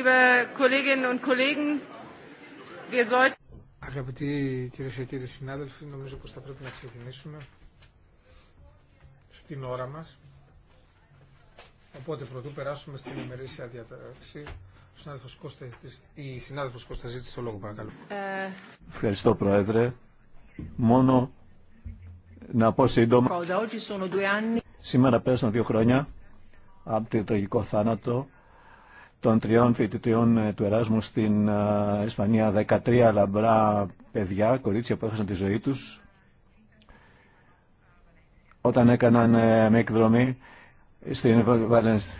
liebe Kolleginnen und Kollegen, wir sollten... Αγαπητοί κυρίε και κύριοι συνάδελφοι, νομίζω πως θα πρέπει να ξεκινήσουμε στην ώρα μας. Οπότε πρωτού περάσουμε στην ημερήσια διαταξή. Η συνάδελφος Κώστα ζήτησε το λόγο, παρακαλώ. Ε, Ευχαριστώ, Πρόεδρε. Μόνο να πω σύντομα. Σήμερα πέρασαν δύο χρόνια από το τραγικό θάνατο των τριών φοιτητριών ε, του Εράσμου στην ε, Ισπανία, 13 λαμπρά παιδιά, κορίτσια που έχασαν τη ζωή τους, όταν έκαναν ε, με εκδρομή στην Βαλένσια.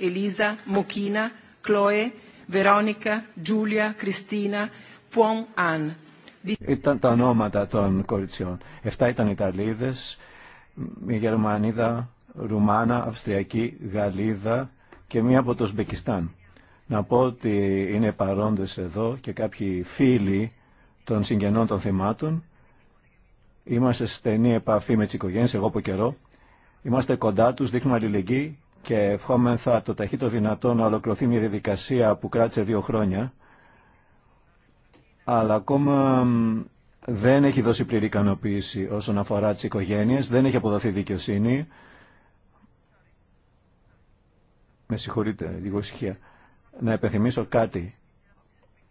Ελίζα, Μοκίνα, Κλόε, Βερόνικα, Τζούλια, Κριστίνα, Πουόν Αν. Ήταν τα ονόματα των κοριτσιών. Εφτά ήταν Ιταλίδες, Γερμανίδα, Ρουμάνα, Αυστριακή, Γαλλίδα, και μία από το Σμπεκιστάν. Να πω ότι είναι παρόντες εδώ και κάποιοι φίλοι των συγγενών των θυμάτων. Είμαστε σε στενή επαφή με τις οικογένειες, εγώ από καιρό. Είμαστε κοντά τους, δείχνουμε αλληλεγγύη και ευχόμεθα το ταχύτο δυνατό να ολοκληρωθεί μια διαδικασία που κράτησε δύο χρόνια. Αλλά ακόμα δεν έχει δώσει πλήρη ικανοποίηση όσον αφορά τις οικογένειες, δεν έχει αποδοθεί δικαιοσύνη. Με συγχωρείτε, λίγο ησυχία. Να επιθυμίσω κάτι.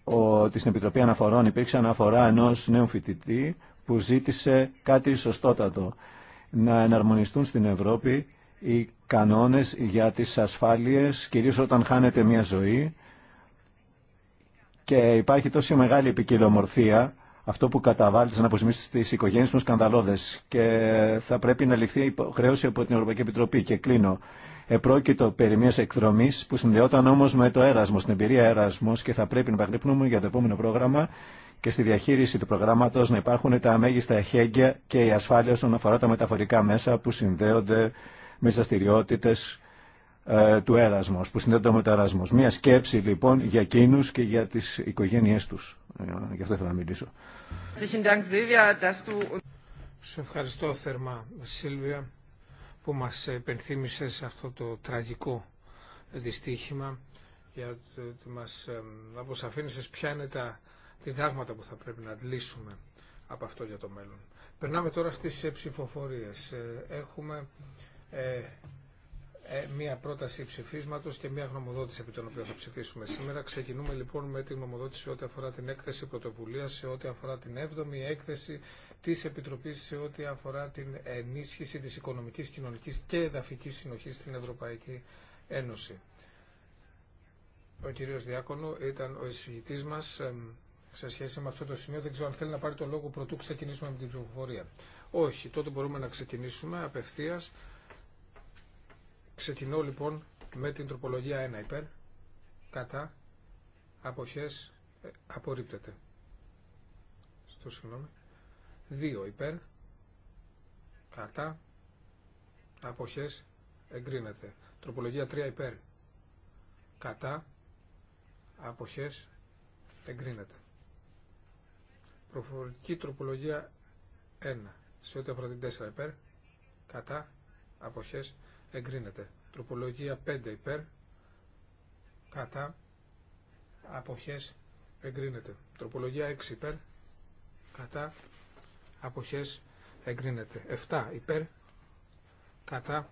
Ότι στην Επιτροπή Αναφορών υπήρξε αναφορά ενός νέου φοιτητή που ζήτησε κάτι σωστότατο. Να εναρμονιστούν στην Ευρώπη οι κανόνες για τις ασφάλειες, κυρίως όταν χάνεται μια ζωή και υπάρχει τόση μεγάλη επικοινομορφία, αυτό που καταβάλλεται να αποσυμίσει τι οικογένειε των σκανδαλώδε. και θα πρέπει να ληφθεί υποχρέωση από την Ευρωπαϊκή Επιτροπή και κλείνω. Επρόκειτο περί μια εκδρομή που συνδεόταν όμω με το έρασμο, την εμπειρία έρασμο και θα πρέπει να παγκρυπνούμε για το επόμενο πρόγραμμα και στη διαχείριση του προγράμματο να υπάρχουν τα αμέγιστα εχέγγυα και η ασφάλεια όσον αφορά τα μεταφορικά μέσα που συνδέονται με τι δραστηριότητε ε, του έρασμο, που συνδέονται με το έρασμο. Μία σκέψη λοιπόν για εκείνου και για τι οικογένειέ του. Ε, γι' αυτό ήθελα να μιλήσω. Σε ευχαριστώ θερμά, Σίλβια που μας επενθύμησε σε αυτό το τραγικό δυστύχημα για ότι μας αποσαφήνισες ποια είναι τα διδάγματα που θα πρέπει να αντλήσουμε από αυτό για το μέλλον. Περνάμε τώρα στις ε, ψηφοφορίες. Ε, έχουμε ε, ε, μία πρόταση ψηφίσματος και μία γνωμοδότηση επί των οποίων θα ψηφίσουμε σήμερα. Ξεκινούμε λοιπόν με τη γνωμοδότηση ό,τι αφορά την έκθεση πρωτοβουλία, σε ό,τι αφορά την 7η έκθεση Τη επιτροπή σε ό,τι αφορά την ενίσχυση τη οικονομική κοινωνική και εδαφική συνοχή στην Ευρωπαϊκή Ένωση. Ο κύριος Διάκονο ήταν ο εισηγητής μα σε σχέση με αυτό το σημείο. Δεν ξέρω αν θέλει να πάρει το λόγο πρωτού ξεκινήσουμε με την πληροφορία. Όχι, τότε μπορούμε να ξεκινήσουμε απευθεία. Ξεκινώ λοιπόν με την τροπολογία 1 υπέρ, κατά, αποχές, ε, απορρίπτεται. Στο συγγνώμη. 2 υπέρ, κατά, αποχές, εγκρίνεται. Τροπολογία 3 υπέρ, κατά, αποχές, εγκρίνεται. Προφορική τροπολογία 1, σε ό,τι αφορά την 4 υπέρ, κατά, αποχές, εγκρίνεται. Τροπολογία 5 υπέρ, κατά, αποχές, εγκρίνεται. Τροπολογία 6 υπέρ, κατά, αποχές εγκρίνεται. 7 υπέρ κατά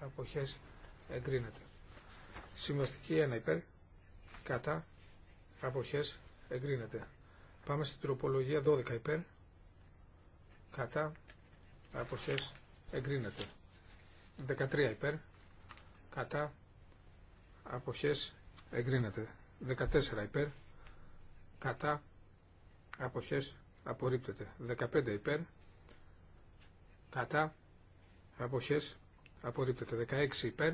αποχές εγκρίνεται. Συμβαστική 1 υπέρ κατά αποχές εγκρίνεται. Πάμε στην τροπολογία 12 υπέρ κατά αποχές εγκρίνεται. 13 υπέρ κατά αποχές εγκρίνεται. 14 υπέρ κατά αποχές απορρίπτεται. 15 υπέρ, κατά, αποχές, απορρίπτεται. 16 υπέρ,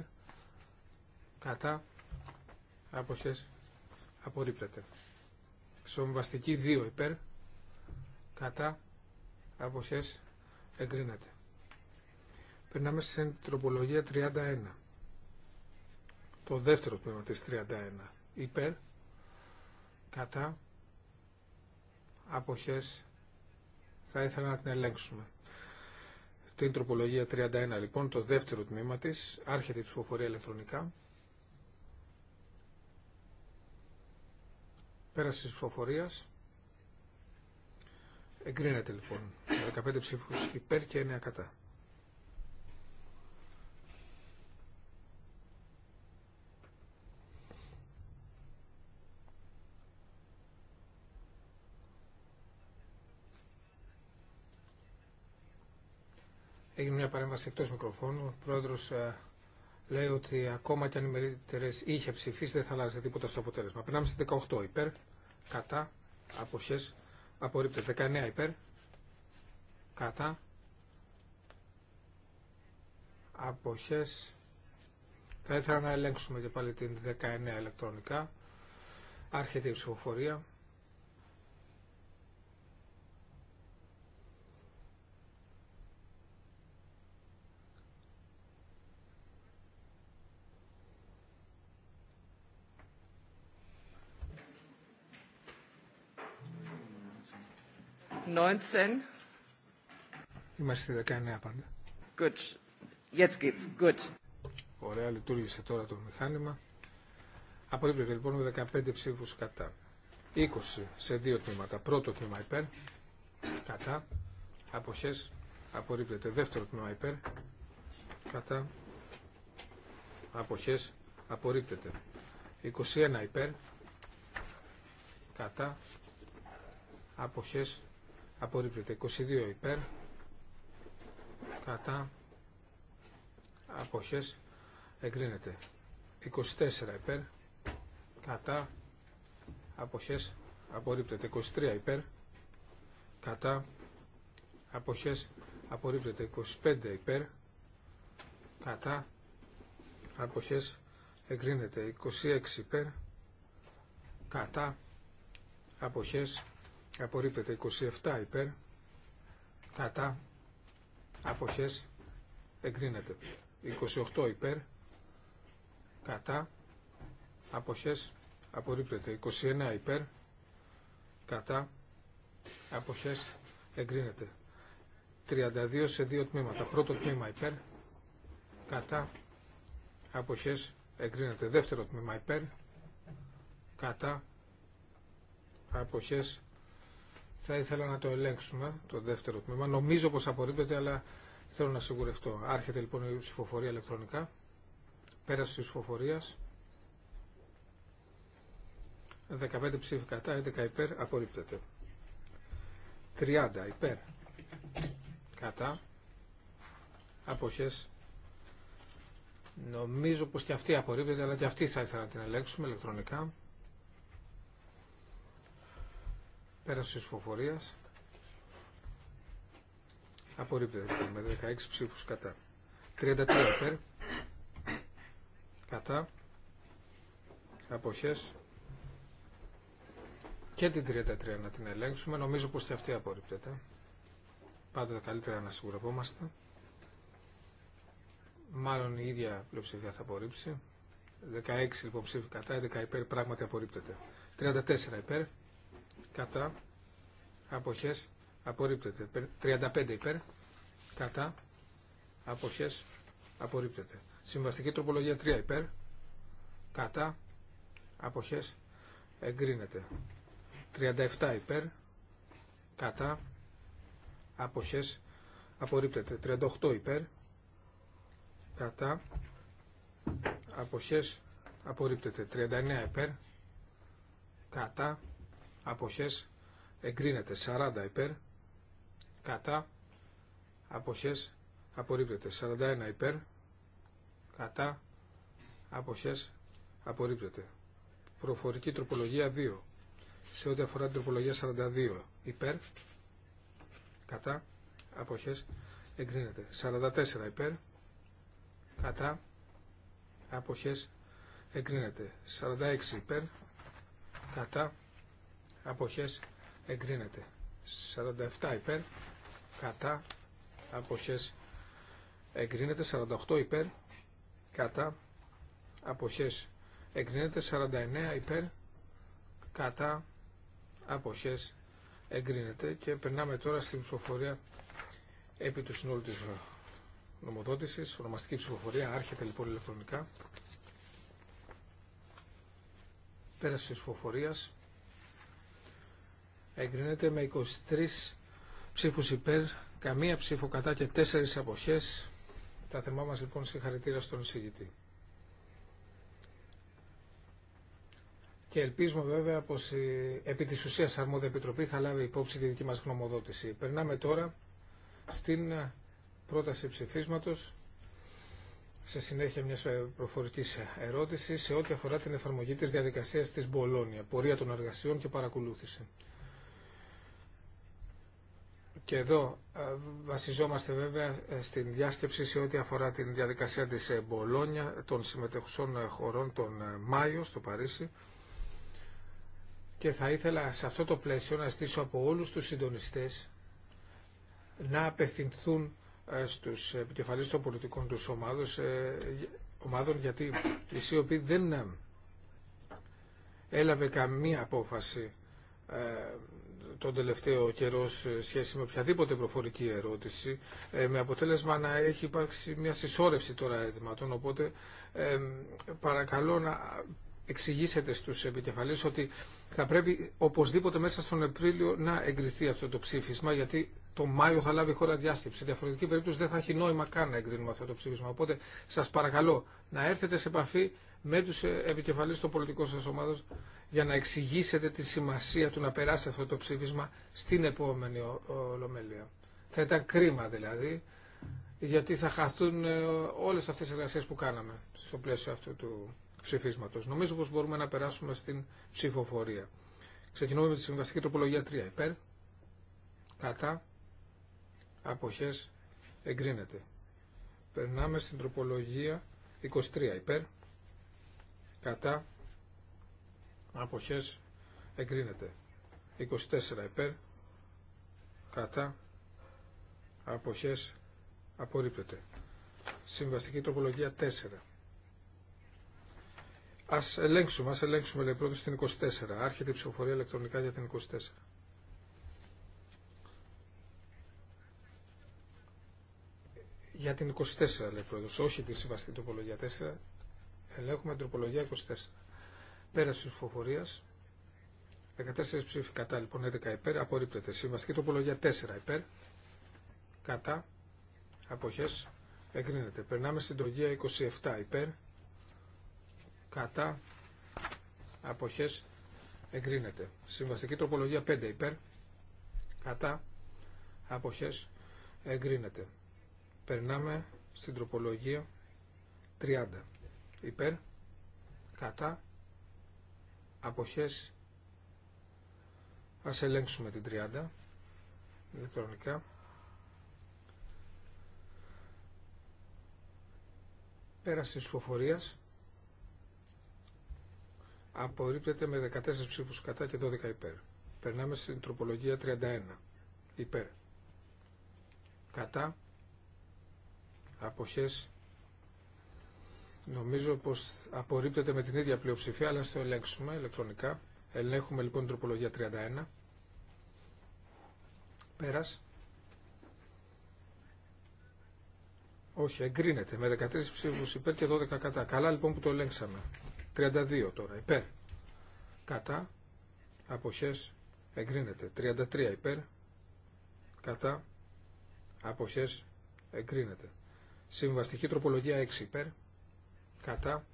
κατά, αποχές, απορρίπτεται. Σομβαστική 2 υπέρ, κατά, αποχές, εγκρίνεται. Περνάμε στην τροπολογία 31. Το δεύτερο τμήμα της 31. Υπέρ, κατά, αποχές θα ήθελα να την ελέγξουμε. Την τροπολογία 31 λοιπόν, το δεύτερο τμήμα της, άρχεται η ψηφοφορία ηλεκτρονικά. Πέραση της ψηφοφορίας. Εγκρίνεται λοιπόν. 15 ψήφους υπέρ και 9 κατά. Έγινε μια παρέμβαση εκτό μικροφώνου. Ο πρόεδρο ε, λέει ότι ακόμα και αν είχε ψηφίσει δεν θα αλλάζει τίποτα στο αποτέλεσμα. Περνάμε στη 18 υπέρ, κατά, αποχέ, απορρίπτεται. 19 υπέρ, κατά, αποχέ. Θα ήθελα να ελέγξουμε και πάλι την 19 ηλεκτρονικά. Άρχεται η ψηφοφορία. 19? Είμαστε 19 πάντα. Good. Jetzt geht's. Good. Ωραία, λειτουργήσε τώρα το μηχάνημα. Απορρίπτεται λοιπόν με 15 ψήφους κατά. 20 σε δύο τμήματα. Πρώτο τμήμα υπέρ, κατά, αποχές, απορρίπτεται. Δεύτερο τμήμα υπέρ, κατά, αποχές, απορρίπτεται. 21 υπέρ, κατά, αποχές, απορρίπτεται 22 υπέρ κατά αποχές εγκρίνεται 24 υπέρ κατά αποχές απορρίπτεται 23 υπέρ κατά αποχές απορρίπτεται 25 υπέρ κατά αποχές εγκρίνεται 26 υπέρ κατά αποχές απορρίπτεται 27 υπέρ κατά αποχές εγκρίνεται 28 υπέρ κατά αποχές απορρίπτεται 29 υπέρ κατά αποχές εγκρίνεται 32 σε δύο τμήματα πρώτο τμήμα υπέρ κατά αποχές εγκρίνεται δεύτερο τμήμα υπέρ κατά αποχές θα ήθελα να το ελέγξουμε, το δεύτερο τμήμα. Νομίζω πως απορρίπτεται, αλλά θέλω να σιγουρευτώ. Άρχεται λοιπόν η ψηφοφορία ηλεκτρονικά. Πέραση τη ψηφοφορίας. 15 ψήφοι κατά, 11 υπέρ, απορρίπτεται. 30 υπέρ, κατά, αποχές. Νομίζω πως και αυτή απορρίπτεται, αλλά και αυτή θα ήθελα να την ελέγξουμε ηλεκτρονικά. Πέραση τη ψηφοφορία. Απορρίπτεται με 16 ψήφου κατά. 33 υπέρ. Κατά. Αποχέ. Και την 33 να την ελέγξουμε. Νομίζω πω και αυτή απορρίπτεται. πάντα καλύτερα να σιγουρευόμαστε. Μάλλον η ίδια πλειοψηφία θα απορρίψει. 16 υποψήφοι λοιπόν κατά, 11 υπέρ, πράγματι απορρίπτεται. 34 υπέρ, κατά αποχές απορρίπτεται. 35 υπέρ κατά αποχές απορρίπτεται. Συμβαστική τροπολογία 3 υπέρ κατά αποχές εγκρίνεται. 37 υπέρ κατά αποχές απορρίπτεται. 38 υπέρ κατά αποχές απορρίπτεται. 39 υπέρ κατά αποχές εγκρίνεται 40 υπέρ κατά αποχές απορρίπτεται 41 υπέρ κατά αποχές απορρίπτεται προφορική τροπολογία 2 σε ό,τι αφορά την τροπολογία 42 υπέρ κατά αποχές εγκρίνεται 44 υπέρ κατά αποχές εγκρίνεται 46 υπέρ κατά αποχές εγκρίνεται. 47 υπέρ κατά αποχές εγκρίνεται. 48 υπέρ κατά αποχές εγκρίνεται. 49 υπέρ κατά αποχές εγκρίνεται. Και περνάμε τώρα στην ψηφοφορία επί του συνόλου της νομοδότησης. Ονομαστική ψηφοφορία άρχεται λοιπόν ηλεκτρονικά. Πέραση της ψηφοφορίας εγκρίνεται με 23 ψήφους υπέρ, καμία ψήφο κατά και τέσσερις αποχές. Τα θερμά μας λοιπόν συγχαρητήρα στον εισηγητή. Και ελπίζουμε βέβαια πως η, επί της ουσίας αρμόδια επιτροπή θα λάβει υπόψη τη δική μας γνωμοδότηση. Περνάμε τώρα στην πρόταση ψηφίσματος σε συνέχεια μια προφορική ερώτηση σε ό,τι αφορά την εφαρμογή της διαδικασίας της Μπολόνια, πορεία των εργασιών και παρακολούθηση. Και εδώ ε, βασιζόμαστε βέβαια ε, στην διάσκεψη σε ό,τι αφορά την διαδικασία της ε, Μπολόνια των συμμετεχουσών χωρών τον Μάιο στο Παρίσι και θα ήθελα σε αυτό το πλαίσιο να στήσω από όλους τους συντονιστές να απευθυνθούν στους επικεφαλείς των πολιτικών τους ομάδων γιατί η ΣΥΟΠΗ δεν έλαβε καμία απόφαση τον τελευταίο καιρό σε σχέση με οποιαδήποτε προφορική ερώτηση, ε, με αποτέλεσμα να έχει υπάρξει μια συσσόρευση τώρα αιτηματών. Οπότε ε, παρακαλώ να εξηγήσετε στους επικεφαλείς ότι θα πρέπει οπωσδήποτε μέσα στον Απρίλιο να εγκριθεί αυτό το ψήφισμα, γιατί το Μάιο θα λάβει η χώρα διάσκεψη. Σε διαφορετική περίπτωση δεν θα έχει νόημα καν να εγκρίνουμε αυτό το ψήφισμα. Οπότε σας παρακαλώ να έρθετε σε επαφή με τους επικεφαλείς των πολιτικών σας ομάδων για να εξηγήσετε τη σημασία του να περάσει αυτό το ψήφισμα στην επόμενη Ολομέλεια. Θα ήταν κρίμα δηλαδή, γιατί θα χαθούν ε, όλες αυτές τις εργασίες που κάναμε στο πλαίσιο αυτού του ψηφίσματος. Νομίζω πως μπορούμε να περάσουμε στην ψηφοφορία. Ξεκινούμε με τη συμβαστική τροπολογία 3. Υπέρ, κατά, αποχές, εγκρίνεται. Περνάμε στην τροπολογία 23. Υπέρ, κατά αποχές εγκρίνεται 24 υπέρ κατά αποχές απορρίπτεται συμβαστική τροπολογία 4 Ας ελέγξουμε, ας ελέγξουμε λέει πρώτος την 24. Άρχεται η ψηφοφορία ηλεκτρονικά για την 24. Για την 24 λέει πρώτος, όχι τη συμβαστική τροπολογία 4. Ελέγχουμε την τροπολογία 24. Πέραση ψηφοφορία. 14 ψήφοι κατά, λοιπόν 11 υπέρ. Απορρίπτεται. Συμβαστική τροπολογία 4 υπέρ. Κατά. Αποχέ. Εγκρίνεται. Περνάμε στην τροπολογία 27 υπέρ. Κατά. Αποχέ. Εγκρίνεται. Συμβαστική τροπολογία 5 υπέρ. Κατά. Αποχέ. Εγκρίνεται. Περνάμε στην τροπολογία 30 υπέρ, κατά, αποχές, ας ελέγξουμε την 30, ηλεκτρονικά. Πέραση της φοφορίας, απορρίπτεται με 14 ψήφους κατά και 12 υπέρ. Περνάμε στην τροπολογία 31. Υπέρ. Κατά. Αποχές Νομίζω πω απορρίπτεται με την ίδια πλειοψηφία, αλλά στο το ελέγξουμε ηλεκτρονικά. Ελέγχουμε λοιπόν την τροπολογία 31. Πέρας. Όχι, εγκρίνεται με 13 ψήφους υπέρ και 12 κατά. Καλά λοιπόν που το ελέγξαμε. 32 τώρα υπέρ. Κατά. Αποχές. Εγκρίνεται. 33 υπέρ. Κατά. απόχέ, Εγκρίνεται. Συμβαστική τροπολογία 6 υπέρ κατά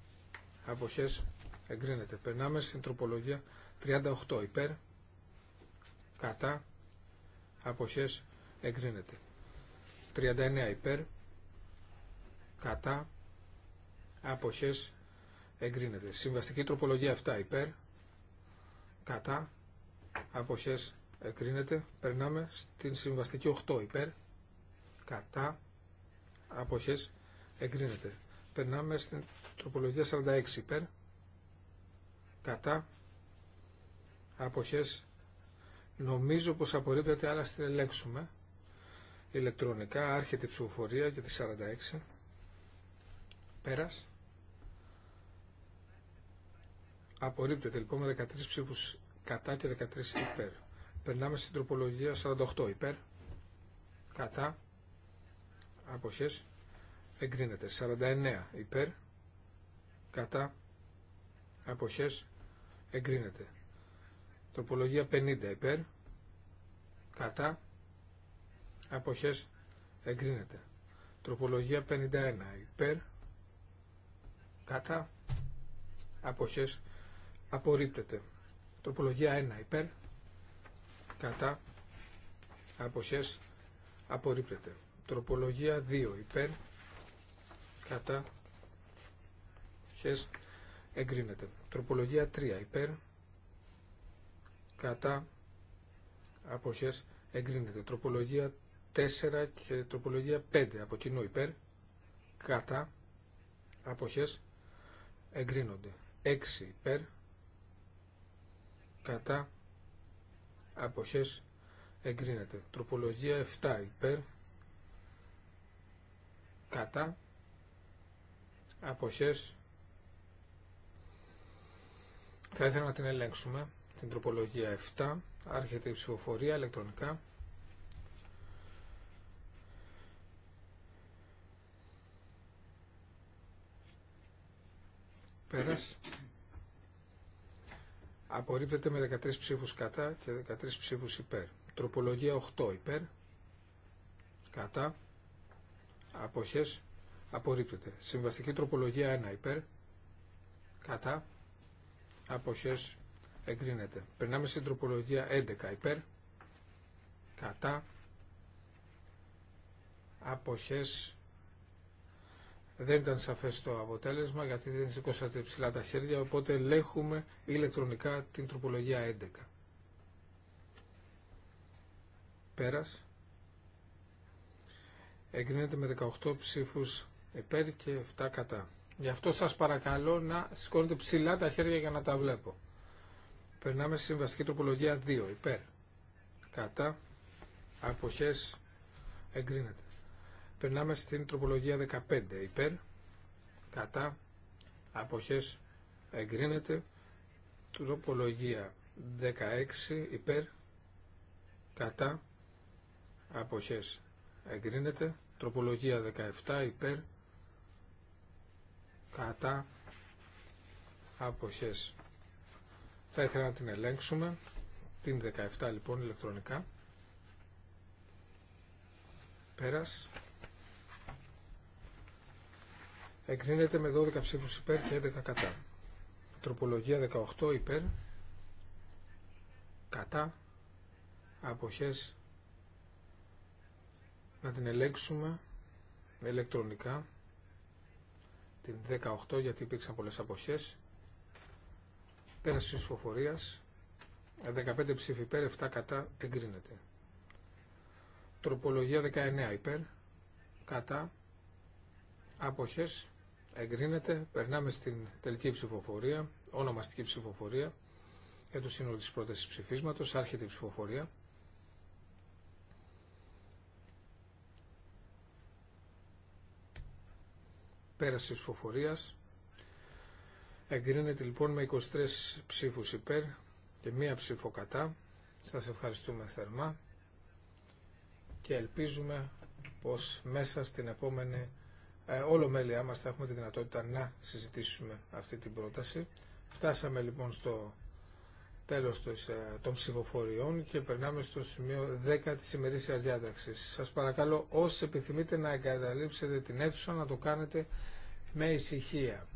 αποχές εγκρίνεται. Περνάμε στην τροπολογία 38 υπέρ κατά αποχές εγκρίνεται. 39 υπέρ κατά αποχές εγκρίνεται. Συμβαστική τροπολογία 7 υπέρ κατά αποχές εγκρίνεται. Περνάμε στην συμβαστική 8 υπέρ κατά αποχές εγκρίνεται. Περνάμε στην τροπολογία 46 υπέρ. Κατά. Αποχές. Νομίζω πως απορρίπτεται, αλλά στην ελέγξουμε. Ηλεκτρονικά άρχεται η ψηφοφορία για τη 46. Πέρας. Απορρίπτεται λοιπόν με 13 ψήφους κατά και 13 υπέρ. Περνάμε στην τροπολογία 48 υπέρ. Κατά. Αποχές εγκρίνεται. 49 υπέρ, κατά, αποχές, εγκρίνεται. Τροπολογία 50 υπέρ, κατά, αποχές, εγκρίνεται. Τροπολογία 51 υπέρ, κατά, αποχές, απορρίπτεται. Τροπολογία 1 υπέρ, κατά, αποχές, απορρίπτεται. Τροπολογία 2 υπέρ, κατά χες εγκρίνεται. Τροπολογία 3 υπέρ κατά αποχές εγκρίνεται. Τροπολογία 4 και τροπολογία 5 από κοινού υπέρ κατά αποχές εγκρίνονται. 6 υπέρ κατά αποχές εγκρίνεται. Τροπολογία 7 υπέρ κατά αποχές θα ήθελα να την ελέγξουμε την τροπολογία 7 άρχεται η ψηφοφορία ηλεκτρονικά πέρας απορρίπτεται με 13 ψήφους κατά και 13 ψήφους υπέρ τροπολογία 8 υπέρ κατά αποχές απορρίπτεται. Συμβαστική τροπολογία 1 υπέρ, κατά, αποχές εγκρίνεται. Περνάμε στην τροπολογία 11 υπέρ, κατά, αποχές δεν ήταν σαφές το αποτέλεσμα γιατί δεν σηκώσατε ψηλά τα χέρια οπότε ελέγχουμε ηλεκτρονικά την τροπολογία 11 πέρας εγκρίνεται με 18 ψήφους υπέρ και 7 κατά. Γι' αυτό σας παρακαλώ να σηκώνετε ψηλά τα χέρια για να τα βλέπω. Περνάμε στη συμβαστική τροπολογία 2, υπέρ, κατά, αποχές, εγκρίνεται. Περνάμε στην τροπολογία 15, υπέρ, κατά, αποχές, εγκρίνεται. Τροπολογία 16, υπέρ, κατά, αποχές, εγκρίνεται. Τροπολογία 17, υπέρ, κατά αποχές. Θα ήθελα να την ελέγξουμε, την 17 λοιπόν ηλεκτρονικά. Πέρας. Εγκρίνεται με 12 ψήφους υπέρ και 11 κατά. Τροπολογία 18 υπέρ, κατά, αποχές, να την ελέγξουμε ηλεκτρονικά την 18 γιατί υπήρξαν πολλές αποχές. Πέρασε της ψηφοφορίας. 15 ψήφι υπέρ, 7 κατά, εγκρίνεται. Τροπολογία 19 υπέρ, κατά, αποχές, εγκρίνεται. Περνάμε στην τελική ψηφοφορία, ονομαστική ψηφοφορία για το σύνολο της πρότασης ψηφίσματος, άρχεται η ψηφοφορία. Πέραση της Εγκρίνεται λοιπόν με 23 ψήφους υπέρ και μία ψήφο κατά. Σας ευχαριστούμε θερμά και ελπίζουμε πως μέσα στην επόμενη όλο ε, μέλειά μας θα έχουμε τη δυνατότητα να συζητήσουμε αυτή την πρόταση. Φτάσαμε λοιπόν στο τέλος ε, των ψηφοφοριών και περνάμε στο σημείο 10 της ημερήσιας διάταξης. Σας παρακαλώ όσοι επιθυμείτε να εγκαταλείψετε την αίθουσα να το κάνετε με ησυχία.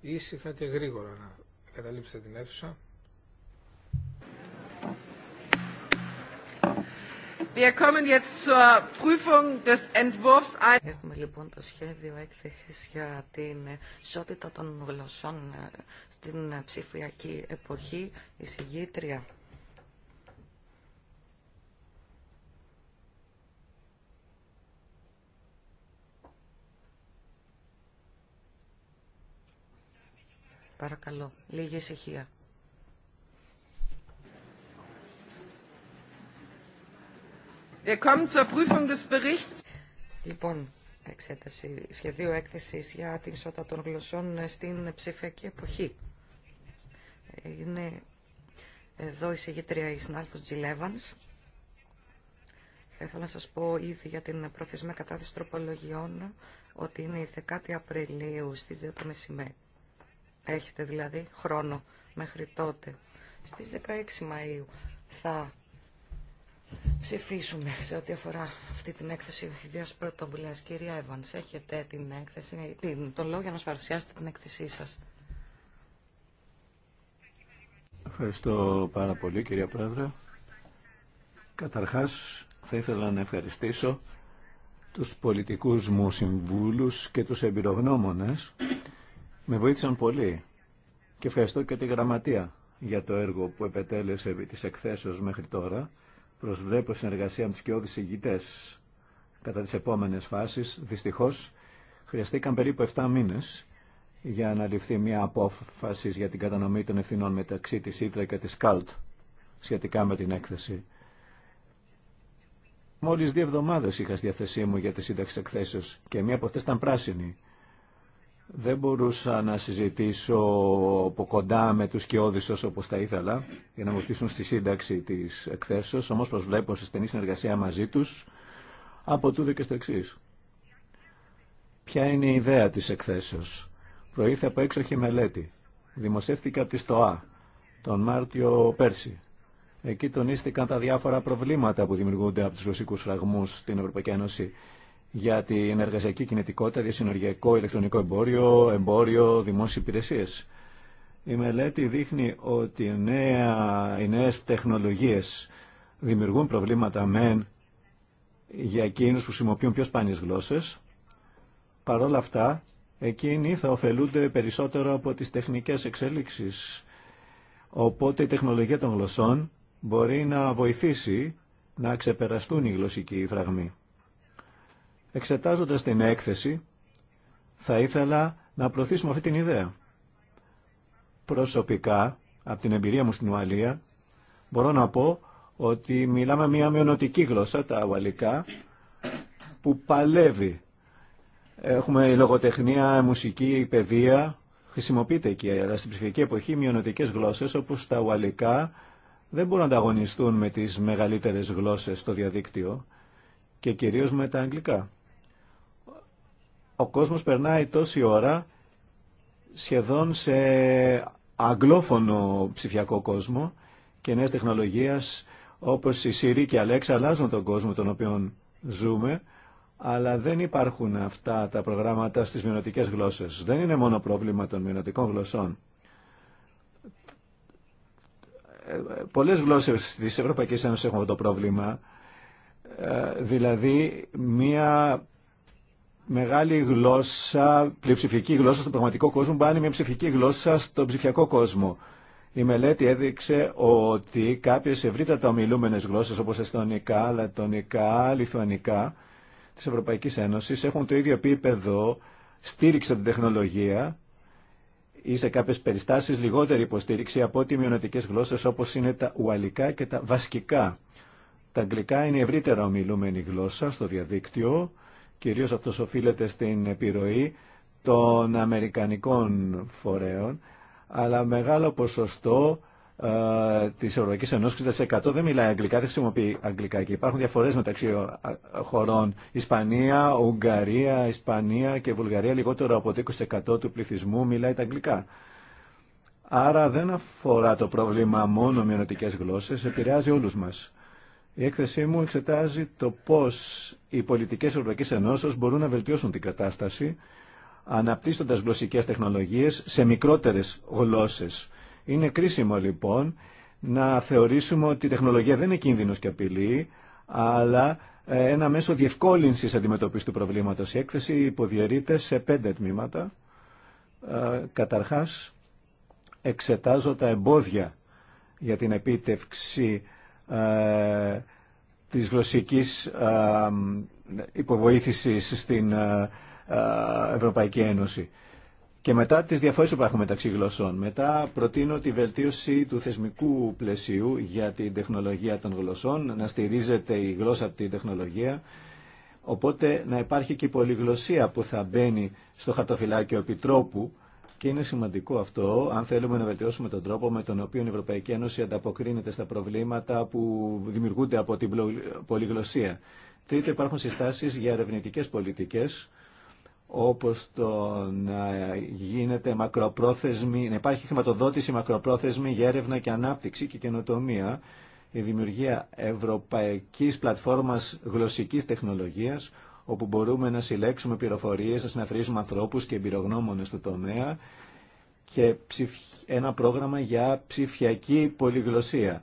Ήσυχα και γρήγορα να εγκαταλείψετε την αίθουσα. Έχουμε λοιπόν το σχέδιο έκθεση για την ισότητα των γλωσσών ε, στην ψηφιακή εποχή. Η συγγήτρια Παρακαλώ, λίγη ησυχία. Λοιπόν, εξέταση σχεδίου έκθεση για την ισότητα των γλωσσών στην ψηφιακή εποχή. Είναι εδώ η συγγήτρια η συνάδελφος Τζιλέβανς. Θα ήθελα να σας πω ήδη για την προθεσμία κατάθεση τροπολογιών ότι είναι η 10η Απριλίου στις 2 το μεσημέρι. Έχετε δηλαδή χρόνο μέχρι τότε. Στις 16 Μαΐου θα ψηφίσουμε σε ό,τι αφορά αυτή την έκθεση ιδίας πρωτοβουλία. Κυρία Εύαν, έχετε την έκθεση, την, τον λόγο για να σας παρουσιάσετε την έκθεσή σας. Ευχαριστώ πάρα πολύ κυρία Πρόεδρε. Καταρχάς θα ήθελα να ευχαριστήσω τους πολιτικούς μου συμβούλους και τους εμπειρογνώμονες. Με βοήθησαν πολύ και ευχαριστώ και τη γραμματεία για το έργο που επετέλεσε επί της μέχρι τώρα. Προσβλέπω συνεργασία με τους κοιόδης ηγητές. Κατά τις επόμενες φάσεις, δυστυχώς, χρειαστήκαν περίπου 7 μήνες για να ληφθεί μια απόφαση για την κατανομή των ευθυνών μεταξύ της Ήτρα και της ΚΑΛΤ σχετικά με την έκθεση. Μόλις δύο εβδομάδες είχα στη διαθεσή μου για τη σύνταξη εκθέσεως και μία από αυτές ήταν πράσινη. Δεν μπορούσα να συζητήσω από κοντά με τους κοιόδησος όπως τα ήθελα για να βοηθήσουν στη σύνταξη της εκθέσεως, όμως προσβλέπω σε στενή συνεργασία μαζί τους από τούδε και στο εξή. Ποια είναι η ιδέα της εκθέσεως. Προήλθε από έξοχη μελέτη. Δημοσιεύτηκε από τη ΣΤΟΑ τον Μάρτιο πέρσι. Εκεί τονίστηκαν τα διάφορα προβλήματα που δημιουργούνται από τους ρωσικούς φραγμούς στην Ευρωπαϊκή Ένωση για την εργασιακή κινητικότητα, διασυνοριακό ηλεκτρονικό εμπόριο, εμπόριο, δημόσιες υπηρεσίες. Η μελέτη δείχνει ότι νέα, οι νέες τεχνολογίες δημιουργούν προβλήματα μεν για εκείνους που χρησιμοποιούν πιο σπάνιες γλώσσες. Παρ' όλα αυτά, εκείνοι θα ωφελούνται περισσότερο από τις τεχνικές εξέλιξεις. Οπότε η τεχνολογία των γλωσσών μπορεί να βοηθήσει να ξεπεραστούν οι γλωσσικοί φραγμοί. Εξετάζοντας την έκθεση, θα ήθελα να προωθήσουμε αυτή την ιδέα. Προσωπικά, από την εμπειρία μου στην Ουαλία, μπορώ να πω ότι μιλάμε μια μειονοτική γλώσσα, τα ουαλικά, που παλεύει. Έχουμε λογοτεχνία, μουσική, παιδεία. Χρησιμοποιείται εκεί, αλλά στην ψηφιακή εποχή μειονοτικέ γλώσσες, όπως τα ουαλικά, δεν μπορούν να ανταγωνιστούν με τις μεγαλύτερες γλώσσες στο διαδίκτυο και κυρίως με τα αγγλικά ο κόσμος περνάει τόση ώρα σχεδόν σε αγγλόφωνο ψηφιακό κόσμο και νέες τεχνολογίες όπως η Siri και η Alexa αλλάζουν τον κόσμο τον οποίο ζούμε αλλά δεν υπάρχουν αυτά τα προγράμματα στις μειονοτικές γλώσσες. Δεν είναι μόνο πρόβλημα των μειονοτικών γλωσσών. Πολλές γλώσσες της Ευρωπαϊκής Ένωσης έχουν αυτό το πρόβλημα. Ε, δηλαδή, μία μεγάλη γλώσσα, πλειοψηφική γλώσσα στον πραγματικό κόσμο, πάνει μια ψηφική γλώσσα στον ψηφιακό κόσμο. Η μελέτη έδειξε ότι κάποιε ευρύτατα ομιλούμενε γλώσσε, όπω εστονικά, λατωνικά, λιθουανικά τη Ευρωπαϊκή Ένωση, έχουν το ίδιο επίπεδο στήριξη από την τεχνολογία ή σε κάποιε περιστάσει λιγότερη υποστήριξη από ό,τι μειωνοτικέ γλώσσε, όπω είναι τα ουαλικά και τα βασκικά. Τα αγγλικά είναι η ευρύτερα ομιλούμενη γλώσσα στο διαδίκτυο Κυρίως αυτός οφείλεται στην επιρροή των Αμερικανικών φορέων, αλλά μεγάλο ποσοστό ε, της Ευρωπαϊκής Ενώσης, 100% δεν μιλάει αγγλικά, δεν χρησιμοποιεί αγγλικά και υπάρχουν διαφορές μεταξύ ε, χωρών. Ισπανία, Ουγγαρία, Ισπανία και Βουλγαρία λιγότερο από το 20% του πληθυσμού μιλάει τα αγγλικά. Άρα δεν αφορά το πρόβλημα μόνο μειονοτικές γλώσσες, επηρεάζει όλους μας. Η έκθεσή μου εξετάζει το πώς οι πολιτικές Ευρωπαϊκής Ενώσεως μπορούν να βελτιώσουν την κατάσταση αναπτύσσοντας γλωσσικές τεχνολογίες σε μικρότερες γλώσσες. Είναι κρίσιμο λοιπόν να θεωρήσουμε ότι η τεχνολογία δεν είναι κίνδυνος και απειλή, αλλά ε, ένα μέσο διευκόλυνσης αντιμετωπίσης του προβλήματος. Η έκθεση υποδιαιρείται σε πέντε τμήματα. Ε, καταρχάς, εξετάζω τα εμπόδια για την επίτευξη ε, της γλωσσικής ε, υποβοήθησης στην ε, ε, Ευρωπαϊκή Ένωση. Και μετά τις διαφορές που υπάρχουν μεταξύ γλωσσών. Μετά προτείνω τη βελτίωση του θεσμικού πλαισίου για την τεχνολογία των γλωσσών, να στηρίζεται η γλώσσα από την τεχνολογία, οπότε να υπάρχει και η πολυγλωσσία που θα μπαίνει στο χαρτοφυλάκιο επιτρόπου, και είναι σημαντικό αυτό, αν θέλουμε να βελτιώσουμε τον τρόπο με τον οποίο η Ευρωπαϊκή Ένωση ανταποκρίνεται στα προβλήματα που δημιουργούνται από την πολυγλωσία. Τρίτο, υπάρχουν συστάσεις για ερευνητικέ πολιτικές, όπως το να γίνεται μακροπρόθεσμη, να υπάρχει χρηματοδότηση μακροπρόθεσμη για έρευνα και ανάπτυξη και καινοτομία, η δημιουργία ευρωπαϊκής πλατφόρμας γλωσσικής τεχνολογίας, όπου μπορούμε να συλλέξουμε πληροφορίες, να συναθροίσουμε ανθρώπους και εμπειρογνώμονες του τομέα και ένα πρόγραμμα για ψηφιακή πολυγλωσία.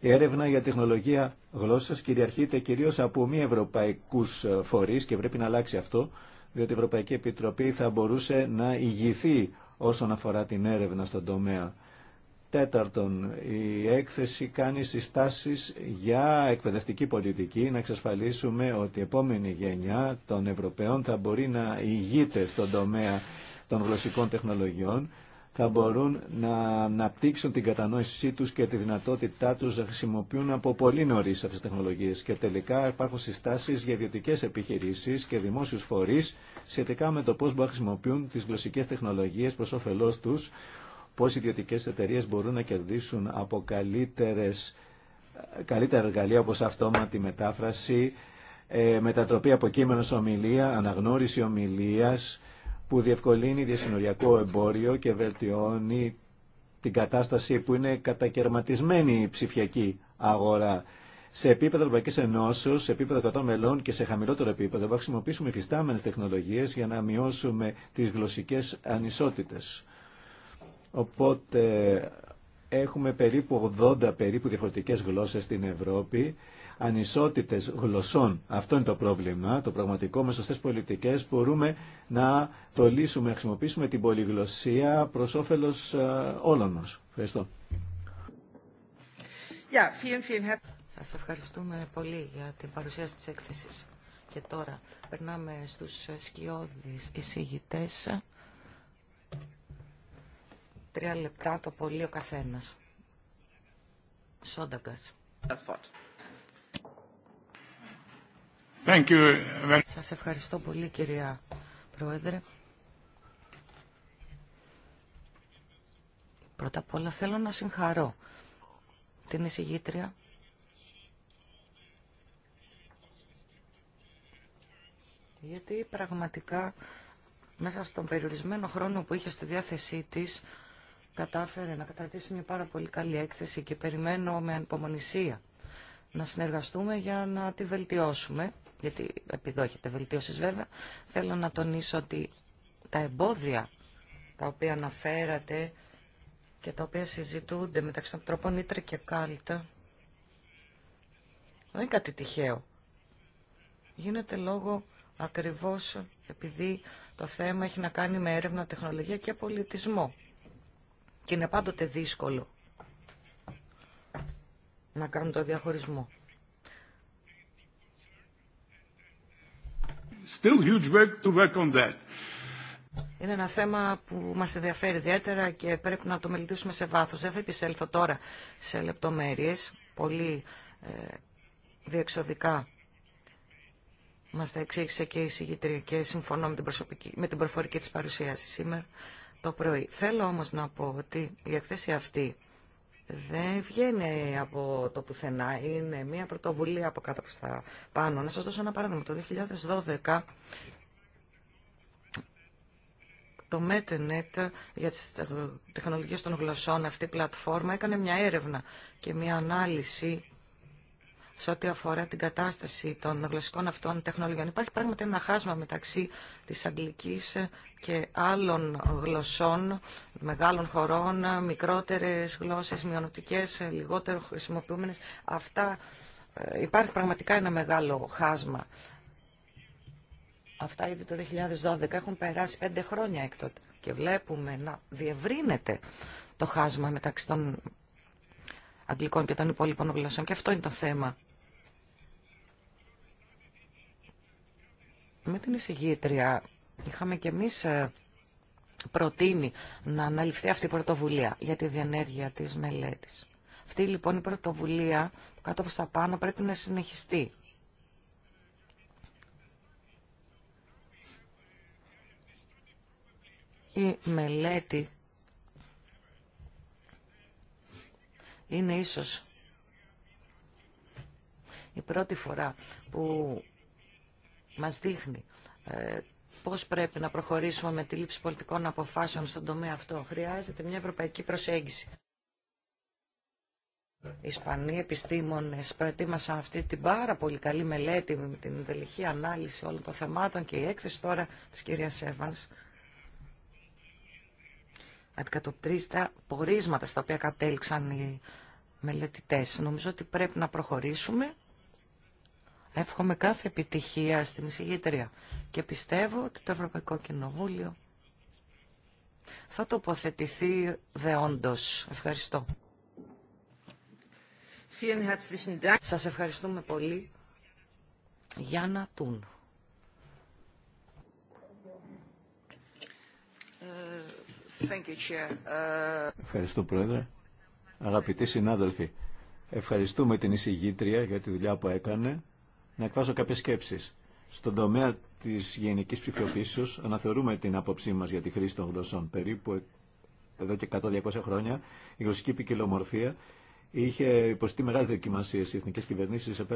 Η έρευνα για τεχνολογία γλώσσας κυριαρχείται κυρίως από μη ευρωπαϊκούς ε, φορείς και πρέπει να αλλάξει αυτό, διότι η Ευρωπαϊκή Επιτροπή θα μπορούσε να ηγηθεί όσον αφορά την έρευνα στον τομέα. Τέταρτον, η έκθεση κάνει συστάσεις για εκπαιδευτική πολιτική, να εξασφαλίσουμε ότι η επόμενη γενιά των Ευρωπαίων θα μπορεί να ηγείται στον τομέα των γλωσσικών τεχνολογιών, θα μπορούν να αναπτύξουν την κατανόησή τους και τη δυνατότητά τους να χρησιμοποιούν από πολύ νωρί αυτές τις τεχνολογίες. Και τελικά υπάρχουν συστάσεις για ιδιωτικέ επιχειρήσεις και δημόσιους φορείς σχετικά με το πώς μπορούν να χρησιμοποιούν τις γλωσσικές τεχνολογίες προς όφελός τους πώς οι ιδιωτικές εταιρείες μπορούν να κερδίσουν από καλύτερες, καλύτερα εργαλεία όπως αυτόματη μετάφραση, ε, μετατροπή από κείμενο σε ομιλία, αναγνώριση ομιλίας, που διευκολύνει διασυνοριακό εμπόριο και βελτιώνει την κατάσταση που είναι κατακαιρματισμένη η ψηφιακή αγορά. Σε επίπεδο Ευρωπαϊκή Ενώσεω, σε επίπεδο 100 μελών και σε χαμηλότερο επίπεδο, θα χρησιμοποιήσουμε υφιστάμενε τεχνολογίε για να μειώσουμε τι γλωσσικέ ανισότητε. Οπότε έχουμε περίπου 80 περίπου διαφορετικές γλώσσες στην Ευρώπη, ανισότητες γλωσσών. Αυτό είναι το πρόβλημα, το πραγματικό. Με σωστές πολιτικές μπορούμε να το λύσουμε, να χρησιμοποιήσουμε την πολυγλωσσία προς όφελος ε, όλων μας. Ευχαριστώ. Yeah, Σας ευχαριστούμε πολύ για την παρουσίαση της έκθεσης. Και τώρα περνάμε στους σκιώδεις εισηγητές τρία λεπτά το πολύ ο καθένα. Thank Σας ευχαριστώ πολύ κυρία Πρόεδρε. Πρώτα απ' όλα θέλω να συγχαρώ την εισηγήτρια γιατί πραγματικά μέσα στον περιορισμένο χρόνο που είχε στη διάθεσή της κατάφερε να καταρτήσει μια πάρα πολύ καλή έκθεση και περιμένω με ανυπομονησία να συνεργαστούμε για να τη βελτιώσουμε, γιατί επειδή έχετε βελτιώσει, βέβαια, θέλω να τονίσω ότι τα εμπόδια τα οποία αναφέρατε και τα οποία συζητούνται μεταξύ των τρόπων Ήτρε και Κάλτα, δεν είναι κάτι τυχαίο. Γίνεται λόγο ακριβώς επειδή το θέμα έχει να κάνει με έρευνα, τεχνολογία και πολιτισμό. Και είναι πάντοτε δύσκολο να κάνουν το διαχωρισμό. Είναι ένα θέμα που μας ενδιαφέρει ιδιαίτερα και πρέπει να το μελετήσουμε σε βάθος. Δεν θα επισέλθω τώρα σε λεπτομέρειες, πολύ ε, διεξοδικά. Μας τα εξήγησε και η συγγήτρια και συμφωνώ με την, προσωπική, με την προφορική της παρουσίαση σήμερα το πρωί. Θέλω όμως να πω ότι η εκθέση αυτή δεν βγαίνει από το πουθενά. Είναι μια πρωτοβουλία από κάτω προς τα πάνω. Να σας δώσω ένα παράδειγμα. Το 2012 το MetaNet για τις τεχνολογίες των γλωσσών, αυτή η πλατφόρμα, έκανε μια έρευνα και μια ανάλυση σε ό,τι αφορά την κατάσταση των γλωσσικών αυτών τεχνολογιών. Υπάρχει πράγματι ένα χάσμα μεταξύ της αγγλικής και άλλων γλωσσών, μεγάλων χωρών, μικρότερες γλώσσες, μειονοτικές, λιγότερο χρησιμοποιούμενες. Αυτά ε, υπάρχει πραγματικά ένα μεγάλο χάσμα. Αυτά ήδη το 2012 έχουν περάσει πέντε χρόνια έκτοτε και βλέπουμε να διευρύνεται το χάσμα μεταξύ των αγγλικών και των υπόλοιπων γλωσσών. Και αυτό είναι το θέμα. με την εισηγήτρια είχαμε και εμείς ε, προτείνει να αναλυφθεί αυτή η πρωτοβουλία για τη διενέργεια της μελέτης. Αυτή λοιπόν η πρωτοβουλία κάτω από τα πάνω πρέπει να συνεχιστεί. Η μελέτη είναι ίσως η πρώτη φορά που μας δείχνει ε, πώς πρέπει να προχωρήσουμε με τη λήψη πολιτικών αποφάσεων στον τομέα αυτό. Χρειάζεται μια ευρωπαϊκή προσέγγιση. Οι Ισπανοί επιστήμονες προετοίμασαν αυτή την πάρα πολύ καλή μελέτη με την τελική ανάλυση όλων των θεμάτων και η έκθεση τώρα της κυρίας Εύανς αντικατοπτρίζει τα πορίσματα στα οποία κατέληξαν οι μελετητές. Νομίζω ότι πρέπει να προχωρήσουμε Εύχομαι κάθε επιτυχία στην εισηγήτρια και πιστεύω ότι το Ευρωπαϊκό Κοινοβούλιο θα τοποθετηθεί δεόντως. Ευχαριστώ. Σας ευχαριστούμε πολύ. Γιάννα Τούν. Ε, ε, Ευχαριστώ, Πρόεδρε. Αγαπητοί συνάδελφοι, ευχαριστούμε την εισηγήτρια για τη δουλειά που έκανε να εκφράσω κάποιε σκέψει. Στον τομέα τη γενική ψηφιοποίηση αναθεωρούμε την άποψή μα για τη χρήση των γλωσσών. Περίπου εδώ και 100-200 χρόνια η γλωσσική ποικιλομορφία είχε υποστεί μεγάλε δοκιμασίε. Οι εθνικέ κυβερνήσει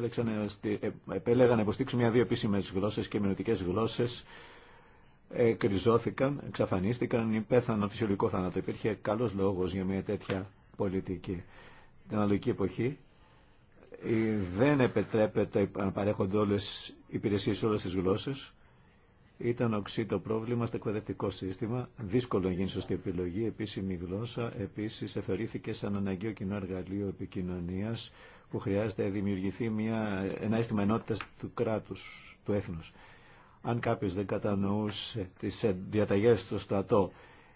ε, επέλεγαν να υποστήξουν μια-δύο επίσημε γλώσσε και μειωτικέ γλώσσε. Ε, κρυζώθηκαν, εξαφανίστηκαν ή πέθαναν φυσιολογικό θάνατο. Υπήρχε καλό λόγο για μια τέτοια πολιτική. Την αναλογική εποχή ε, δεν επιτρέπεται να παρέχονται όλες οι υπηρεσίες όλε τι γλώσσε. Ήταν οξύ το πρόβλημα στο εκπαιδευτικό σύστημα. Δύσκολο να γίνει σωστή επιλογή. Επίσημη γλώσσα επίση θεωρήθηκε σαν αναγκαίο κοινό εργαλείο επικοινωνία που χρειάζεται να δημιουργηθεί μια, ένα αίσθημα ενότητα του κράτου, του έθνου. Αν κάποιο δεν κατανοούσε τι διαταγέ στο στρατό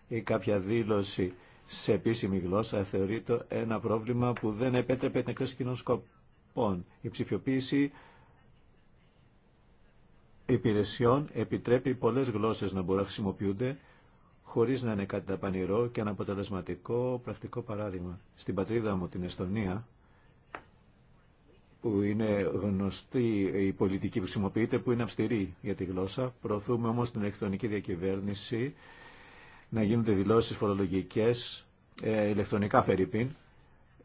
ή κάποια δήλωση σε επίσημη γλώσσα, θεωρείται ένα πρόβλημα που δεν επέτρεπε την εκκρέση κοινών Λοιπόν, η ψηφιοποίηση υπηρεσιών επιτρέπει πολλές γλώσσες να μπορούν να χρησιμοποιούνται χωρίς να είναι κάτι ταπανηρό και ένα αποτελεσματικό πρακτικό παράδειγμα. Στην πατρίδα μου, την Εστονία, που είναι γνωστή η πολιτική που χρησιμοποιείται, που είναι αυστηρή για τη γλώσσα. Προωθούμε όμως την ηλεκτρονική διακυβέρνηση, να γίνονται δηλώσεις φορολογικές, ε, ηλεκτρονικά φερρυπίν,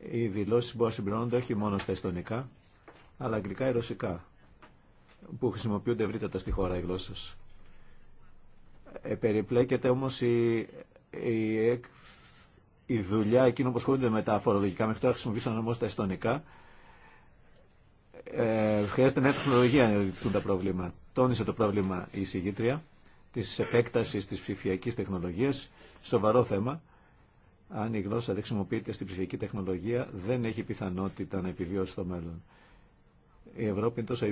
οι δηλώσεις μπορούν να συμπληρώνονται όχι μόνο στα εστονικά, αλλά αγγλικά ή ρωσικά, που χρησιμοποιούνται ευρύτατα στη χώρα οι γλωσσες Ε, περιπλέκεται όμω η, η, η, δουλειά εκείνων που ασχολούνται με τα φορολογικά. Μέχρι τώρα χρησιμοποιήσαν όμω τα εστονικά. Ε, χρειάζεται νέα τεχνολογία να ρυθμιστούν τα προβλήματα. Τόνισε το πρόβλημα η συγγήτρια τη επέκταση τη ψηφιακή τεχνολογία. Σοβαρό θέμα αν η γλώσσα δεν χρησιμοποιείται στην ψηφιακή τεχνολογία, δεν έχει πιθανότητα να επιβιώσει στο μέλλον. Η Ευρώπη είναι τόσο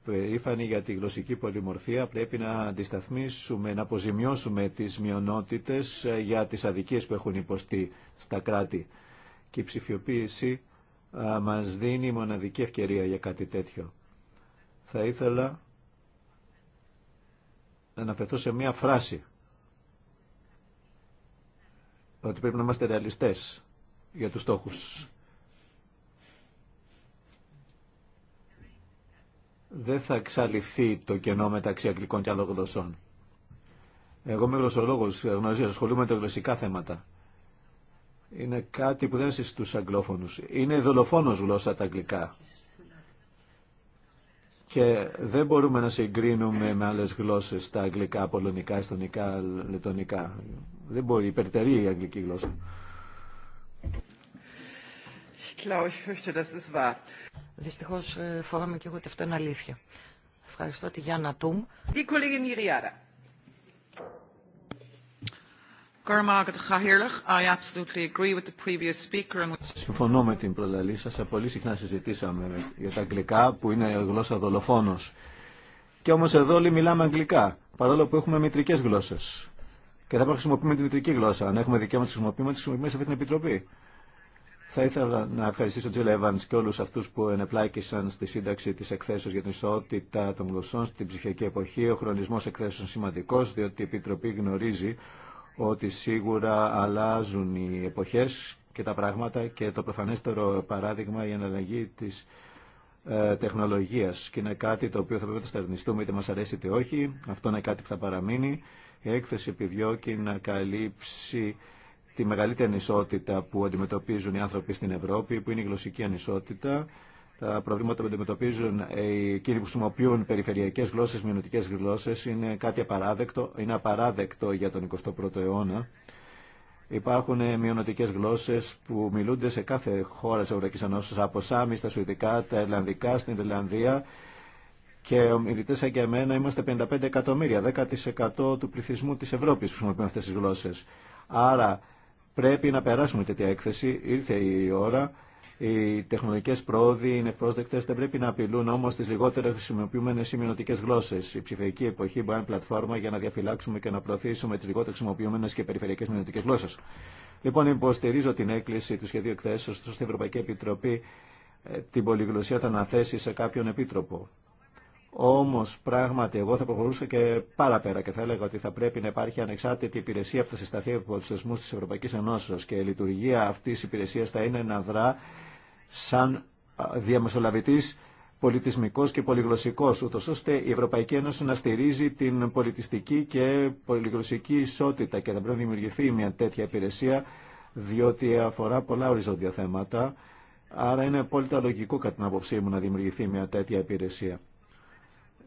υπερήφανη για τη γλωσσική πολυμορφία. Πρέπει να αντισταθμίσουμε, να αποζημιώσουμε τις μειονότητες ε, για τις αδικίες που έχουν υποστεί στα κράτη. Και η ψηφιοποίηση ε, μας δίνει μοναδική ευκαιρία για κάτι τέτοιο. Θα ήθελα να αναφερθώ σε μία φράση ότι πρέπει να είμαστε ρεαλιστές για τους στόχους. Δεν θα εξαλειφθεί το κενό μεταξύ αγγλικών και άλλων γλωσσών. Εγώ είμαι γλωσσολόγος, γνωρίζω, ασχολούμαι με τα γλωσσικά θέματα. Είναι κάτι που δεν είναι στους αγγλόφωνου. Είναι δολοφόνο γλώσσα τα αγγλικά και δεν μπορούμε να συγκρίνουμε με άλλες γλώσσες τα αγγλικά, πολωνικά, εστονικά, λετωνικά. Δεν μπορεί, υπερτερεί η αγγλική γλώσσα. Δυστυχώς ε, φοβάμαι και εγώ ότι αυτό είναι αλήθεια. Ευχαριστώ τη Γιάννα Τούμ. Η Νιριάρα. Συμφωνώ με την προλαλή σα. Πολύ συχνά συζητήσαμε για τα αγγλικά που είναι η γλώσσα δολοφόνο. Και όμω εδώ όλοι μιλάμε αγγλικά, παρόλο που έχουμε μητρικέ γλώσσε. Και θα πρέπει να χρησιμοποιούμε τη μητρική γλώσσα. Αν έχουμε δικαίωμα να τη χρησιμοποιούμε, τη χρησιμοποιούμε σε αυτή την επιτροπή. Θα ήθελα να ευχαριστήσω Τζίλα Εύαν και όλου αυτού που ενεπλάκησαν στη σύνταξη τη εκθέσεω για την ισότητα των γλωσσών στην ψυχιακή εποχή. Ο χρονισμό εκθέσεων σημαντικό, διότι η Επιτροπή γνωρίζει ότι σίγουρα αλλάζουν οι εποχές και τα πράγματα και το προφανέστερο παράδειγμα η αναλλαγή της ε, τεχνολογίας και είναι κάτι το οποίο θα πρέπει να στερνιστούμε είτε μας αρέσει είτε όχι. Αυτό είναι κάτι που θα παραμείνει. Η έκθεση επιδιώκει να καλύψει τη μεγαλύτερη ανισότητα που αντιμετωπίζουν οι άνθρωποι στην Ευρώπη, που είναι η γλωσσική ανισότητα. Τα προβλήματα που αντιμετωπίζουν οι κύριοι που χρησιμοποιούν περιφερειακέ γλώσσε, μειωνοτικέ γλώσσε, είναι κάτι απαράδεκτο. Είναι απαράδεκτο για τον 21ο αιώνα. Υπάρχουν μειωνοτικέ γλώσσε που μιλούνται σε κάθε χώρα τη Ευρωπαϊκή Ενώση, από Σάμι στα Σουηδικά, τα Ιρλανδικά, στην Ιρλανδία. Και ο σαν και εμένα είμαστε 55 εκατομμύρια, 10% του πληθυσμού τη Ευρώπη που χρησιμοποιούν αυτέ τι γλώσσε. Άρα πρέπει να περάσουμε τέτοια έκθεση. Ήρθε η ώρα οι τεχνολογικέ πρόοδοι είναι πρόσδεκτε, δεν πρέπει να απειλούν όμω τι λιγότερο χρησιμοποιούμενε σημειωτικέ γλώσσε. Η ψηφιακή εποχή μπορεί να είναι πλατφόρμα για να διαφυλάξουμε και να προωθήσουμε τι λιγότερο χρησιμοποιούμενε και περιφερειακέ σημειωτικέ γλώσσε. Λοιπόν, υποστηρίζω την έκκληση του σχεδίου εκθέσεως στην Ευρωπαϊκή Επιτροπή ε, την πολυγλωσία θα αναθέσει σε κάποιον επίτροπο. Όμω πράγματι εγώ θα προχωρούσα και παραπέρα και θα έλεγα ότι θα πρέπει να υπάρχει ανεξάρτητη υπηρεσία που θα συσταθεί από του θεσμού τη Ευρωπαϊκή Ενώσεω και η λειτουργία αυτή τη υπηρεσία θα είναι να δρά σαν διαμεσολαβητής πολιτισμικός και πολυγλωσσικός, ούτως ώστε η Ευρωπαϊκή Ένωση να στηρίζει την πολιτιστική και πολυγλωσσική ισότητα και θα πρέπει να δημιουργηθεί μια τέτοια υπηρεσία, διότι αφορά πολλά οριζόντια θέματα. Άρα είναι απόλυτα λογικό κατά την άποψή μου να δημιουργηθεί μια τέτοια υπηρεσία.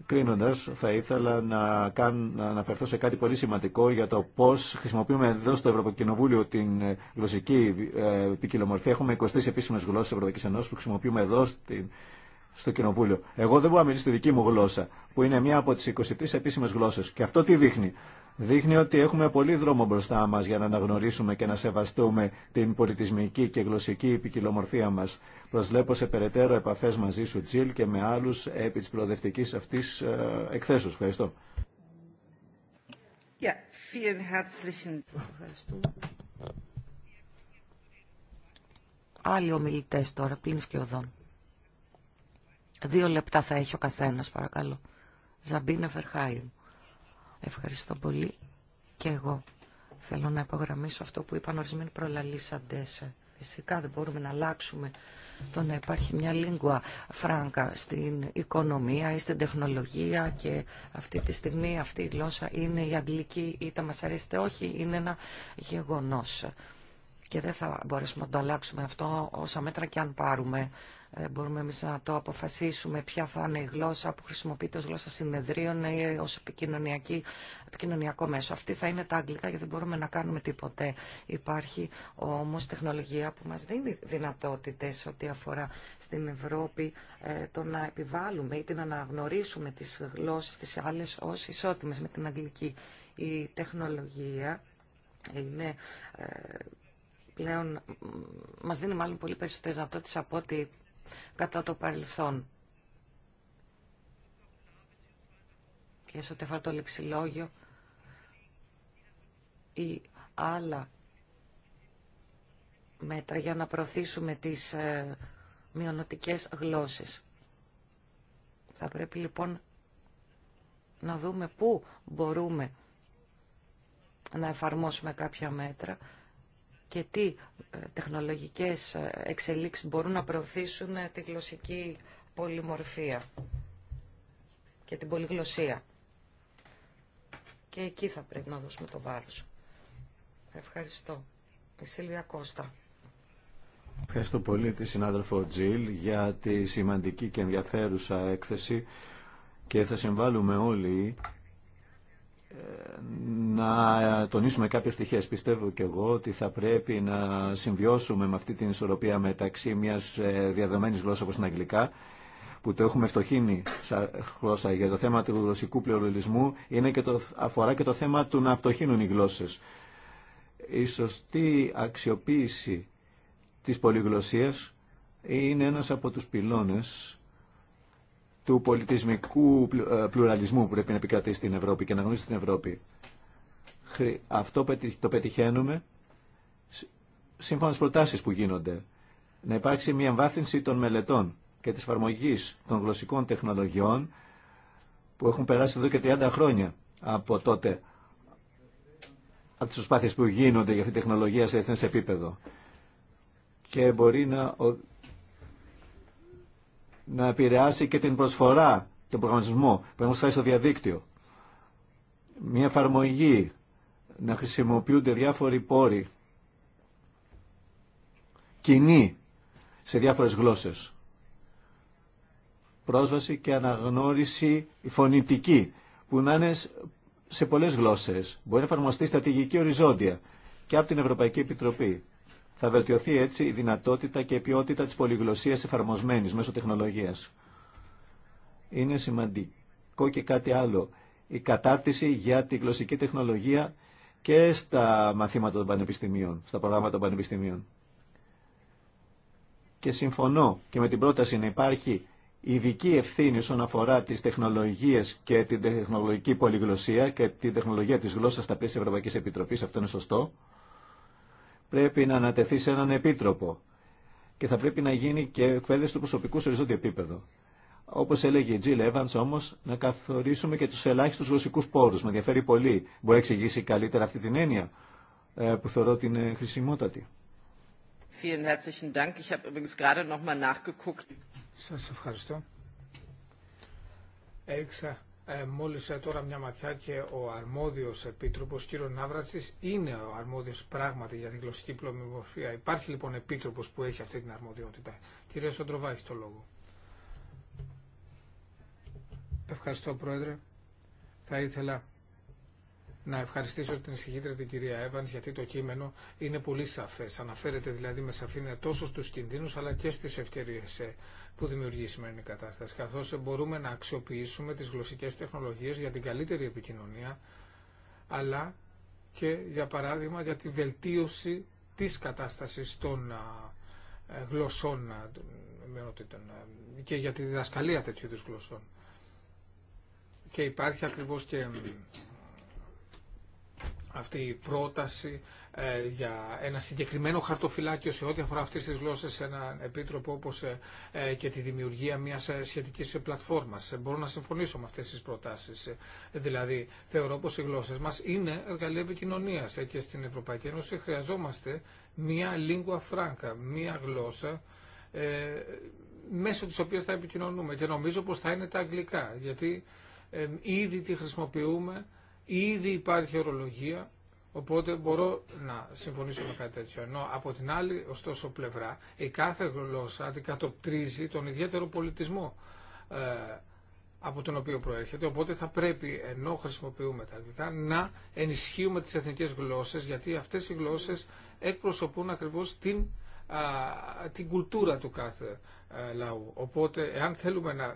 Κλείνοντας, θα ήθελα να, κάν, να αναφερθώ σε κάτι πολύ σημαντικό για το πώς χρησιμοποιούμε εδώ στο Κοινοβούλιο την ε, γλωσσική ε, ποικιλομορφία. Έχουμε 23 επίσημες γλώσσες Ευρωπαϊκής Ενώσης που χρησιμοποιούμε εδώ στο Κοινοβούλιο. Εγώ δεν μπορώ να μιλήσω τη δική μου γλώσσα, που είναι μία από τις 23 επίσημες γλώσσες. Και αυτό τι δείχνει, δείχνει ότι έχουμε πολύ δρόμο μπροστά μας για να αναγνωρίσουμε και να σεβαστούμε την πολιτισμική και γλωσσική ποικιλομορφία μας. Προσλέπω σε περαιτέρω επαφές μαζί σου Τζιλ και με άλλους επί της προοδευτικής αυτής ε, εκθέσεως. Ευχαριστώ. Άλλοι ομιλητέ τώρα, πλήν οδόν. Δύο λεπτά θα έχει ο καθένας, παρακαλώ. Ζαμπίνα Φερχάιν. Ευχαριστώ πολύ και εγώ. Θέλω να υπογραμμίσω αυτό που είπαν ορισμένοι προλαλήσαντες. Φυσικά δεν μπορούμε να αλλάξουμε το να υπάρχει μια λίγκουα φράγκα στην οικονομία ή στην τεχνολογία και αυτή τη στιγμή αυτή η γλώσσα είναι η αγγλική ή τα μας αρέσει όχι, είναι ένα γεγονός. Και δεν θα μπορέσουμε να το αλλάξουμε αυτό όσα μέτρα και αν πάρουμε. Ε, μπορούμε εμείς να το αποφασίσουμε ποια θα είναι η γλώσσα που χρησιμοποιείται ως γλώσσα συνεδρίων ή ως επικοινωνιακή, επικοινωνιακό μέσο. Αυτή θα είναι τα αγγλικά γιατί δεν μπορούμε να κάνουμε τίποτε. Υπάρχει όμως τεχνολογία που μας δίνει δυνατότητες ό,τι αφορά στην Ευρώπη ε, το να επιβάλλουμε ή την αναγνωρίσουμε τις γλώσσες τις άλλες ως ισότιμες με την αγγλική. Η τεχνολογία είναι ε, πλέον μας δίνει μάλλον πολύ περισσότερες δυνατότητες από ότι κατά το παρελθόν. Και στο ό,τι το λεξιλόγιο ή άλλα μέτρα για να προωθήσουμε τις ε, μειονοτικές γλώσσες. Θα πρέπει λοιπόν να δούμε πού μπορούμε να εφαρμόσουμε κάποια μέτρα και τι ε, τεχνολογικές ε, εξελίξεις μπορούν να προωθήσουν ε, τη γλωσσική πολυμορφία και την πολυγλωσσία. Και εκεί θα πρέπει να δώσουμε το βάρος. Ευχαριστώ. Η Σίλβια Κώστα. Ευχαριστώ πολύ τη συνάδελφο Τζιλ για τη σημαντική και ενδιαφέρουσα έκθεση και θα συμβάλλουμε όλοι να ε, τονίσουμε κάποιες πτυχές. Πιστεύω και εγώ ότι θα πρέπει να συμβιώσουμε με αυτή την ισορροπία μεταξύ μιας ε, διαδεδομένης γλώσσας όπως είναι αγγλικά, που το έχουμε φτωχύνει σαν γλώσσα για το θέμα του γλωσσικού πληρολισμού, είναι και το, αφορά και το θέμα του να φτωχύνουν οι γλώσσες. Η σωστή αξιοποίηση της πολυγλωσσίας είναι ένας από τους πυλώνες του πολιτισμικού ε, πλουραλισμού που πρέπει να επικρατήσει στην Ευρώπη και να γνωρίζει στην Ευρώπη. Αυτό το πετυχαίνουμε σύμφωνα στις προτάσεις που γίνονται. Να υπάρξει μια εμβάθυνση των μελετών και της εφαρμογή των γλωσσικών τεχνολογιών που έχουν περάσει εδώ και 30 χρόνια από τότε από τις προσπάθειες που γίνονται για αυτή τη τεχνολογία σε εθνές επίπεδο. Και μπορεί να, να επηρεάσει και την προσφορά, τον προγραμματισμό, που έχουμε στο διαδίκτυο. Μια εφαρμογή να χρησιμοποιούνται διάφοροι πόροι κοινοί σε διάφορες γλώσσες. Πρόσβαση και αναγνώριση φωνητική που να είναι σε πολλές γλώσσες. Μπορεί να εφαρμοστεί στρατηγική οριζόντια και από την Ευρωπαϊκή Επιτροπή. Θα βελτιωθεί έτσι η δυνατότητα και η ποιότητα της πολυγλωσσίας εφαρμοσμένης μέσω τεχνολογίας. Είναι σημαντικό και κάτι άλλο. Η κατάρτιση για τη γλωσσική τεχνολογία και στα μαθήματα των πανεπιστημίων, στα προγράμματα των πανεπιστημίων. Και συμφωνώ και με την πρόταση να υπάρχει ειδική ευθύνη όσον αφορά τις τεχνολογίες και την τεχνολογική πολυγλωσία και την τεχνολογία της γλώσσας στα πλαίσια Ευρωπαϊκής Επιτροπής, αυτό είναι σωστό, πρέπει να ανατεθεί σε έναν επίτροπο και θα πρέπει να γίνει και εκπαίδευση του προσωπικού σε οριζόντιο επίπεδο. Όπω έλεγε η Τζιλ Evans όμως, να καθορίσουμε και τους ελάχιστους γλωσσικούς πόρου. Με ενδιαφέρει πολύ. Μπορεί να εξηγήσει καλύτερα αυτή την έννοια ε, που θεωρώ ότι είναι χρησιμότατη. Σας ευχαριστώ. Έριξα ε, μόλις ε, τώρα μια ματιά και ο αρμόδιος επίτροπος κύριο Ναύρατσης είναι ο αρμόδιος πράγματι για την γλωσσική πλωμιμορφία. Υπάρχει λοιπόν επίτροπος που έχει αυτή την αρμοδιότητα. Κύριε Σοντροβά έχει το λόγο. Ευχαριστώ Πρόεδρε. Θα ήθελα να ευχαριστήσω την συγχύτρια την κυρία Εύανς γιατί το κείμενο είναι πολύ σαφές. Αναφέρεται δηλαδή με σαφήνεια τόσο στους κινδύνους αλλά και στις ευκαιρίες ε, που δημιουργεί η σημερινή κατάσταση. Καθώς ε, μπορούμε να αξιοποιήσουμε τις γλωσσικές τεχνολογίες για την καλύτερη επικοινωνία αλλά και για παράδειγμα για τη βελτίωση της κατάστασης των ε, γλωσσών και για τη διδασκαλία τέτοιου είδους γλωσσών και υπάρχει ακριβώς και αυτή η πρόταση ε, για ένα συγκεκριμένο χαρτοφυλάκιο σε ό,τι αφορά αυτές τις γλώσσες σε έναν επίτροπο όπως ε, ε, και τη δημιουργία μιας σχετικής πλατφόρμας. Μπορώ να συμφωνήσω με αυτές τις προτάσεις. δηλαδή, θεωρώ πως οι γλώσσες μας είναι εργαλεία επικοινωνίας και στην Ευρωπαϊκή Ένωση χρειαζόμαστε μια lingua franca, μια γλώσσα μέσω της οποίας θα επικοινωνούμε και νομίζω πως θα είναι τα αγγλικά, γιατί ήδη τη χρησιμοποιούμε, ήδη υπάρχει ορολογία, οπότε μπορώ να συμφωνήσω με κάτι τέτοιο. Ενώ από την άλλη, ωστόσο, πλευρά, η κάθε γλώσσα αντικατοπτρίζει τον ιδιαίτερο πολιτισμό ε, από τον οποίο προέρχεται. Οπότε θα πρέπει ενώ χρησιμοποιούμε τα αγγλικά να ενισχύουμε τις εθνικές γλώσσες γιατί αυτές οι γλώσσες εκπροσωπούν ακριβώς την, κουλτούρα του κάθε ε, λαού. Οπότε εάν θέλουμε να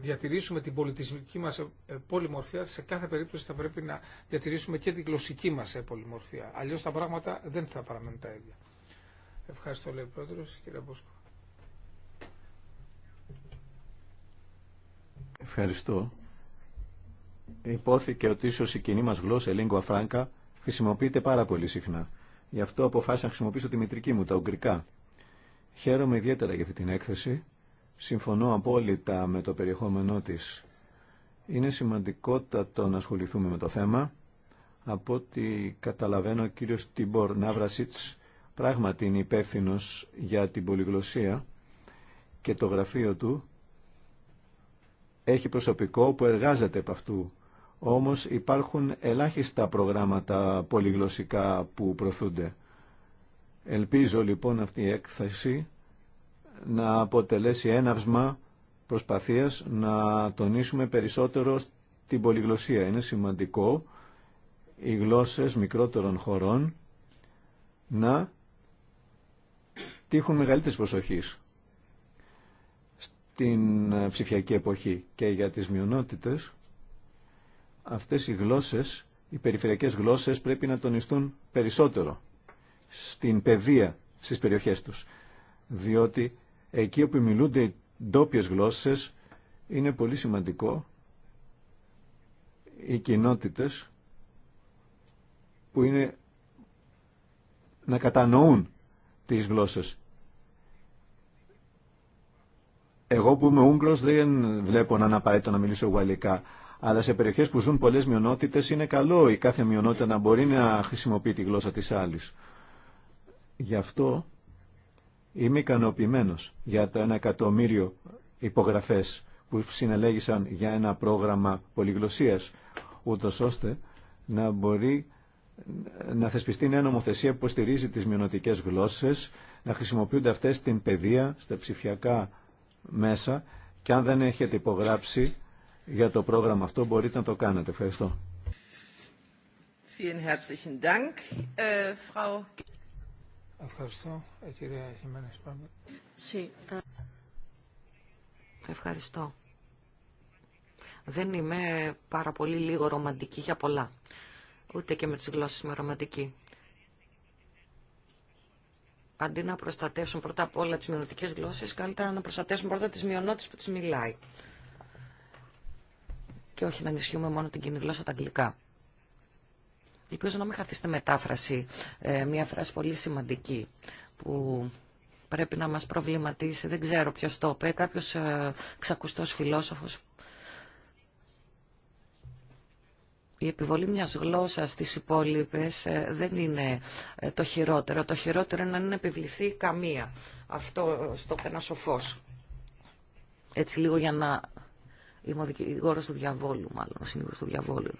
διατηρήσουμε την πολιτισμική μας ε, ε, πολυμορφία, σε κάθε περίπτωση θα πρέπει να διατηρήσουμε και την γλωσσική μας ε, πολυμορφία. Αλλιώς τα πράγματα δεν θα παραμένουν τα ίδια. Ευχαριστώ, λέει ο Πρόεδρος, κύριε Ευχαριστώ. Υπόθηκε ότι ίσω η κοινή μα γλώσσα, η lingua franca, χρησιμοποιείται πάρα πολύ συχνά. Γι' αυτό αποφάσισα να χρησιμοποιήσω τη μητρική μου, τα ουγγρικά. Χαίρομαι ιδιαίτερα για αυτή την έκθεση Συμφωνώ απόλυτα με το περιεχόμενό της. Είναι σημαντικότατο να ασχοληθούμε με το θέμα. Από ό,τι καταλαβαίνω, ο κύριος Τιμπορ Ναύρασιτς πράγματι είναι υπεύθυνο για την πολυγλωσία και το γραφείο του έχει προσωπικό που εργάζεται από αυτού. Όμως υπάρχουν ελάχιστα προγράμματα πολυγλωσσικά που προωθούνται. Ελπίζω λοιπόν αυτή η έκθεση να αποτελέσει έναυσμα προσπαθίας να τονίσουμε περισσότερο την πολυγλωσία. Είναι σημαντικό οι γλώσσες μικρότερων χωρών να τύχουν μεγαλύτερης προσοχής στην ε, ψηφιακή εποχή και για τις μειονότητες αυτές οι γλώσσες, οι περιφερειακές γλώσσες πρέπει να τονιστούν περισσότερο στην παιδεία στις περιοχές τους διότι εκεί όπου μιλούνται οι ντόπιε γλώσσες είναι πολύ σημαντικό οι κοινότητε που είναι να κατανοούν τις γλώσσες. Εγώ που είμαι Ούγγλος δεν βλέπω να απαραίτητο να μιλήσω γαλλικά. Αλλά σε περιοχές που ζουν πολλές μειονότητες είναι καλό η κάθε μειονότητα να μπορεί να χρησιμοποιεί τη γλώσσα της άλλης. Γι' αυτό Είμαι ικανοποιημένο για το ένα εκατομμύριο υπογραφές που συνελέγησαν για ένα πρόγραμμα πολυγλωσσίας, ούτω ώστε να μπορεί να θεσπιστεί μια νομοθεσία που στηρίζει τις μειονοτικές γλώσσες, να χρησιμοποιούνται αυτές στην παιδεία, στα ψηφιακά μέσα και αν δεν έχετε υπογράψει για το πρόγραμμα αυτό μπορείτε να το κάνετε. Ευχαριστώ. Äh, Ευχαριστώ, ε, κυρία Sí. Ε. Ευχαριστώ. Δεν είμαι πάρα πολύ λίγο ρομαντική για πολλά. Ούτε και με τις γλώσσες είμαι ρομαντική. Αντί να προστατεύσουν πρώτα απ' όλα τις μειονοτικές γλώσσες, καλύτερα να προστατεύσουν πρώτα τις μειονότητες που τις μιλάει. Και όχι να ενισχύουμε μόνο την κοινή γλώσσα τα αγγλικά. Ελπίζω να μην χαθείστε μετάφραση ε, μια φράση πολύ σημαντική που πρέπει να μας προβληματίσει. Δεν ξέρω ποιος το είπε, κάποιος ε, ξακουστός φιλόσοφος. Η επιβολή μιας γλώσσας στις υπόλοιπες ε, δεν είναι ε, το χειρότερο. Το χειρότερο είναι να μην επιβληθεί καμία. Αυτό στο ένα σοφός. Έτσι λίγο για να... Είμαι ο δικηγόρος του διαβόλου, μάλλον, ο του διαβόλου.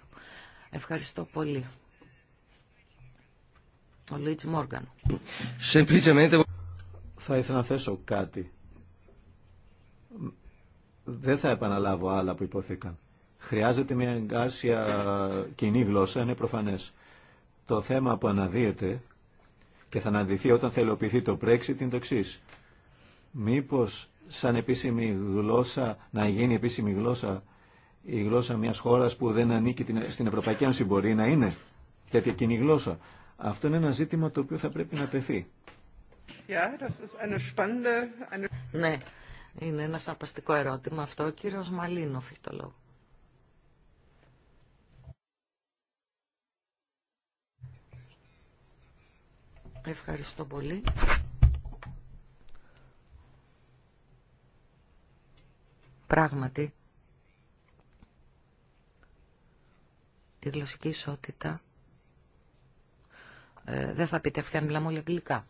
Ευχαριστώ πολύ. Ο Μόργαν. Θα ήθελα να θέσω κάτι. Δεν θα επαναλάβω άλλα που υπόθηκαν. Χρειάζεται μια εγκάσια κοινή γλώσσα, είναι προφανές. Το θέμα που αναδύεται και θα αναδυθεί όταν θελοποιηθεί το Brexit είναι το εξή. Μήπως σαν επίσημη γλώσσα, να γίνει επίσημη γλώσσα η γλώσσα μιας χώρας που δεν ανήκει στην Ευρωπαϊκή Ένωση μπορεί να είναι τέτοια κοινή γλώσσα. Αυτό είναι ένα ζήτημα το οποίο θα πρέπει να τεθεί. Ναι, είναι ένα σαρπαστικό ερώτημα αυτό. Ο κύριο Μαλίνοφ έχει Ευχαριστώ πολύ. Πράγματι, η γλωσσική ισότητα ε, δεν θα πείτε αν μιλάμε όλοι αγγλικά.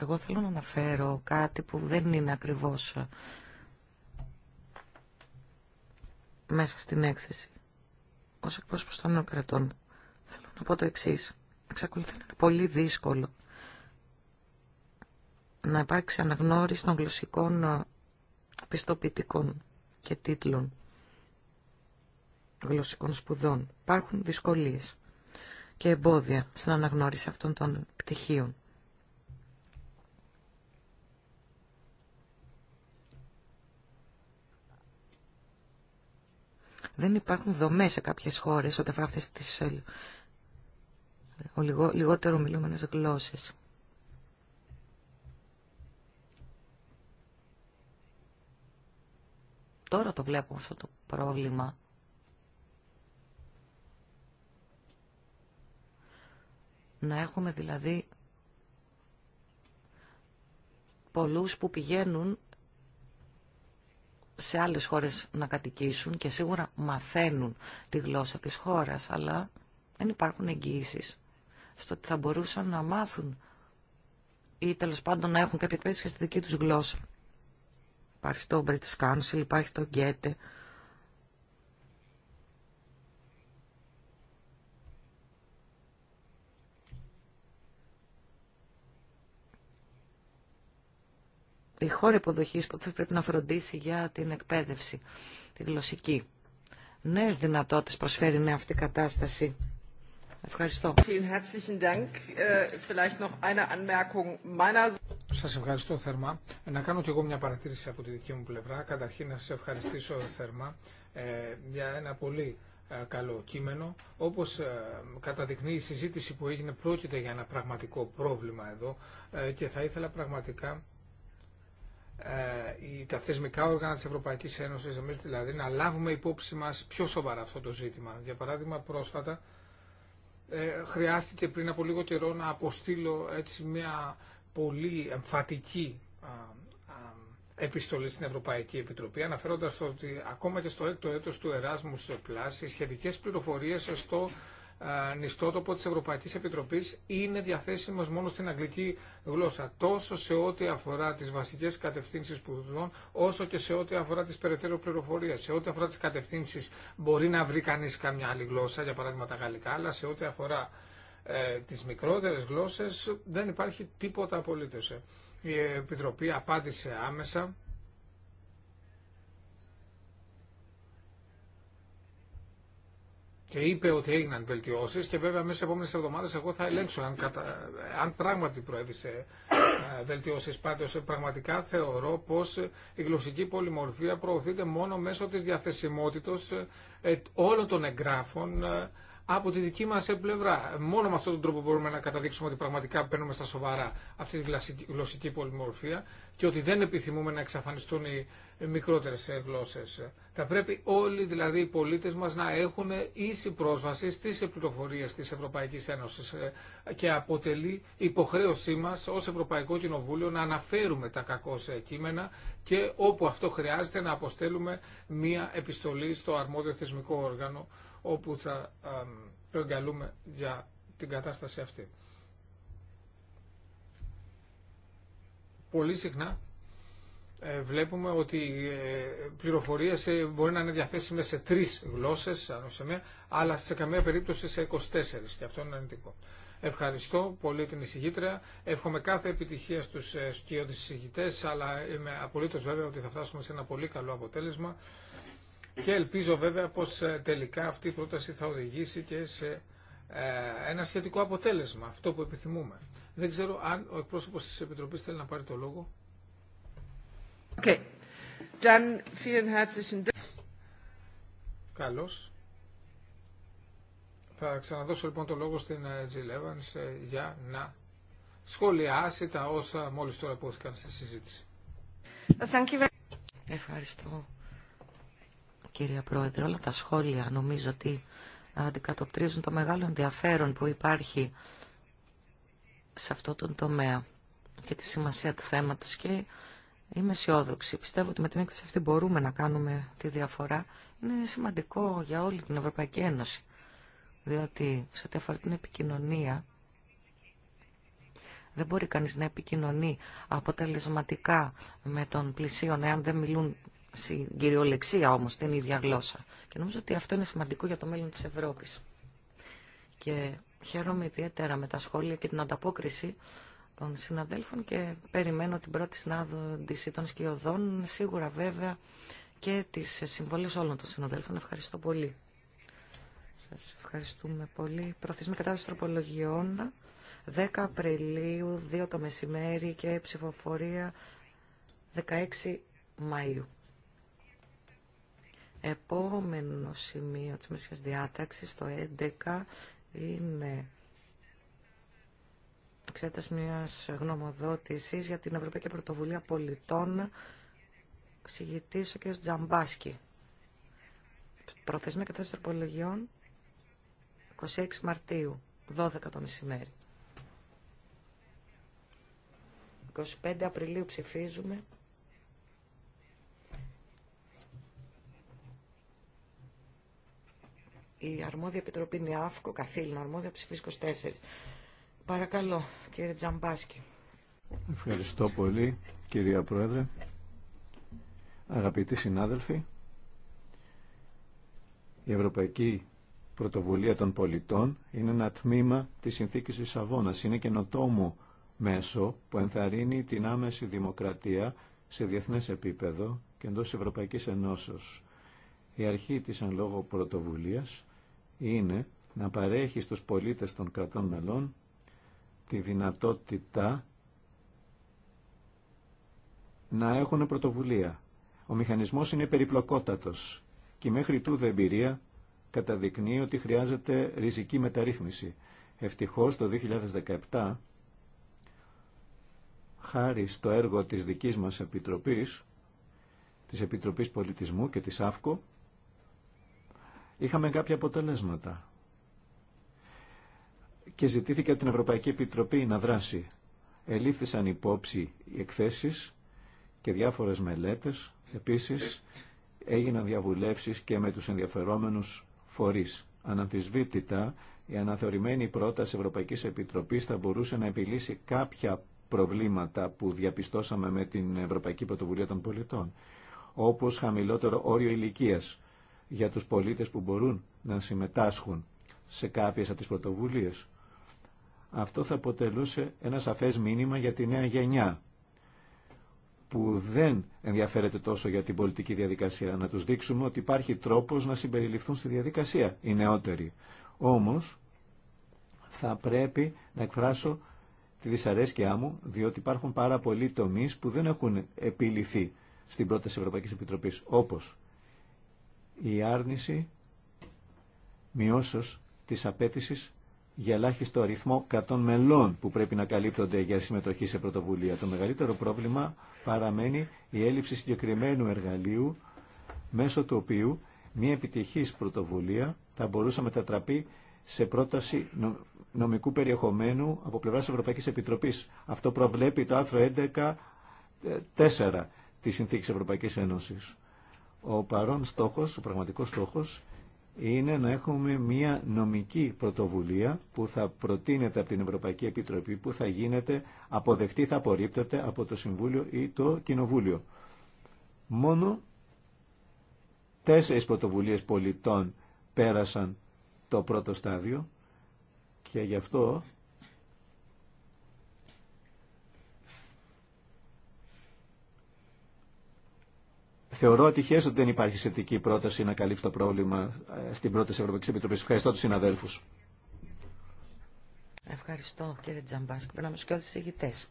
Εγώ θέλω να αναφέρω κάτι που δεν είναι ακριβώς ε, μέσα στην έκθεση. Ως εκπρόσωπος των κρατών, θέλω να πω το εξής. Εξακολουθεί να είναι πολύ δύσκολο να υπάρξει αναγνώριση των γλωσσικών ε, πιστοποιητικών και τίτλων γλωσσικών σπουδών. Υπάρχουν δυσκολίες και εμπόδια στην αναγνώριση αυτών των πτυχίων. Δεν υπάρχουν δομές σε κάποιες χώρες όταν αφορά αυτές ε, λιγότερο μιλούμενες γλώσσες. Τώρα το βλέπω αυτό το πρόβλημα Να έχουμε δηλαδή πολλούς που πηγαίνουν σε άλλες χώρες να κατοικήσουν και σίγουρα μαθαίνουν τη γλώσσα της χώρας, αλλά δεν υπάρχουν εγγύησει στο ότι θα μπορούσαν να μάθουν ή τέλο πάντων να έχουν κάποια και στη δική τους γλώσσα. Υπάρχει το British Council, υπάρχει το γέτε. χώρα υποδοχής που θα πρέπει να φροντίσει για την εκπαίδευση, τη γλωσσική. Νέες δυνατότητες προσφέρει νέα αυτή η κατάσταση. Ευχαριστώ. Äh, σα ευχαριστώ θερμά. Ε, να κάνω και εγώ μια παρατήρηση από τη δική μου πλευρά. Καταρχήν να σα ευχαριστήσω θερμά ε, για ένα πολύ ε, καλό κείμενο. Όπως καταδεικνύει η συζήτηση που έγινε πρόκειται για ένα πραγματικό πρόβλημα εδώ και θα ήθελα πραγματικά ε, τα θεσμικά όργανα της Ευρωπαϊκής Ένωσης, εμείς δηλαδή, να λάβουμε υπόψη μας πιο σοβαρά αυτό το ζήτημα. Για παράδειγμα, πρόσφατα ε, χρειάστηκε πριν από λίγο καιρό να αποστείλω έτσι μια πολύ εμφατική επιστολή στην Ευρωπαϊκή Επιτροπή, αναφέροντας ότι ακόμα και στο έκτο έτος του Erasmus Plus, οι σχετικές πληροφορίες στο νηστότοπο της Ευρωπαϊκής Επιτροπής είναι διαθέσιμος μόνο στην αγγλική γλώσσα, τόσο σε ό,τι αφορά τις βασικές κατευθύνσεις δουλειών όσο και σε ό,τι αφορά τις περαιτέρω πληροφορίες. Σε ό,τι αφορά τις κατευθύνσεις μπορεί να βρει κανείς καμιά άλλη γλώσσα, για παράδειγμα τα γαλλικά, αλλά σε ό,τι αφορά ε, τις μικρότερες γλώσσες δεν υπάρχει τίποτα απολύτως. Ε, η Επιτροπή απάντησε άμεσα και είπε ότι έγιναν βελτιώσει και βέβαια μέσα σε επόμενε εβδομάδε εγώ θα ελέγξω αν, κατα... αν πράγματι προέβησε βελτιώσει. Πάντω πραγματικά θεωρώ πω η γλωσσική πολυμορφία προωθείται μόνο μέσω τη διαθεσιμότητα ε, ε, όλων των εγγράφων ε, από τη δική μας πλευρά. Μόνο με αυτόν τον τρόπο μπορούμε να καταδείξουμε ότι πραγματικά παίρνουμε στα σοβαρά αυτή τη γλωσσική πολυμορφία και ότι δεν επιθυμούμε να εξαφανιστούν οι μικρότερες γλώσσες. Θα πρέπει όλοι δηλαδή οι πολίτες μας να έχουν ίση πρόσβαση στις πληροφορίες της Ευρωπαϊκής Ένωσης και αποτελεί υποχρέωσή μας ως Ευρωπαϊκό Κοινοβούλιο να αναφέρουμε τα κακό σε κείμενα και όπου αυτό χρειάζεται να αποστέλουμε μία επιστολή στο αρμόδιο θεσμικό όργανο όπου θα προεγκαλούμε για την κατάσταση αυτή. Πολύ συχνά ε, βλέπουμε ότι ε, πληροφορίες ε, μπορεί να είναι διαθέσιμε σε τρεις γλώσσες, σε μία, αλλά σε καμία περίπτωση σε 24 και αυτό είναι αρνητικό. Ευχαριστώ πολύ την εισηγήτρια. Εύχομαι κάθε επιτυχία στους σκιώδεις εισηγητές, αλλά είμαι απολύτως βέβαιο ότι θα φτάσουμε σε ένα πολύ καλό αποτέλεσμα. Και ελπίζω βέβαια πως ε, τελικά αυτή η πρόταση θα οδηγήσει και σε ε, ένα σχετικό αποτέλεσμα, αυτό που επιθυμούμε. Δεν ξέρω αν ο εκπρόσωπος της Επιτροπής θέλει να πάρει το λόγο. Okay. Dann vielen herzlichen Dank. Καλώς. Θα ξαναδώσω λοιπόν το λόγο στην ε, Jill Evans για να σχολιάσει τα όσα μόλις τώρα υπόθηκαν στη συζήτηση. Ευχαριστώ κυρία Πρόεδρε. Όλα τα σχόλια νομίζω ότι αντικατοπτρίζουν το μεγάλο ενδιαφέρον που υπάρχει σε αυτό τον τομέα και τη σημασία του θέματος και είμαι αισιόδοξη. Πιστεύω ότι με την έκθεση αυτή μπορούμε να κάνουμε τη διαφορά. Είναι σημαντικό για όλη την Ευρωπαϊκή Ένωση, διότι σε ό,τι αφορά την επικοινωνία δεν μπορεί κανείς να επικοινωνεί αποτελεσματικά με τον πλησίον εάν δεν μιλούν στην κυριολεξία όμως την ίδια γλώσσα. Και νομίζω ότι αυτό είναι σημαντικό για το μέλλον της Ευρώπης. Και χαίρομαι ιδιαίτερα με τα σχόλια και την ανταπόκριση των συναδέλφων και περιμένω την πρώτη συνάντηση των σκιωδών, σίγουρα βέβαια και τις συμβολές όλων των συναδέλφων. Ευχαριστώ πολύ. Σας ευχαριστούμε πολύ. Προθεσμή κατάσταση τροπολογιών 10 Απριλίου, 2 το μεσημέρι και ψηφοφορία 16 Μαΐου. Επόμενο σημείο της μεσιάς διάταξης, το 11, είναι εξέταση μιας γνωμοδότησης για την Ευρωπαϊκή Πρωτοβουλία Πολιτών, συγητής ο κ. Τζαμπάσκι. Προθεσμία κατάσταση τροπολογιών 26 Μαρτίου, 12 το μεσημέρι. 25 Απριλίου ψηφίζουμε. Η αρμόδια επιτροπή είναι ΑΦΚΟ, καθήλυνα αρμόδια ψηφίς 24. Παρακαλώ, κύριε Τζαμπάσκη. Ευχαριστώ πολύ, κυρία Πρόεδρε. Αγαπητοί συνάδελφοι, η Ευρωπαϊκή Πρωτοβουλία των Πολιτών είναι ένα τμήμα της Συνθήκης Λισαβόνας. Είναι καινοτόμο μέσο που ενθαρρύνει την άμεση δημοκρατία σε διεθνές επίπεδο και εντός Ευρωπαϊκής Ενώσεως. Η αρχή της εν λόγω είναι να παρέχει στους πολίτες των κρατών μελών τη δυνατότητα να έχουν πρωτοβουλία. Ο μηχανισμός είναι περιπλοκότατος και μέχρι τούδε εμπειρία καταδεικνύει ότι χρειάζεται ριζική μεταρρύθμιση. Ευτυχώς το 2017, χάρη στο έργο της δικής μας Επιτροπής, της Επιτροπής Πολιτισμού και της ΑΦΚΟ, είχαμε κάποια αποτελέσματα. Και ζητήθηκε από την Ευρωπαϊκή Επιτροπή να δράσει. Ελήφθησαν υπόψη οι εκθέσεις και διάφορες μελέτες. Επίσης έγιναν διαβουλεύσεις και με τους ενδιαφερόμενους φορείς. Αναμφισβήτητα η αναθεωρημένη πρόταση Ευρωπαϊκής Επιτροπής θα μπορούσε να επιλύσει κάποια προβλήματα που διαπιστώσαμε με την Ευρωπαϊκή Πρωτοβουλία των Πολιτών, όπως χαμηλότερο όριο ηλικίας για τους πολίτες που μπορούν να συμμετάσχουν σε κάποιες από τις πρωτοβουλίες. Αυτό θα αποτελούσε ένα σαφές μήνυμα για τη νέα γενιά που δεν ενδιαφέρεται τόσο για την πολιτική διαδικασία. Να τους δείξουμε ότι υπάρχει τρόπος να συμπεριληφθούν στη διαδικασία οι νεότεροι. Όμως θα πρέπει να εκφράσω τη δυσαρέσκειά μου διότι υπάρχουν πάρα πολλοί τομείς που δεν έχουν επιληθεί στην πρόταση Ευρωπαϊκής Επιτροπής όπως η άρνηση μειώσεως της απέτηση για ελάχιστο αριθμό 100 μελών που πρέπει να καλύπτονται για συμμετοχή σε πρωτοβουλία. Το μεγαλύτερο πρόβλημα παραμένει η έλλειψη συγκεκριμένου εργαλείου μέσω του οποίου μια επιτυχής πρωτοβουλία θα μπορούσε να μετατραπεί σε πρόταση νομικού περιεχομένου από πλευράς Ευρωπαϊκής Επιτροπής. Αυτό προβλέπει το άρθρο 11.4 ε, της Συνθήκης Ευρωπαϊκής Ένωσης. Ο παρόν στόχος, ο πραγματικός στόχος είναι να έχουμε μια νομική πρωτοβουλία που θα προτείνεται από την Ευρωπαϊκή Επιτροπή, που θα γίνεται αποδεκτή, θα απορρίπτεται από το Συμβούλιο ή το Κοινοβούλιο. Μόνο τέσσερις πρωτοβουλίες πολιτών πέρασαν το πρώτο στάδιο και γι' αυτό Θεωρώ ατυχές ότι δεν υπάρχει σχετική πρόταση να καλύψει το πρόβλημα ε, στην πρόταση Ευρωπαϊκής Επιτροπής. Ευχαριστώ τους συναδέλφους. Ευχαριστώ κύριε Τζαμπάσκη. Περνάμε στους κοιόδες ηγητές.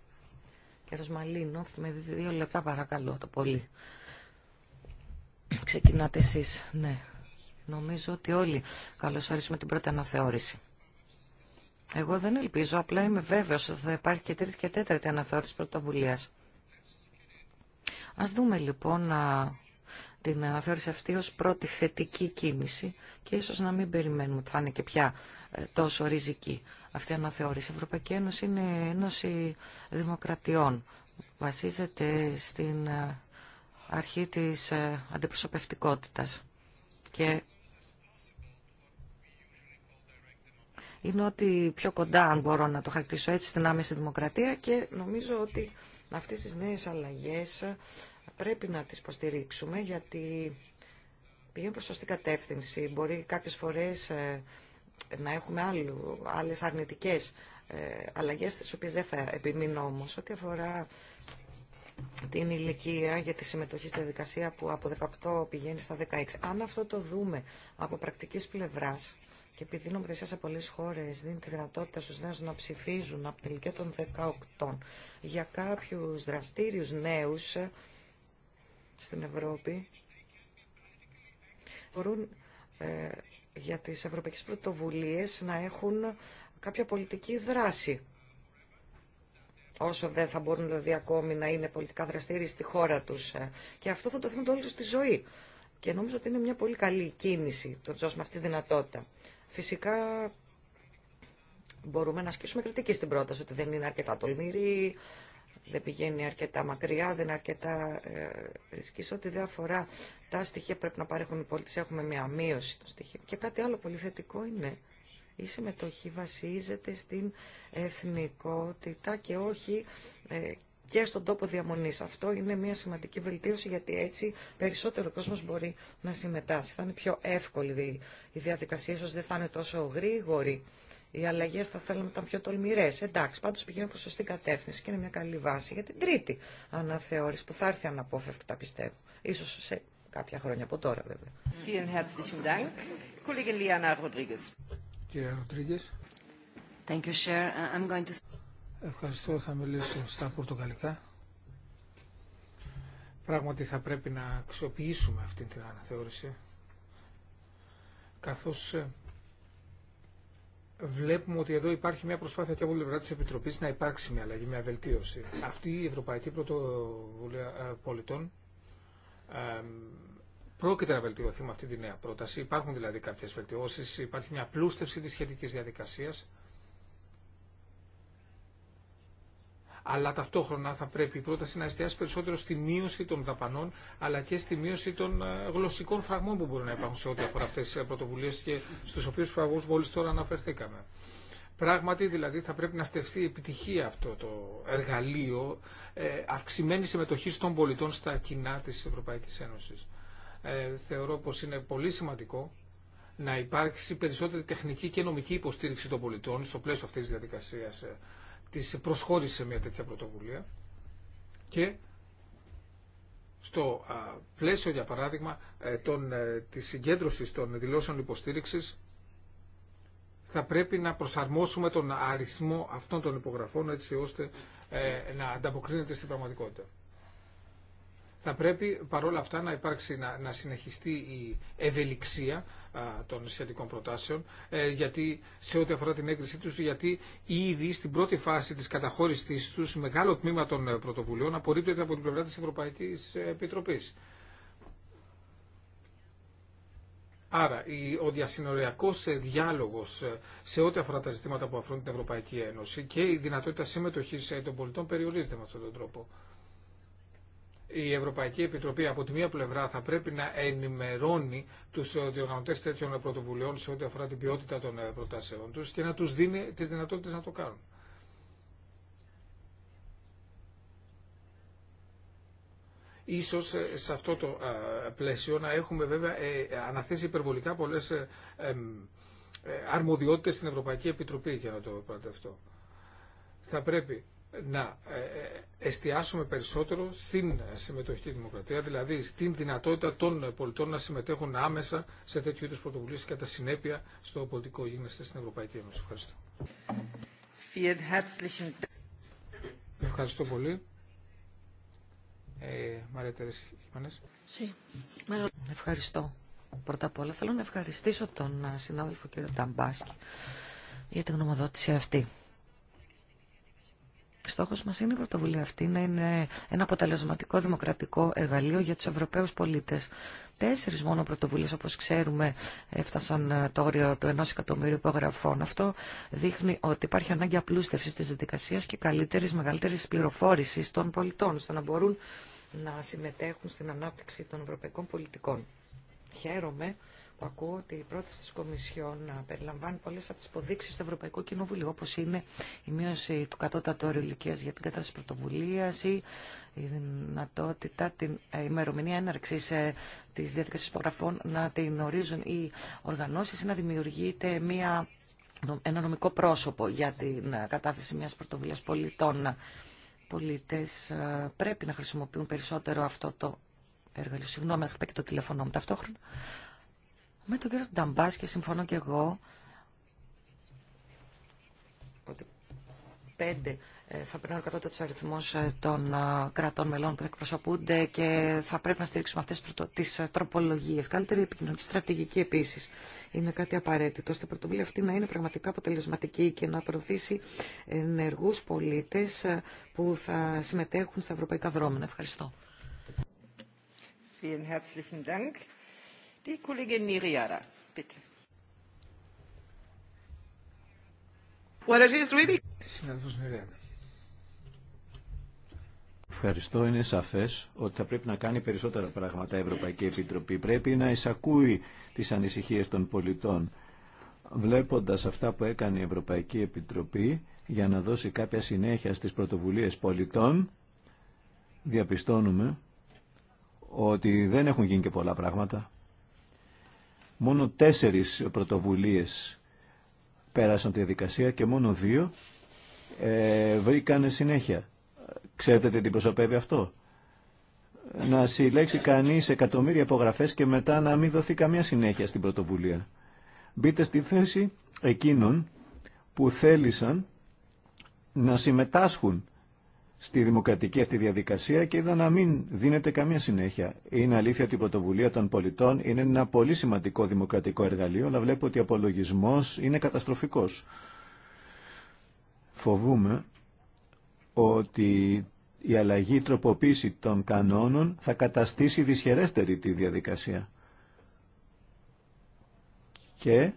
Κύριος Μαλίνοφ, με δύο λεπτά παρακαλώ το πολύ. Ξεκινάτε εσείς, ναι. Νομίζω ότι όλοι καλωσορίσουμε την πρώτη αναθεώρηση. Εγώ δεν ελπίζω, απλά είμαι βέβαιος ότι θα υπάρχει και τρίτη και τέταρτη αναθεώρηση πρωτοβουλίας. Ας δούμε λοιπόν την αναθεώρηση αυτή ως πρώτη θετική κίνηση και ίσως να μην περιμένουμε ότι θα είναι και πια ε, τόσο ριζική αυτή η αναθεώρηση. Η Ευρωπαϊκή Ένωση είναι Ένωση Δημοκρατιών. Βασίζεται στην ε, αρχή της ε, αντιπροσωπευτικότητας και είναι ότι πιο κοντά, αν μπορώ να το χαρακτήσω έτσι, στην άμεση δημοκρατία και νομίζω ότι αυτές τις νέες αλλαγές πρέπει να τις υποστηρίξουμε γιατί πηγαίνουν προς σωστή κατεύθυνση. Μπορεί κάποιες φορές ε, να έχουμε άλλου, άλλες αρνητικές ε, αλλαγές, τις οποίες δεν θα επιμείνω όμως. Ό,τι αφορά την ηλικία για τη συμμετοχή στη διαδικασία που από 18 πηγαίνει στα 16. Αν αυτό το δούμε από πρακτικής πλευράς, και επειδή η νομοθεσία σε πολλέ χώρε δίνει τη δυνατότητα στου νέου να ψηφίζουν από την ηλικία των 18 για κάποιου δραστήριου νέου στην Ευρώπη, μπορούν ε, για τι ευρωπαϊκέ πρωτοβουλίε να έχουν κάποια πολιτική δράση. Όσο δεν θα μπορούν δηλαδή ακόμη να είναι πολιτικά δραστήριοι στη χώρα του. Ε, και αυτό θα το θυμούνται όλοι στη ζωή. Και νομίζω ότι είναι μια πολύ καλή κίνηση το να δώσουμε αυτή τη δυνατότητα. Φυσικά μπορούμε να ασκήσουμε κριτική στην πρόταση ότι δεν είναι αρκετά τολμηρή, δεν πηγαίνει αρκετά μακριά, δεν είναι αρκετά ε, Ό,τι δεν αφορά τα στοιχεία πρέπει να παρέχουν οι πολίτες, έχουμε μια μείωση των στοιχείων. Και κάτι άλλο πολύ θετικό είναι η συμμετοχή βασίζεται στην εθνικότητα και όχι ε, και στον τόπο διαμονή. Αυτό είναι μια σημαντική βελτίωση γιατί έτσι περισσότερο κόσμο μπορεί να συμμετάσχει. Θα είναι πιο εύκολη η διαδικασία, ίσως δεν θα είναι τόσο γρήγορη. Οι αλλαγέ θα θέλαμε να ήταν πιο τολμηρέ. Εντάξει, πάντω πηγαίνουμε προ σωστή κατεύθυνση και είναι μια καλή βάση για την τρίτη αναθεώρηση που θα έρθει αναπόφευκτα, πιστεύω. σω σε κάποια χρόνια από τώρα, βέβαια. Ευχαριστώ, θα μιλήσω στα πορτογαλικά. Πράγματι θα πρέπει να αξιοποιήσουμε αυτή την αναθεώρηση, καθώς ε, βλέπουμε ότι εδώ υπάρχει μια προσπάθεια και από την πλευρά τη Επιτροπή να υπάρξει μια αλλαγή, μια βελτίωση. Αυτή η Ευρωπαϊκή Πρωτοβουλία ε, Πολιτών ε, πρόκειται να βελτιωθεί με αυτή τη νέα πρόταση. Υπάρχουν δηλαδή κάποιε βελτιώσει, υπάρχει μια πλούστευση τη σχετική διαδικασία αλλά ταυτόχρονα θα πρέπει η πρόταση να εστιάσει περισσότερο στη μείωση των δαπανών αλλά και στη μείωση των ε, γλωσσικών φραγμών που μπορούν να υπάρχουν σε ό,τι αφορά αυτέ τι ε, πρωτοβουλίε και στου οποίου φραγμού μόλι τώρα αναφερθήκαμε. Πράγματι δηλαδή θα πρέπει να στεφθεί επιτυχία αυτό το εργαλείο ε, αυξημένη συμμετοχή των πολιτών στα κοινά τη Ευρωπαϊκή Ένωση. θεωρώ πω είναι πολύ σημαντικό να υπάρξει περισσότερη τεχνική και νομική υποστήριξη των πολιτών στο πλαίσιο αυτή τη διαδικασία της προσχώρησε μια τέτοια πρωτοβουλία και στο πλαίσιο, για παράδειγμα, ε, των, ε, της συγκέντρωσης των δηλώσεων υποστήριξης θα πρέπει να προσαρμόσουμε τον αριθμό αυτών των υπογραφών έτσι ώστε ε, να ανταποκρίνεται στην πραγματικότητα θα πρέπει παρόλα αυτά να υπάρξει, να, να συνεχιστεί η ευελιξία α, των σχετικών προτάσεων ε, γιατί σε ό,τι αφορά την έγκρισή τους, γιατί ήδη στην πρώτη φάση της καταχώρησής τους μεγάλο τμήμα των ε, πρωτοβουλειών απορρίπτεται από την πλευρά της Ευρωπαϊκής Επιτροπής. Άρα, ο διασυνοριακό ε, διάλογο σε ό,τι αφορά τα ζητήματα που αφορούν την Ευρωπαϊκή Ένωση και η δυνατότητα συμμετοχή των πολιτών περιορίζεται με αυτόν τον τρόπο η Ευρωπαϊκή Επιτροπή από τη μία πλευρά θα πρέπει να ενημερώνει τους διοργανωτές τέτοιων πρωτοβουλειών σε ό,τι αφορά την ποιότητα των ε, προτάσεων τους και να τους δίνει τις δυνατότητες να το κάνουν. Ίσως ε, σε αυτό το ε, πλαίσιο να έχουμε βέβαια αναθέσει υπερβολικά πολλές αρμοδιότητες στην Ευρωπαϊκή Επιτροπή για να το αυτό. Θα πρέπει να ε, ε, εστιάσουμε περισσότερο στην συμμετοχική δημοκρατία, δηλαδή στην δυνατότητα των πολιτών να συμμετέχουν άμεσα σε τέτοιου είδου πρωτοβουλίε και τα συνέπεια στο πολιτικό γίγνεσθε στην Ευρωπαϊκή Ένωση. Ευχαριστώ. Ευχαριστώ πολύ. Ε, Μαρία Ευχαριστώ. Πρώτα απ' όλα θέλω να ευχαριστήσω τον συνάδελφο κύριο Ταμπάσκη για την γνωμοδότηση αυτή. Στόχο μα είναι η πρωτοβουλία αυτή να είναι ένα αποτελεσματικό δημοκρατικό εργαλείο για του Ευρωπαίου πολίτε. Τέσσερι μόνο πρωτοβουλίε, όπω ξέρουμε, έφτασαν ε, το όριο του 1 εκατομμύριου υπογραφών. Αυτό δείχνει ότι υπάρχει ανάγκη απλούστευση τη διαδικασία και καλύτερη, μεγαλύτερη πληροφόρηση των πολιτών, ώστε να μπορούν να συμμετέχουν στην ανάπτυξη των ευρωπαϊκών πολιτικών. Χαίρομαι Ακούω ότι η πρόταση της Κομισιόν ε, περιλαμβάνει πολλές από τις υποδείξεις του Ευρωπαϊκού Κοινοβουλίου, όπως είναι η μείωση του κατώτατου όρου για την κατάσταση πρωτοβουλία ή η δυνατότητα την ε, ημερομηνία έναρξη ε, τη διαδικασία υπογραφών να την ορίζουν οι οργανώσει ή να δημιουργείται μια, ένα νομικό πρόσωπο για την κατάθεση μια πρωτοβουλία πολιτών. Πολίτες πρέπει να χρησιμοποιούν περισσότερο αυτό το εργαλείο. Συγγνώμη, έχετε και το τηλέφωνο μου ταυτόχρονα. Με τον κύριο Νταμπάς και συμφωνώ και εγώ ότι πέντε ε, θα να ο κατώτατο αριθμό ε, των ε, κρατών μελών που θα εκπροσωπούνται και θα πρέπει να στηρίξουμε αυτέ τι τροπολογίε. Καλύτερη επικοινωνία, στρατηγική επίση είναι κάτι απαραίτητο. Στην πρωτοβουλία αυτή να είναι πραγματικά αποτελεσματική και να προωθήσει ενεργού πολίτε που θα συμμετέχουν στα ευρωπαϊκά δρόμενα. Ευχαριστώ. Ευχαριστώ. Είναι σαφέ ότι θα πρέπει να κάνει περισσότερα πράγματα η Ευρωπαϊκή Επιτροπή. Πρέπει να εισακούει τι ανησυχίε των πολιτών. Βλέποντα αυτά που έκανε η Ευρωπαϊκή Επιτροπή για να δώσει κάποια συνέχεια στι πρωτοβουλίε πολιτών, διαπιστώνουμε ότι δεν έχουν γίνει και πολλά πράγματα. Μόνο τέσσερις πρωτοβουλίες πέρασαν τη διαδικασία και μόνο δύο ε, βρήκαν συνέχεια. Ξέρετε τι προσωπεύει αυτό. Να συλλέξει κανείς εκατομμύρια υπογραφές και μετά να μην δοθεί καμία συνέχεια στην πρωτοβουλία. Μπείτε στη θέση εκείνων που θέλησαν να συμμετάσχουν στη δημοκρατική αυτή διαδικασία και είδα να μην δίνεται καμία συνέχεια. Είναι αλήθεια ότι η πρωτοβουλία των πολιτών είναι ένα πολύ σημαντικό δημοκρατικό εργαλείο, αλλά βλέπω ότι ο απολογισμός είναι καταστροφικός. Φοβούμε ότι η αλλαγή η τροποποίηση των κανόνων θα καταστήσει δυσχερέστερη τη διαδικασία. Και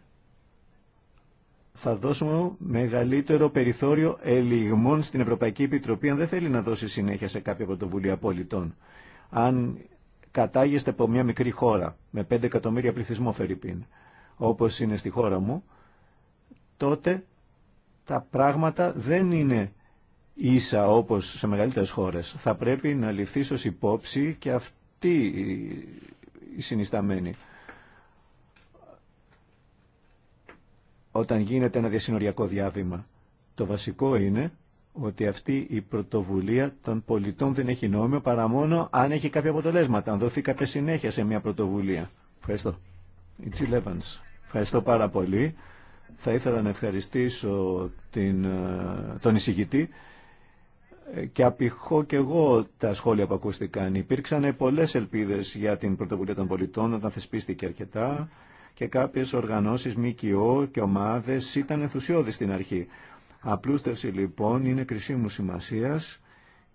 θα δώσουμε μεγαλύτερο περιθώριο ελιγμών στην Ευρωπαϊκή Επιτροπή αν δεν θέλει να δώσει συνέχεια σε κάποια πρωτοβουλία πολιτών. Αν κατάγεστε από μια μικρή χώρα με 5 εκατομμύρια πληθυσμό Φερρυπίν, όπως είναι στη χώρα μου, τότε τα πράγματα δεν είναι ίσα όπως σε μεγαλύτερες χώρες. Θα πρέπει να ληφθεί ως υπόψη και αυτή η συνισταμένη. όταν γίνεται ένα διασυνοριακό διάβημα. Το βασικό είναι ότι αυτή η πρωτοβουλία των πολιτών δεν έχει νόμιο παρά μόνο αν έχει κάποια αποτελέσματα, αν δοθεί κάποια συνέχεια σε μια πρωτοβουλία. Ευχαριστώ. It's Ευχαριστώ πάρα πολύ. Θα ήθελα να ευχαριστήσω την, ε, τον εισηγητή ε, και απηχώ και εγώ τα σχόλια που ακούστηκαν. Υπήρξαν πολλές ελπίδες για την πρωτοβουλία των πολιτών όταν θεσπίστηκε αρκετά και κάποιες οργανώσεις ΜΚΟ και ομάδες ήταν ενθουσιώδεις στην αρχή. Απλούστευση λοιπόν είναι κρισίμου σημασίας,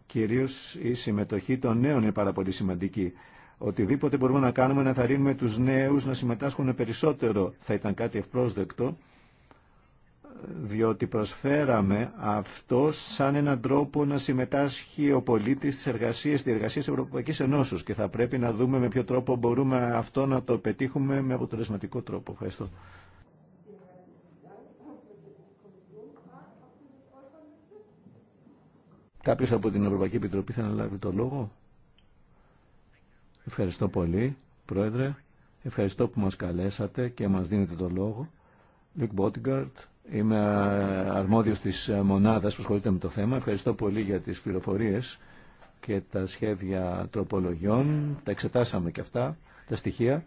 κυρίως η συμμετοχή των νέων είναι πάρα πολύ σημαντική. Οτιδήποτε μπορούμε να κάνουμε να θαρρύνουμε τους νέους να συμμετάσχουν περισσότερο θα ήταν κάτι ευπρόσδεκτο διότι προσφέραμε αυτό σαν έναν τρόπο να συμμετάσχει ο πολίτης στις εργασίες, τη εργασίες Ευρωπαϊκής Ενώσεως και θα πρέπει να δούμε με ποιο τρόπο μπορούμε αυτό να το πετύχουμε με αποτελεσματικό τρόπο. Ευχαριστώ. Κάποιος από την Ευρωπαϊκή Επιτροπή θα αναλάβει το λόγο. Ευχαριστώ πολύ, Πρόεδρε. Ευχαριστώ που μας καλέσατε και μας δίνετε το λόγο. Λουκ Μπότιγκαρτ, Είμαι αρμόδιος της μονάδας που ασχολείται με το θέμα. Ευχαριστώ πολύ για τις πληροφορίες και τα σχέδια τροπολογιών. Τα εξετάσαμε και αυτά, τα στοιχεία.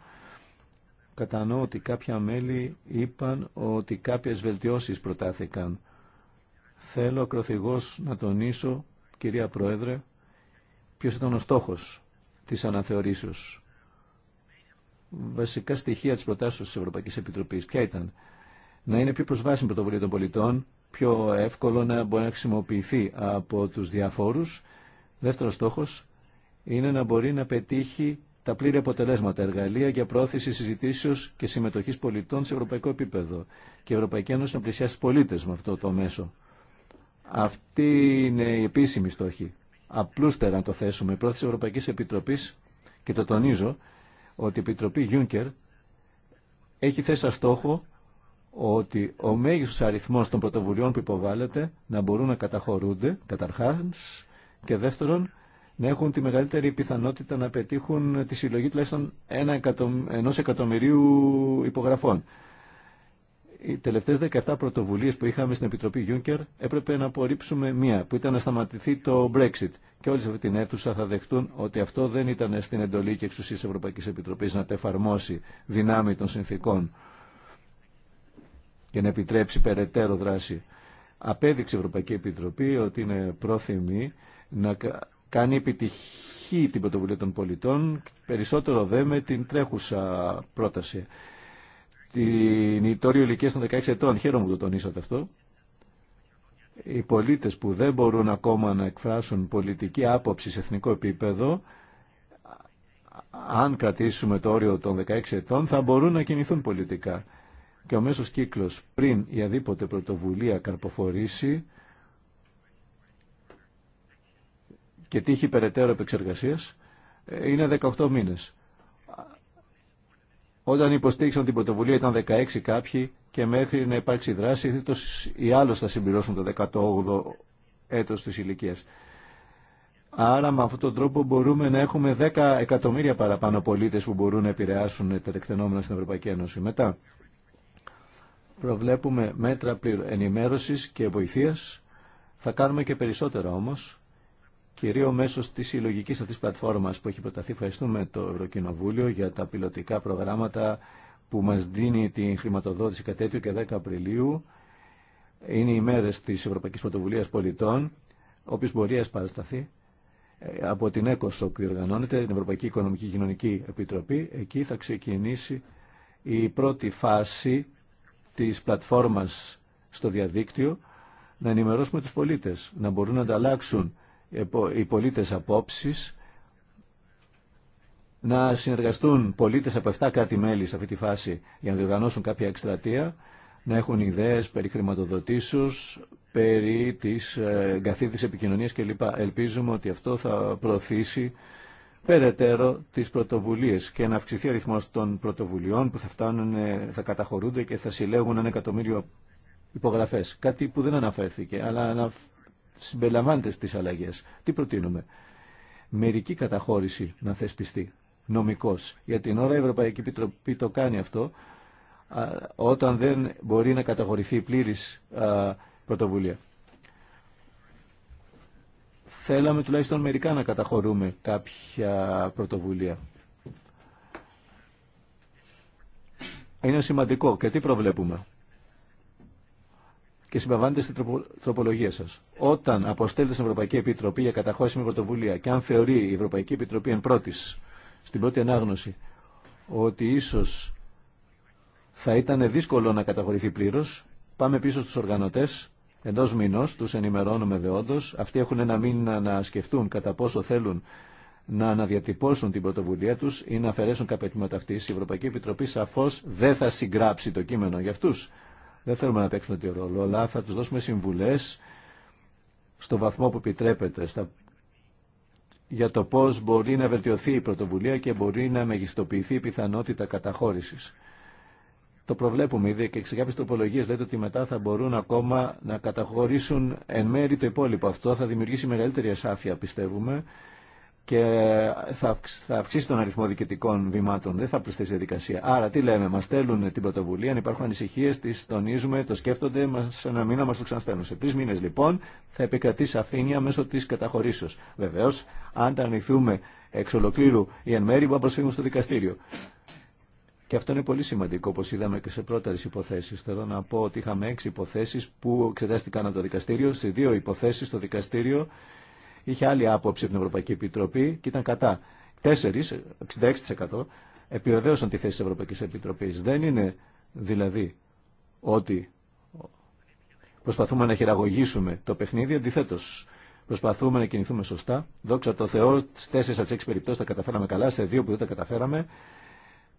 Κατανοώ ότι κάποια μέλη είπαν ότι κάποιες βελτιώσεις προτάθηκαν. Θέλω ακροθυγώς να τονίσω, κυρία Πρόεδρε, ποιος ήταν ο στόχος της αναθεωρήσεως. Βασικά στοιχεία της προτάσεως της Ευρωπαϊκής Επιτροπής. Ποια ήταν να είναι πιο προσβάσιμη πρωτοβουλία των πολιτών, πιο εύκολο να μπορεί να χρησιμοποιηθεί από τους διαφόρους. Δεύτερος στόχος είναι να μπορεί να πετύχει τα πλήρη αποτελέσματα, εργαλεία για πρόθεση συζητήσεω και συμμετοχή πολιτών σε ευρωπαϊκό επίπεδο και η Ευρωπαϊκή Ένωση να πλησιάσει του πολίτε με αυτό το μέσο. Αυτή είναι η επίσημη στόχη. Απλούστερα να το θέσουμε. Η πρόθεση Ευρωπαϊκή Επιτροπή, και το τονίζω, ότι η Επιτροπή Juncker έχει θέσει στόχο ότι ο μέγιστος αριθμός των πρωτοβουλειών που υποβάλλεται να μπορούν να καταχωρούνται καταρχάς και δεύτερον να έχουν τη μεγαλύτερη πιθανότητα να πετύχουν τη συλλογή τουλάχιστον ενός εκατομμυρίου υπογραφών. Οι τελευταίες 17 πρωτοβουλίες που είχαμε στην Επιτροπή Juncker έπρεπε να απορρίψουμε μία που ήταν να σταματηθεί το Brexit. Και όλοι σε αυτή την αίθουσα θα δεχτούν ότι αυτό δεν ήταν στην εντολή και εξουσία της Ευρωπαϊκής Επιτροπής να το εφαρμόσει δυνάμει των συνθήκων και να επιτρέψει περαιτέρω δράση. Απέδειξε η Ευρωπαϊκή Επιτροπή ότι είναι πρόθυμη να κάνει επιτυχή την πρωτοβουλία των πολιτών, περισσότερο δε με την τρέχουσα πρόταση. Την ιτόριο ηλικία των 16 ετών, χαίρομαι που το τονίσατε αυτό. Οι πολίτες που δεν μπορούν ακόμα να εκφράσουν πολιτική άποψη σε εθνικό επίπεδο, αν κρατήσουμε το όριο των 16 ετών, θα μπορούν να κινηθούν πολιτικά και ο μέσος κύκλος πριν η αδίποτε πρωτοβουλία καρποφορήσει και τύχει περαιτέρω επεξεργασίας ε, είναι 18 μήνες. Όταν υποστήριξαν την πρωτοβουλία ήταν 16 κάποιοι και μέχρι να υπάρξει δράση οι άλλοι θα συμπληρώσουν το 18ο έτος της ηλικίας. Άρα με αυτόν τον τρόπο μπορούμε να έχουμε 10 εκατομμύρια παραπάνω πολίτες που μπορούν να επηρεάσουν τα τεκτενόμενα στην Ευρωπαϊκή Ένωση. Μετά, προβλέπουμε μέτρα ενημέρωσης και βοηθείας. Θα κάνουμε και περισσότερα όμως, κυρίως μέσω της συλλογική αυτής πλατφόρμα που έχει προταθεί. Ευχαριστούμε το Ευρωκοινοβούλιο για τα πιλωτικά προγράμματα που μας δίνει την χρηματοδότηση κατέτοιου και 10 Απριλίου. Είναι οι μέρες της Ευρωπαϊκής Πρωτοβουλίας Πολιτών, όποιος μπορεί να παρασταθεί. Ε, από την ΕΚΟΣΟΚ διοργανώνεται, την Ευρωπαϊκή Οικονομική Κοινωνική Επιτροπή. Εκεί θα ξεκινήσει η πρώτη φάση της πλατφόρμας στο διαδίκτυο, να ενημερώσουμε τους πολίτες, να μπορούν να ανταλλάξουν οι πολίτες απόψεις, να συνεργαστούν πολίτες από 7 κάτι μέλη σε αυτή τη φάση για να διοργανώσουν κάποια εκστρατεία, να έχουν ιδέες περί χρηματοδοτήσεως, περί της ε, εγκαθίδης επικοινωνίας κλπ. Ελπίζουμε ότι αυτό θα προωθήσει περαιτέρω τις πρωτοβουλίες και να αυξηθεί ο αριθμό των πρωτοβουλειών που θα, φτάνουν, θα καταχωρούνται και θα συλλέγουν ένα εκατομμύριο υπογραφές. Κάτι που δεν αναφέρθηκε, αλλά συμπεριλαμβάνεται στις αλλαγές. Τι προτείνουμε. Μερική καταχώρηση να θεσπιστεί νομικός. Για την ώρα η Ευρωπαϊκή Επιτροπή το κάνει αυτό όταν δεν μπορεί να καταχωρηθεί πλήρης πρωτοβουλία θέλαμε τουλάχιστον μερικά να καταχωρούμε κάποια πρωτοβουλία. Είναι σημαντικό και τι προβλέπουμε. Και συμπαμβάνεται στην τροπολογία σας. Όταν αποστέλλετε στην Ευρωπαϊκή Επιτροπή για καταχώρηση πρωτοβουλία και αν θεωρεί η Ευρωπαϊκή Επιτροπή εν πρώτης, στην πρώτη ανάγνωση, ότι ίσως θα ήταν δύσκολο να καταχωρηθεί πλήρως, πάμε πίσω στους οργανωτές εντό μηνό, του ενημερώνουμε δεόντω. Αυτοί έχουν ένα μήνα να σκεφτούν κατά πόσο θέλουν να αναδιατυπώσουν την πρωτοβουλία του ή να αφαιρέσουν κάποια τμήματα αυτή. Η Ευρωπαϊκή Επιτροπή σαφώ δεν θα συγκράψει το κείμενο για αυτού. Δεν θέλουμε να παίξουμε το ρόλο, αλλά θα του δώσουμε συμβουλέ στο βαθμό που επιτρέπεται για το πώ μπορεί να βελτιωθεί η πρωτοβουλία και μπορεί να μεγιστοποιηθεί η πιθανότητα καταχώρηση. Το προβλέπουμε ήδη και σε κάποιε τροπολογίε λέτε ότι μετά θα μπορούν ακόμα να καταχωρήσουν εν μέρη το υπόλοιπο. Αυτό θα δημιουργήσει μεγαλύτερη ασάφεια, πιστεύουμε, και θα, αυξήσει τον αριθμό διοικητικών βημάτων. Δεν θα προσθέσει διαδικασία. Άρα, τι λέμε, μα στέλνουν την πρωτοβουλία, αν υπάρχουν ανησυχίε, τι τονίζουμε, το σκέφτονται, μα ένα μήνα μα το ξαναστέλνουν. Σε τρει μήνε, λοιπόν, θα επικρατήσει αφήνεια μέσω τη καταχωρήσεω. Βεβαίω, αν τα αρνηθούμε εξ ολοκλήρου ή εν μέρη, μπορούμε να στο δικαστήριο. Και αυτό είναι πολύ σημαντικό, όπω είδαμε και σε πρώτερε υποθέσει. Θέλω να πω ότι είχαμε έξι υποθέσει που εξετάστηκαν από το δικαστήριο. Σε δύο υποθέσει το δικαστήριο είχε άλλη άποψη από την Ευρωπαϊκή Επιτροπή και ήταν κατά. Τέσσερι, 66% επιβεβαίωσαν τη θέση τη Ευρωπαϊκή Επιτροπή. Δεν είναι δηλαδή ότι προσπαθούμε να χειραγωγήσουμε το παιχνίδι, αντιθέτω. Προσπαθούμε να κινηθούμε σωστά. Δόξα τω Θεώ, στι 4 από 6 περιπτώσει τα καταφέραμε καλά, σε δύο που δεν τα καταφέραμε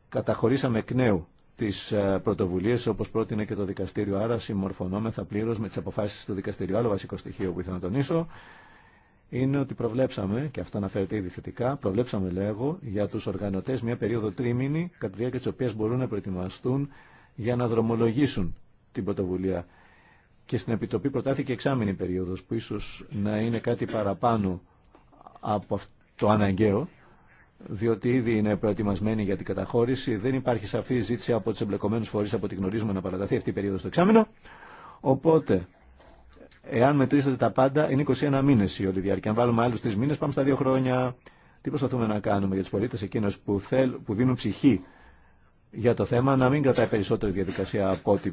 καταχωρήσαμε εκ νέου τις ε, πρωτοβουλίες όπως πρότεινε και το δικαστήριο. Άρα συμμορφωνόμεθα πλήρως με τις αποφάσεις του δικαστήριου. Άλλο βασικό στοιχείο που ήθελα να τονίσω είναι ότι προβλέψαμε, και αυτό αναφέρεται ήδη θετικά, προβλέψαμε λέγω για τους οργανωτές μια περίοδο τρίμηνη κατά τη διάρκεια της οποίας μπορούν να προετοιμαστούν για να δρομολογήσουν την πρωτοβουλία. Και στην Επιτροπή προτάθηκε εξάμηνη περίοδος που ίσως να είναι κάτι παραπάνω από το αναγκαίο διότι ήδη είναι προετοιμασμένοι για την καταχώρηση. Δεν υπάρχει σαφή ζήτηση από του εμπλεκομένου φορεί από ό,τι γνωρίζουμε να παραταθεί αυτή η περίοδο στο εξάμεινο. Οπότε, εάν μετρήσετε τα πάντα, είναι 21 μήνε η όλη διάρκεια. Αν βάλουμε άλλου τρει μήνε, πάμε στα δύο χρόνια. Τι προσπαθούμε να κάνουμε για του πολίτε εκείνου που, που δίνουν ψυχή για το θέμα, να μην κρατάει περισσότερη διαδικασία από ό,τι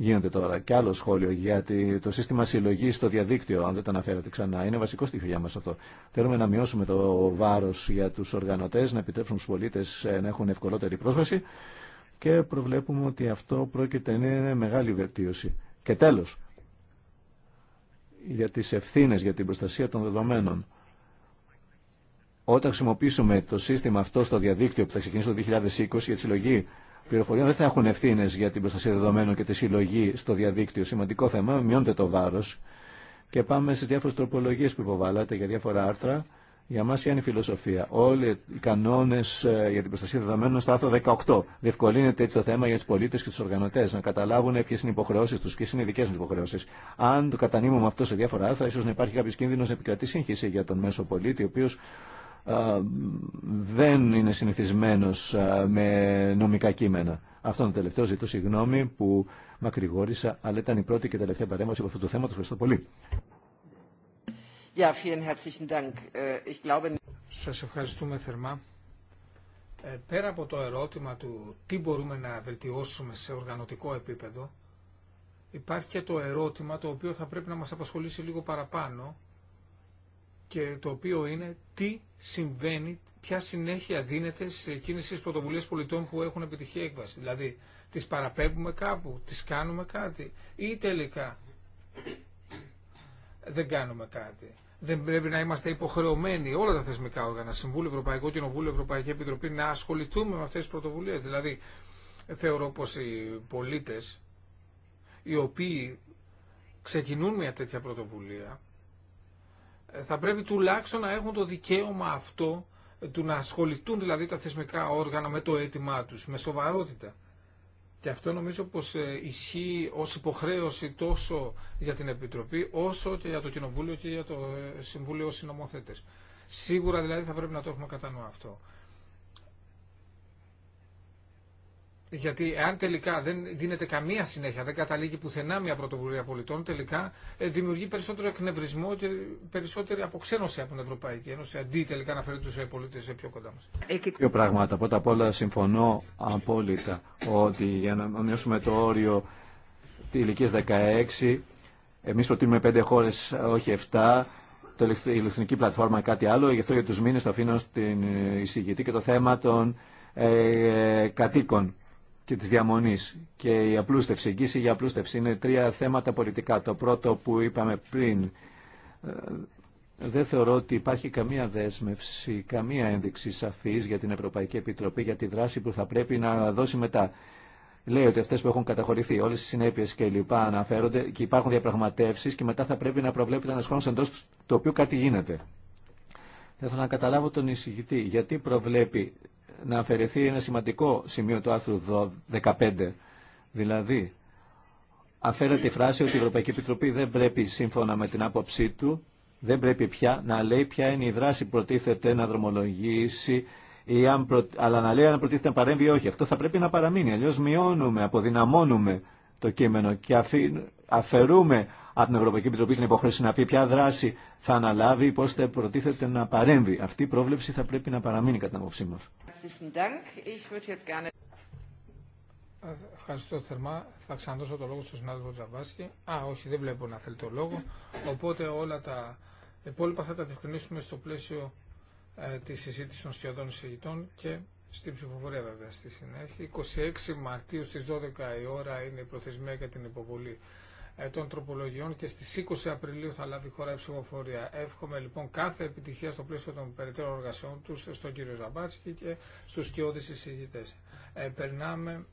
γίνεται τώρα. Και άλλο σχόλιο για το σύστημα συλλογή στο διαδίκτυο, αν δεν το αναφέρατε ξανά. Είναι βασικό στοιχείο για μα αυτό. Θέλουμε να μειώσουμε το βάρο για του οργανωτέ, να επιτρέψουμε στου πολίτε ε, να έχουν ευκολότερη πρόσβαση και προβλέπουμε ότι αυτό πρόκειται να είναι μεγάλη βελτίωση. Και τέλο, για τι ευθύνε για την προστασία των δεδομένων. Όταν χρησιμοποιήσουμε το σύστημα αυτό στο διαδίκτυο που θα ξεκινήσει το 2020 για τη συλλογή πληροφοριών δεν θα έχουν ευθύνε για την προστασία δεδομένων και τη συλλογή στο διαδίκτυο. Σημαντικό θέμα, μειώνεται το βάρο. Και πάμε στι διάφορε τροπολογίε που υποβάλλατε για διάφορα άρθρα. Για μα, είναι η φιλοσοφία. Όλοι οι κανόνε ε, για την προστασία δεδομένων στο άρθρο 18. Διευκολύνεται έτσι το θέμα για του πολίτε και του οργανωτέ να καταλάβουν ποιε είναι οι υποχρεώσει του, ποιε είναι οι δικέ του υποχρεώσει. Αν το κατανείμουμε αυτό σε διάφορα άρθρα, ίσω να υπάρχει κάποιο κίνδυνο να επικρατεί σύγχυση για τον μέσο πολίτη, ο οποίο ε, δεν είναι συνηθισμένος ε, με νομικά κείμενα. Αυτό είναι το τελευταίο. Ζητώ συγγνώμη που μακρηγόρησα, αλλά ήταν η πρώτη και τελευταία παρέμβαση από αυτό το θέμα. Σας ευχαριστώ πολύ. Äh, Σας ευχαριστούμε θερμά. Ε, πέρα από το ερώτημα του τι μπορούμε να βελτιώσουμε σε οργανωτικό επίπεδο, υπάρχει και το ερώτημα το οποίο θα πρέπει να μας απασχολήσει λίγο παραπάνω, και το οποίο είναι τι συμβαίνει, ποια συνέχεια δίνεται σε εκείνες τις πρωτοβουλίες πολιτών που έχουν επιτυχία έκβαση. Δηλαδή, τις παραπέμπουμε κάπου, τις κάνουμε κάτι ή τελικά δεν κάνουμε κάτι. Δεν πρέπει να είμαστε υποχρεωμένοι όλα τα θεσμικά όργανα, Συμβούλιο, Ευρωπαϊκό Κοινοβούλιο, Ευρωπαϊκή Επιτροπή, να ασχοληθούμε με αυτές τις πρωτοβουλίες. Δηλαδή, θεωρώ πως οι πολίτες οι οποίοι ξεκινούν μια τέτοια πρωτοβουλία θα πρέπει τουλάχιστον να έχουν το δικαίωμα αυτό του να ασχοληθούν δηλαδή τα θεσμικά όργανα με το αίτημά τους, με σοβαρότητα. Και αυτό νομίζω πως ε, ισχύει ως υποχρέωση τόσο για την Επιτροπή όσο και για το Κοινοβούλιο και για το ε, Συμβούλιο συνομοθέτες. Σίγουρα δηλαδή θα πρέπει να το έχουμε κατά νου αυτό. Γιατί αν τελικά δεν δίνεται καμία συνέχεια, δεν καταλήγει πουθενά μια πρωτοβουλία πολιτών, τελικά ε, δημιουργεί περισσότερο εκνευρισμό και περισσότερη αποξένωση από την Ευρωπαϊκή Ένωση, αντί τελικά να φέρει του ε, πολίτε ε, πιο κοντά μα. Δύο πράγματα. Πρώτα απ' όλα συμφωνώ απόλυτα ότι για να μειώσουμε το όριο τη ηλικία 16, εμεί προτείνουμε 5 χώρε, όχι 7. Η ηλεκτρονική πλατφόρμα κάτι άλλο, γι' αυτό για του μήνες το αφήνω στην εισηγητή και το θέμα των ε, κατοίκων και της διαμονής και η απλούστευση, η εγγύηση για απλούστευση είναι τρία θέματα πολιτικά. Το πρώτο που είπαμε πριν, ε, δεν θεωρώ ότι υπάρχει καμία δέσμευση, καμία ένδειξη σαφής για την Ευρωπαϊκή Επιτροπή για τη δράση που θα πρέπει να δώσει μετά. Λέει ότι αυτέ που έχουν καταχωρηθεί, όλε οι συνέπειε λοιπά αναφέρονται και υπάρχουν διαπραγματεύσει και μετά θα πρέπει να προβλέπεται ένα χρόνο εντό του οποίου κάτι γίνεται. Θα θέλω να καταλάβω τον εισηγητή γιατί προβλέπει να αφαιρεθεί ένα σημαντικό σημείο του άρθρου 15. Δηλαδή, αφαίρεται η φράση ότι η Ευρωπαϊκή Επιτροπή δεν πρέπει, σύμφωνα με την άποψή του, δεν πρέπει πια να λέει ποια είναι η δράση που προτίθεται να δρομολογήσει, ή αν αλλά να λέει αν προτίθεται να παρέμβει ή όχι. Αυτό θα πρέπει να παραμείνει. Αλλιώ μειώνουμε, αποδυναμώνουμε το κείμενο και αφαιρούμε από την Ευρωπαϊκή Επιτροπή την υποχρέωση να πει ποια δράση θα αναλάβει, πώ θα προτίθεται να παρέμβει. Αυτή η πρόβλεψη θα πρέπει να παραμείνει κατά την απόψή μα. Ε, ευχαριστώ θερμά. Θα ξαναδώσω το λόγο στον συνάδελφο Τζαμπάσκη. Α, όχι, δεν βλέπω να θέλει το λόγο. Οπότε όλα τα υπόλοιπα θα τα διευκρινίσουμε στο πλαίσιο ε, τη συζήτηση των σχεδόν εισηγητών και στην ψηφοφορία βέβαια στη συνέχεια. 26 Μαρτίου στι 12 η ώρα είναι η προθεσμία για την υποβολή ε, των τροπολογιών και στις 20 Απριλίου θα λάβει η χώρα η ψηφοφορία. Εύχομαι λοιπόν κάθε επιτυχία στο πλαίσιο των περιττέρων εργασιών του στον κύριο Ζαμπάτσκι και στους σκιώδεις εισηγητές. Ε, περνάμε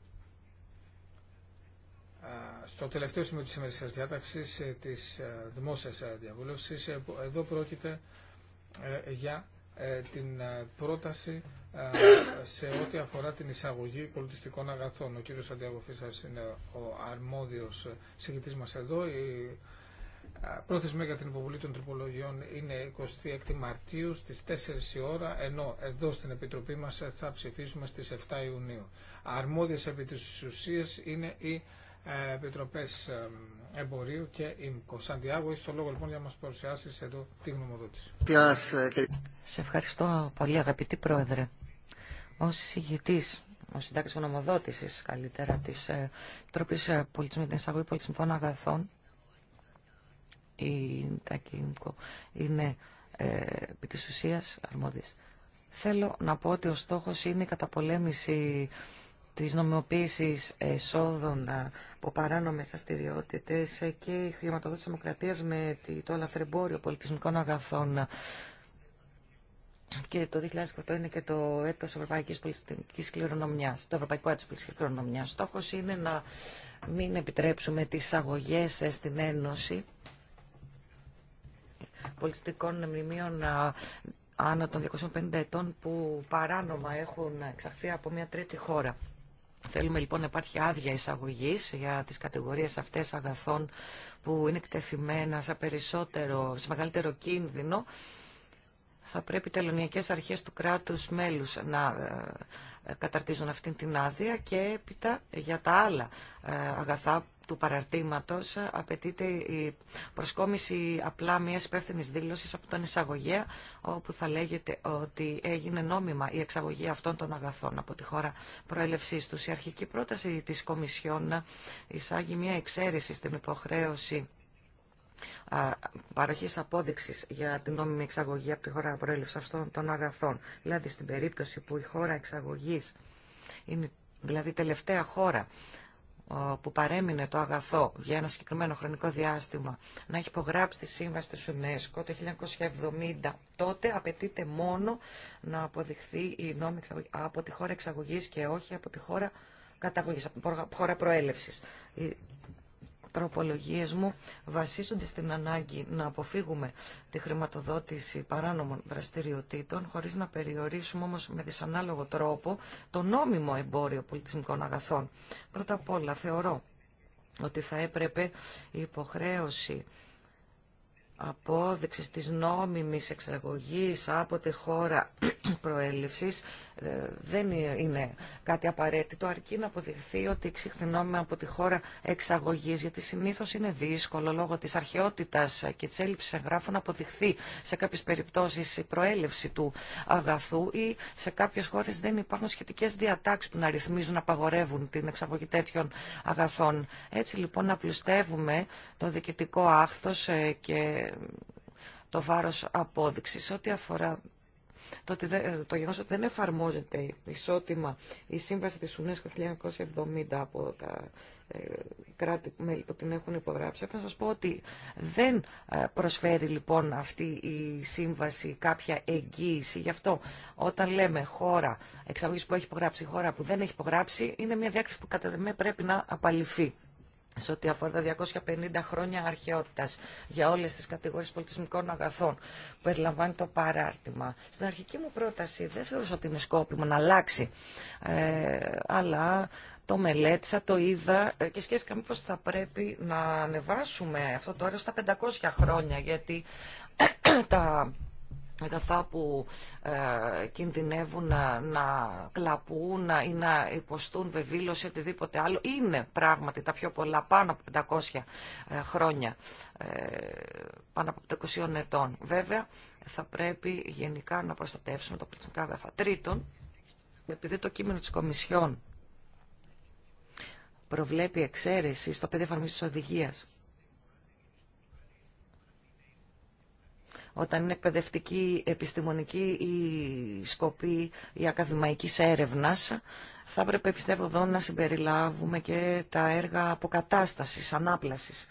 στο τελευταίο σημείο της σημερινής διάταξης ε, της ε, δημόσιας διαβούλευσης. Εδώ πρόκειται για ε, την ε, πρόταση ε, σε ό,τι αφορά την εισαγωγή πολιτιστικών αγαθών. Ο κύριος Σαντιάγο είναι ο αρμόδιος συγκεκριτής μας εδώ. Η πρόθεσμη για την υποβολή των τροπολογιών είναι 26 Μαρτίου στις 4 η ώρα, ενώ εδώ στην Επιτροπή μας θα ψηφίσουμε στις 7 Ιουνίου. Αρμόδιες επί της ουσίας είναι η Επιτροπέ εμπορίου και ΙΜΚΟ. Σαντιάγο, είσαι το λόγο λοιπόν για να μα παρουσιάσει εδώ τη γνωμοδότηση. Σε ευχαριστώ πολύ αγαπητή Πρόεδρε. Ω ηγητή, ω συντάκτη γνωμοδότηση καλύτερα τη ε, Επιτροπή ε, Πολιτισμού και την Εισαγωγή Πολιτισμικών Αγαθών, η ΤΑΚΙΜΚΟ, είναι ε, επί τη ουσία αρμόδια. Θέλω να πω ότι ο στόχο είναι η καταπολέμηση της νομιμοποίησης εσόδων από παράνομες δραστηριότητε και η χρηματοδότηση της δημοκρατίας με το λαθρεμπόριο πολιτισμικών αγαθών. Και το 2008 είναι και το έτος Ευρωπαϊκής Πολιτιστικής Κληρονομιάς, το Ευρωπαϊκό Έτος Πολιτιστικής Κληρονομιάς. Στόχος είναι να μην επιτρέψουμε τις αγωγές στην Ένωση πολιτιστικών μνημείων άνω των 250 ετών που παράνομα έχουν εξαχθεί από μια τρίτη χώρα. Θέλουμε λοιπόν να υπάρχει άδεια εισαγωγή για τι κατηγορίε αυτέ αγαθών που είναι εκτεθειμένα σε, περισσότερο, σε μεγαλύτερο κίνδυνο. Θα πρέπει οι τελωνιακές αρχές του κράτους μέλους να ε, καταρτίζουν αυτή την άδεια και έπειτα για τα άλλα ε, αγαθά του παραρτήματος ε, απαιτείται η προσκόμιση απλά μιας υπεύθυνη δήλωσης από τον εισαγωγέα όπου θα λέγεται ότι έγινε νόμιμα η εξαγωγή αυτών των αγαθών από τη χώρα προέλευσής τους. Η αρχική πρόταση της Κομισιόν εισάγει μια εξαίρεση στην υποχρέωση Παροχή απόδειξη για την νόμιμη εξαγωγή από τη χώρα προέλευσή αυτών των αγαθών. Δηλαδή στην περίπτωση που η χώρα εξαγωγή, είναι δηλαδή η τελευταία χώρα που παρέμεινε το αγαθό για ένα συγκεκριμένο χρονικό διάστημα να έχει υπογράψει τη σύμβαση της UNESCO το 1970, τότε απαιτείται μόνο να αποδειχθεί η νόμη από τη χώρα εξαγωγής και όχι από τη χώρα καταγωγής, από τη χώρα προέλευσης τροπολογίες μου βασίζονται στην ανάγκη να αποφύγουμε τη χρηματοδότηση παράνομων δραστηριοτήτων χωρίς να περιορίσουμε όμως με δυσανάλογο τρόπο το νόμιμο εμπόριο πολιτισμικών αγαθών. Πρώτα απ' όλα θεωρώ ότι θα έπρεπε η υποχρέωση απόδειξης της νόμιμης εξαγωγής από τη χώρα προέλευσης ε, δεν είναι κάτι απαραίτητο, αρκεί να αποδειχθεί ότι ξεχθινόμε από τη χώρα εξαγωγή, γιατί συνήθω είναι δύσκολο λόγω τη αρχαιότητα και τη έλλειψη εγγράφων να αποδειχθεί σε κάποιε περιπτώσει η προέλευση του αγαθού ή σε κάποιε χώρε δεν υπάρχουν σχετικέ διατάξει που να ρυθμίζουν, να απαγορεύουν την εξαγωγή τέτοιων αγαθών. Έτσι λοιπόν να πλουστεύουμε το διοικητικό άχθο ε, και το βάρος απόδειξης. Ό,τι αφορά το, ότι το γεγονός ότι δεν εφαρμόζεται ισότιμα η σύμβαση της UNESCO 1970 από τα ε, κράτη-μέλη που την έχουν υπογράψει. Έχω να σας πω ότι δεν ε, προσφέρει λοιπόν αυτή η σύμβαση κάποια εγγύηση. Γι' αυτό όταν λέμε χώρα εξαγωγής που έχει υπογράψει, χώρα που δεν έχει υπογράψει, είναι μια διάκριση που κατά πρέπει να απαλληφθεί σε ό,τι αφορά τα 250 χρόνια αρχαιότητας για όλες τις κατηγορίες πολιτισμικών αγαθών που περιλαμβάνει το παράρτημα. Στην αρχική μου πρόταση δεν θεωρούσα ότι είναι σκόπιμο να αλλάξει, ε, αλλά το μελέτησα, το είδα ε, και σκέφτηκα μήπως θα πρέπει να ανεβάσουμε αυτό το όριο στα 500 χρόνια, γιατί τα αγαθά που ε, κινδυνεύουν να, να κλαπούν να, ή να υποστούν βεβήλωση οτιδήποτε άλλο είναι πράγματι τα πιο πολλά πάνω από 500 ε, χρόνια ε, πάνω από 500 ετών βέβαια θα πρέπει γενικά να προστατεύσουμε τα πληθυντικά αγαθά τρίτον επειδή το κείμενο της Κομισιόν προβλέπει εξαίρεση στο παιδί εφαρμογής της οδηγίας όταν είναι εκπαιδευτική, επιστημονική ή σκοπή ή ακαδημαϊκής έρευνας, θα έπρεπε πιστεύω εδώ να συμπεριλάβουμε και τα έργα αποκατάστασης, ανάπλασης.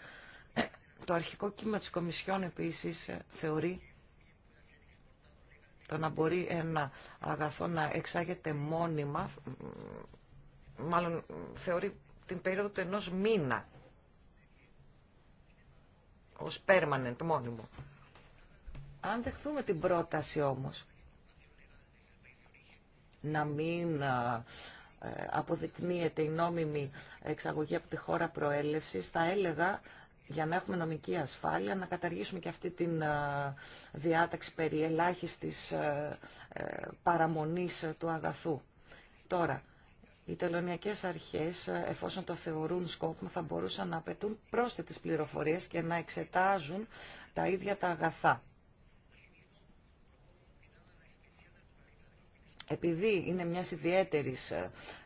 Το αρχικό κύμα της Κομισιόν επίσης θεωρεί το να μπορεί ένα αγαθό να εξάγεται μόνιμα, μάλλον θεωρεί την περίοδο του ενός μήνα ως permanent μόνιμο. Αν δεχθούμε την πρόταση όμως, να μην ε, αποδεικνύεται η νόμιμη εξαγωγή από τη χώρα προέλευσης, θα έλεγα για να έχουμε νομική ασφάλεια, να καταργήσουμε και αυτή την διάταξη περί ελάχιστης ε, παραμονής του αγαθού. Τώρα, οι τελωνιακές αρχές, εφόσον το θεωρούν σκόπιμο, θα μπορούσαν να απαιτούν πρόσθετες πληροφορίες και να εξετάζουν τα ίδια τα αγαθά. επειδή είναι μια ιδιαίτερη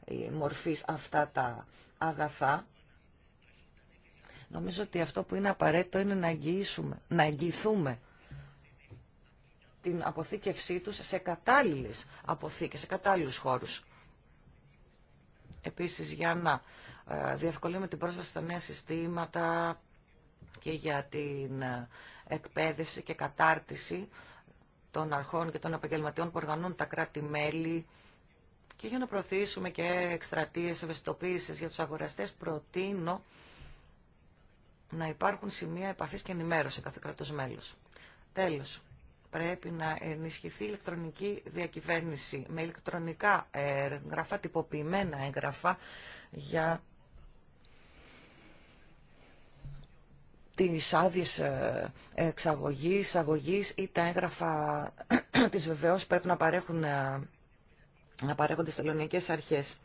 ε, μορφής αυτά τα αγαθά, νομίζω ότι αυτό που είναι απαραίτητο είναι να, αγγίσουμε, να αγγιθούμε την αποθήκευσή τους σε κατάλληλες αποθήκες, σε κατάλληλους χώρους. Επίσης, για να ε, διευκολύνουμε την πρόσβαση στα νέα συστήματα και για την ε, εκπαίδευση και κατάρτιση των αρχών και των επαγγελματιών που οργανώνουν τα κράτη-μέλη και για να προωθήσουμε και εκστρατείες ευαισθητοποίησης για τους αγοραστές προτείνω να υπάρχουν σημεία επαφής και ενημέρωση κάθε κράτος μέλος. Τέλος, πρέπει να ενισχυθεί η ηλεκτρονική διακυβέρνηση με ηλεκτρονικά έγγραφα, ε, τυποποιημένα έγγραφα για της άδειε εξαγωγής, αγωγής ή τα έγγραφα της βεβαίως πρέπει να, παρέχουν, ε, να παρέχονται στις ελληνικές αρχές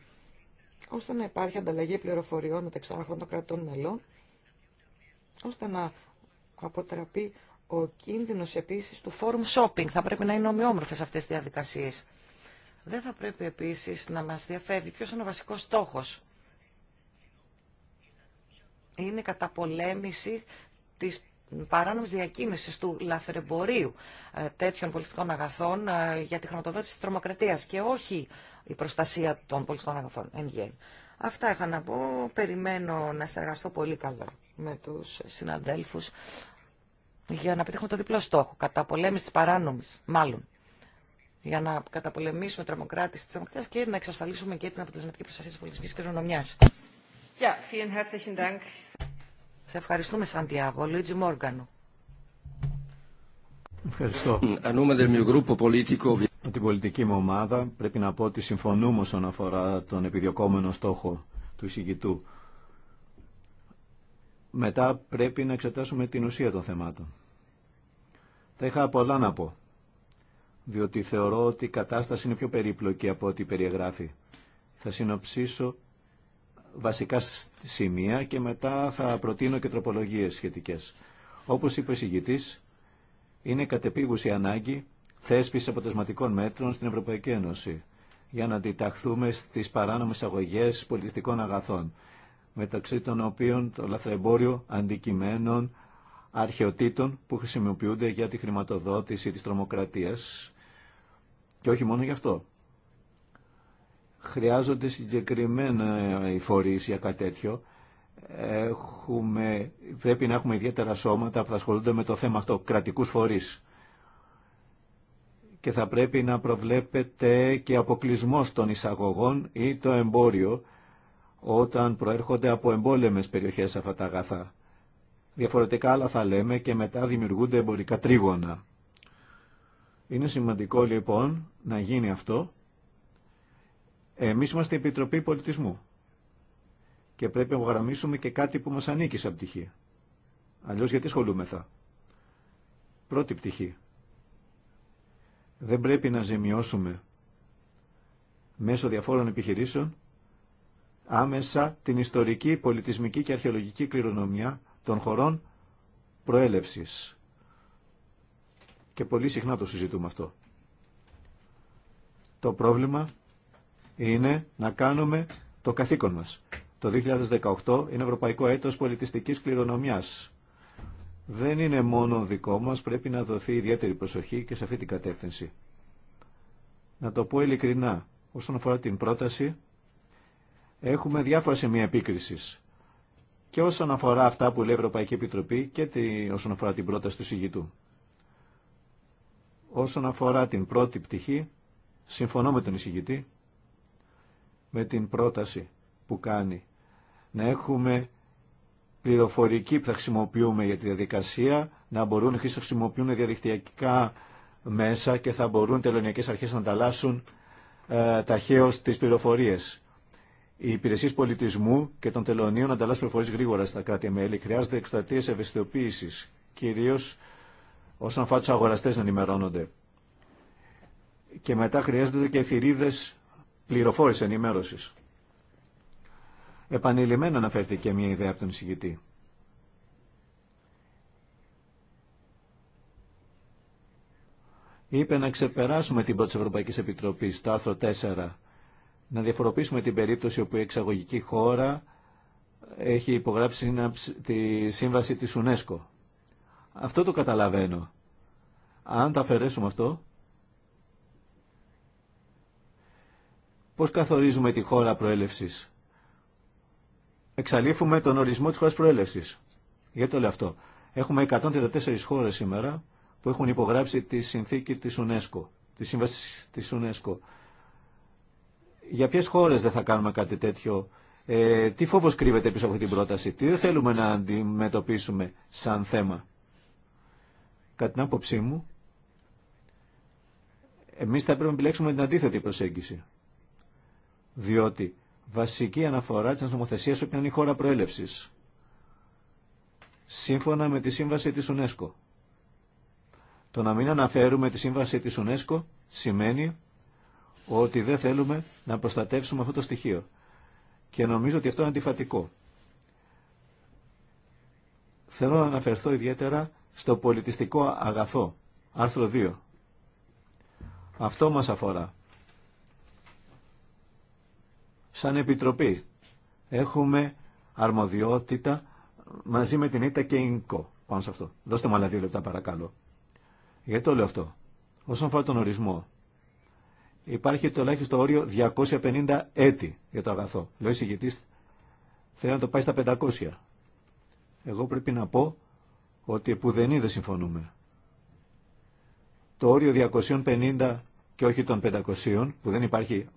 ώστε να υπάρχει ανταλλαγή πληροφοριών μεταξύ των κρατών μελών, ώστε να αποτραπεί ο κίνδυνος επίσης του forum shopping. Θα πρέπει να είναι ομοιόμορφες αυτές τις διαδικασίες. Δεν θα πρέπει επίσης να μας διαφεύγει ποιος είναι ο βασικός στόχος. Είναι η καταπολέμηση της παράνομης διακίνησης του λαθρεμπορίου ε, τέτοιων πολιτικών αγαθών ε, για τη χρηματοδότηση της τρομοκρατίας και όχι η προστασία των πολιτικών αγαθών εν Αυτά είχα να πω. Περιμένω να συνεργαστώ πολύ καλά με τους συναδέλφους για να πετύχουμε το διπλό στόχο, κατά πολέμηση της παράνομης, μάλλον, για να καταπολεμήσουμε τρομοκράτηση της τρομοκρατίας και να εξασφαλίσουμε και την αποτελεσματική προστασία τη πολιτισμική κληρονομιά. Yeah, σε ευχαριστούμε Σαντιάγο. Λουίτζι Μόργανο. Ευχαριστώ. Από την πολιτική μου ομάδα πρέπει να πω ότι συμφωνούμε όσον αφορά τον επιδιωκόμενο στόχο του εισηγητού. Μετά πρέπει να εξετάσουμε την ουσία των θεμάτων. Θα είχα πολλά να πω, διότι θεωρώ ότι η κατάσταση είναι πιο περίπλοκη από ό,τι περιεγράφει. Θα συνοψίσω βασικά σημεία και μετά θα προτείνω και τροπολογίες σχετικές. Όπως είπε ο εισηγητής, είναι κατεπίγουση ανάγκη θέσπιση αποτελεσματικών μέτρων στην Ευρωπαϊκή Ένωση για να αντιταχθούμε στις παράνομες αγωγές πολιτιστικών αγαθών, μεταξύ των οποίων το λαθρεμπόριο αντικειμένων αρχαιοτήτων που χρησιμοποιούνται για τη χρηματοδότηση της τρομοκρατίας και όχι μόνο γι' αυτό χρειάζονται συγκεκριμένα οι φορείς για κάτι τέτοιο. Έχουμε, πρέπει να έχουμε ιδιαίτερα σώματα που θα ασχολούνται με το θέμα αυτό, κρατικούς φορείς. Και θα πρέπει να προβλέπεται και αποκλεισμό των εισαγωγών ή το εμπόριο όταν προέρχονται από εμπόλεμες περιοχές αυτά τα αγαθά. Διαφορετικά άλλα θα λέμε και μετά δημιουργούνται εμπορικά τρίγωνα. Είναι σημαντικό λοιπόν να γίνει αυτό εμείς είμαστε η Επιτροπή Πολιτισμού και πρέπει να γραμμίσουμε και κάτι που μας ανήκει σαν πτυχή. Αλλιώς γιατί σχολούμεθα. Πρώτη πτυχή. Δεν πρέπει να ζημιώσουμε μέσω διαφόρων επιχειρήσεων άμεσα την ιστορική, πολιτισμική και αρχαιολογική κληρονομιά των χωρών προέλευσης. Και πολύ συχνά το συζητούμε αυτό. Το πρόβλημα είναι να κάνουμε το καθήκον μας. Το 2018 είναι Ευρωπαϊκό Έτος Πολιτιστικής Κληρονομιάς. Δεν είναι μόνο δικό μας, πρέπει να δοθεί ιδιαίτερη προσοχή και σε αυτή την κατεύθυνση. Να το πω ειλικρινά, όσον αφορά την πρόταση, έχουμε διάφορα σημεία επίκριση. Και όσον αφορά αυτά που λέει η Ευρωπαϊκή Επιτροπή και τη, όσον αφορά την πρόταση του συγητού. Όσον αφορά την πρώτη πτυχή, συμφωνώ με τον εισηγητή, με την πρόταση που κάνει. Να έχουμε πληροφορική που θα χρησιμοποιούμε για τη διαδικασία, να μπορούν να χρησιμοποιούν διαδικτυακά μέσα και θα μπορούν τελωνιακές αρχές να ανταλλάσσουν ε, ταχαίως τις πληροφορίες. Οι υπηρεσίε πολιτισμού και των τελωνίων ανταλλάσσουν πληροφορίε γρήγορα στα κράτη-μέλη. Χρειάζονται εκστρατείε ευαισθητοποίηση, κυρίω όσον αφορά του αγοραστέ να ενημερώνονται. Και μετά χρειάζονται και θηρίδε πληροφόρηση ενημέρωσης. Επανειλημμένα αναφέρθηκε μια ιδέα από τον εισηγητή. Είπε να ξεπεράσουμε την πρώτη Ευρωπαϊκή Επιτροπή ...το άρθρο 4, να διαφοροποιήσουμε την περίπτωση όπου η εξαγωγική χώρα έχει υπογράψει τη σύμβαση της UNESCO. Αυτό το καταλαβαίνω. Αν το αφαιρέσουμε αυτό, Πώς καθορίζουμε τη χώρα προέλευσης. Εξαλείφουμε τον ορισμό της χώρας προέλευσης. Γιατί το λέω αυτό. Έχουμε 134 χώρες σήμερα που έχουν υπογράψει τη συνθήκη της UNESCO, τη σύμβαση της UNESCO. Για ποιες χώρες δεν θα κάνουμε κάτι τέτοιο. Ε, τι φόβος κρύβεται πίσω από αυτή την πρόταση. Τι δεν θέλουμε να αντιμετωπίσουμε σαν θέμα. Κατά την άποψή μου, εμείς θα πρέπει να επιλέξουμε την αντίθετη προσέγγιση διότι βασική αναφορά της νομοθεσίας πρέπει να είναι η χώρα προέλευσης, σύμφωνα με τη σύμβαση της UNESCO. Το να μην αναφέρουμε τη σύμβαση της UNESCO σημαίνει ότι δεν θέλουμε να προστατεύσουμε αυτό το στοιχείο. Και νομίζω ότι αυτό είναι αντιφατικό. Θέλω να αναφερθώ ιδιαίτερα στο πολιτιστικό αγαθό, άρθρο 2. Αυτό μας αφορά σαν Επιτροπή. Έχουμε αρμοδιότητα μαζί με την ΙΤΑ και ΙΝΚΟ πάνω σε αυτό. Δώστε μου άλλα δύο λεπτά παρακαλώ. Γιατί το λέω αυτό. Όσον αφορά τον ορισμό, υπάρχει το ελάχιστο όριο 250 έτη για το αγαθό. Λέω εισηγητή θέλει να το πάει στα 500. Εγώ πρέπει να πω ότι που δεν συμφωνούμε. Το όριο 250 και όχι των 500 που δεν υπάρχει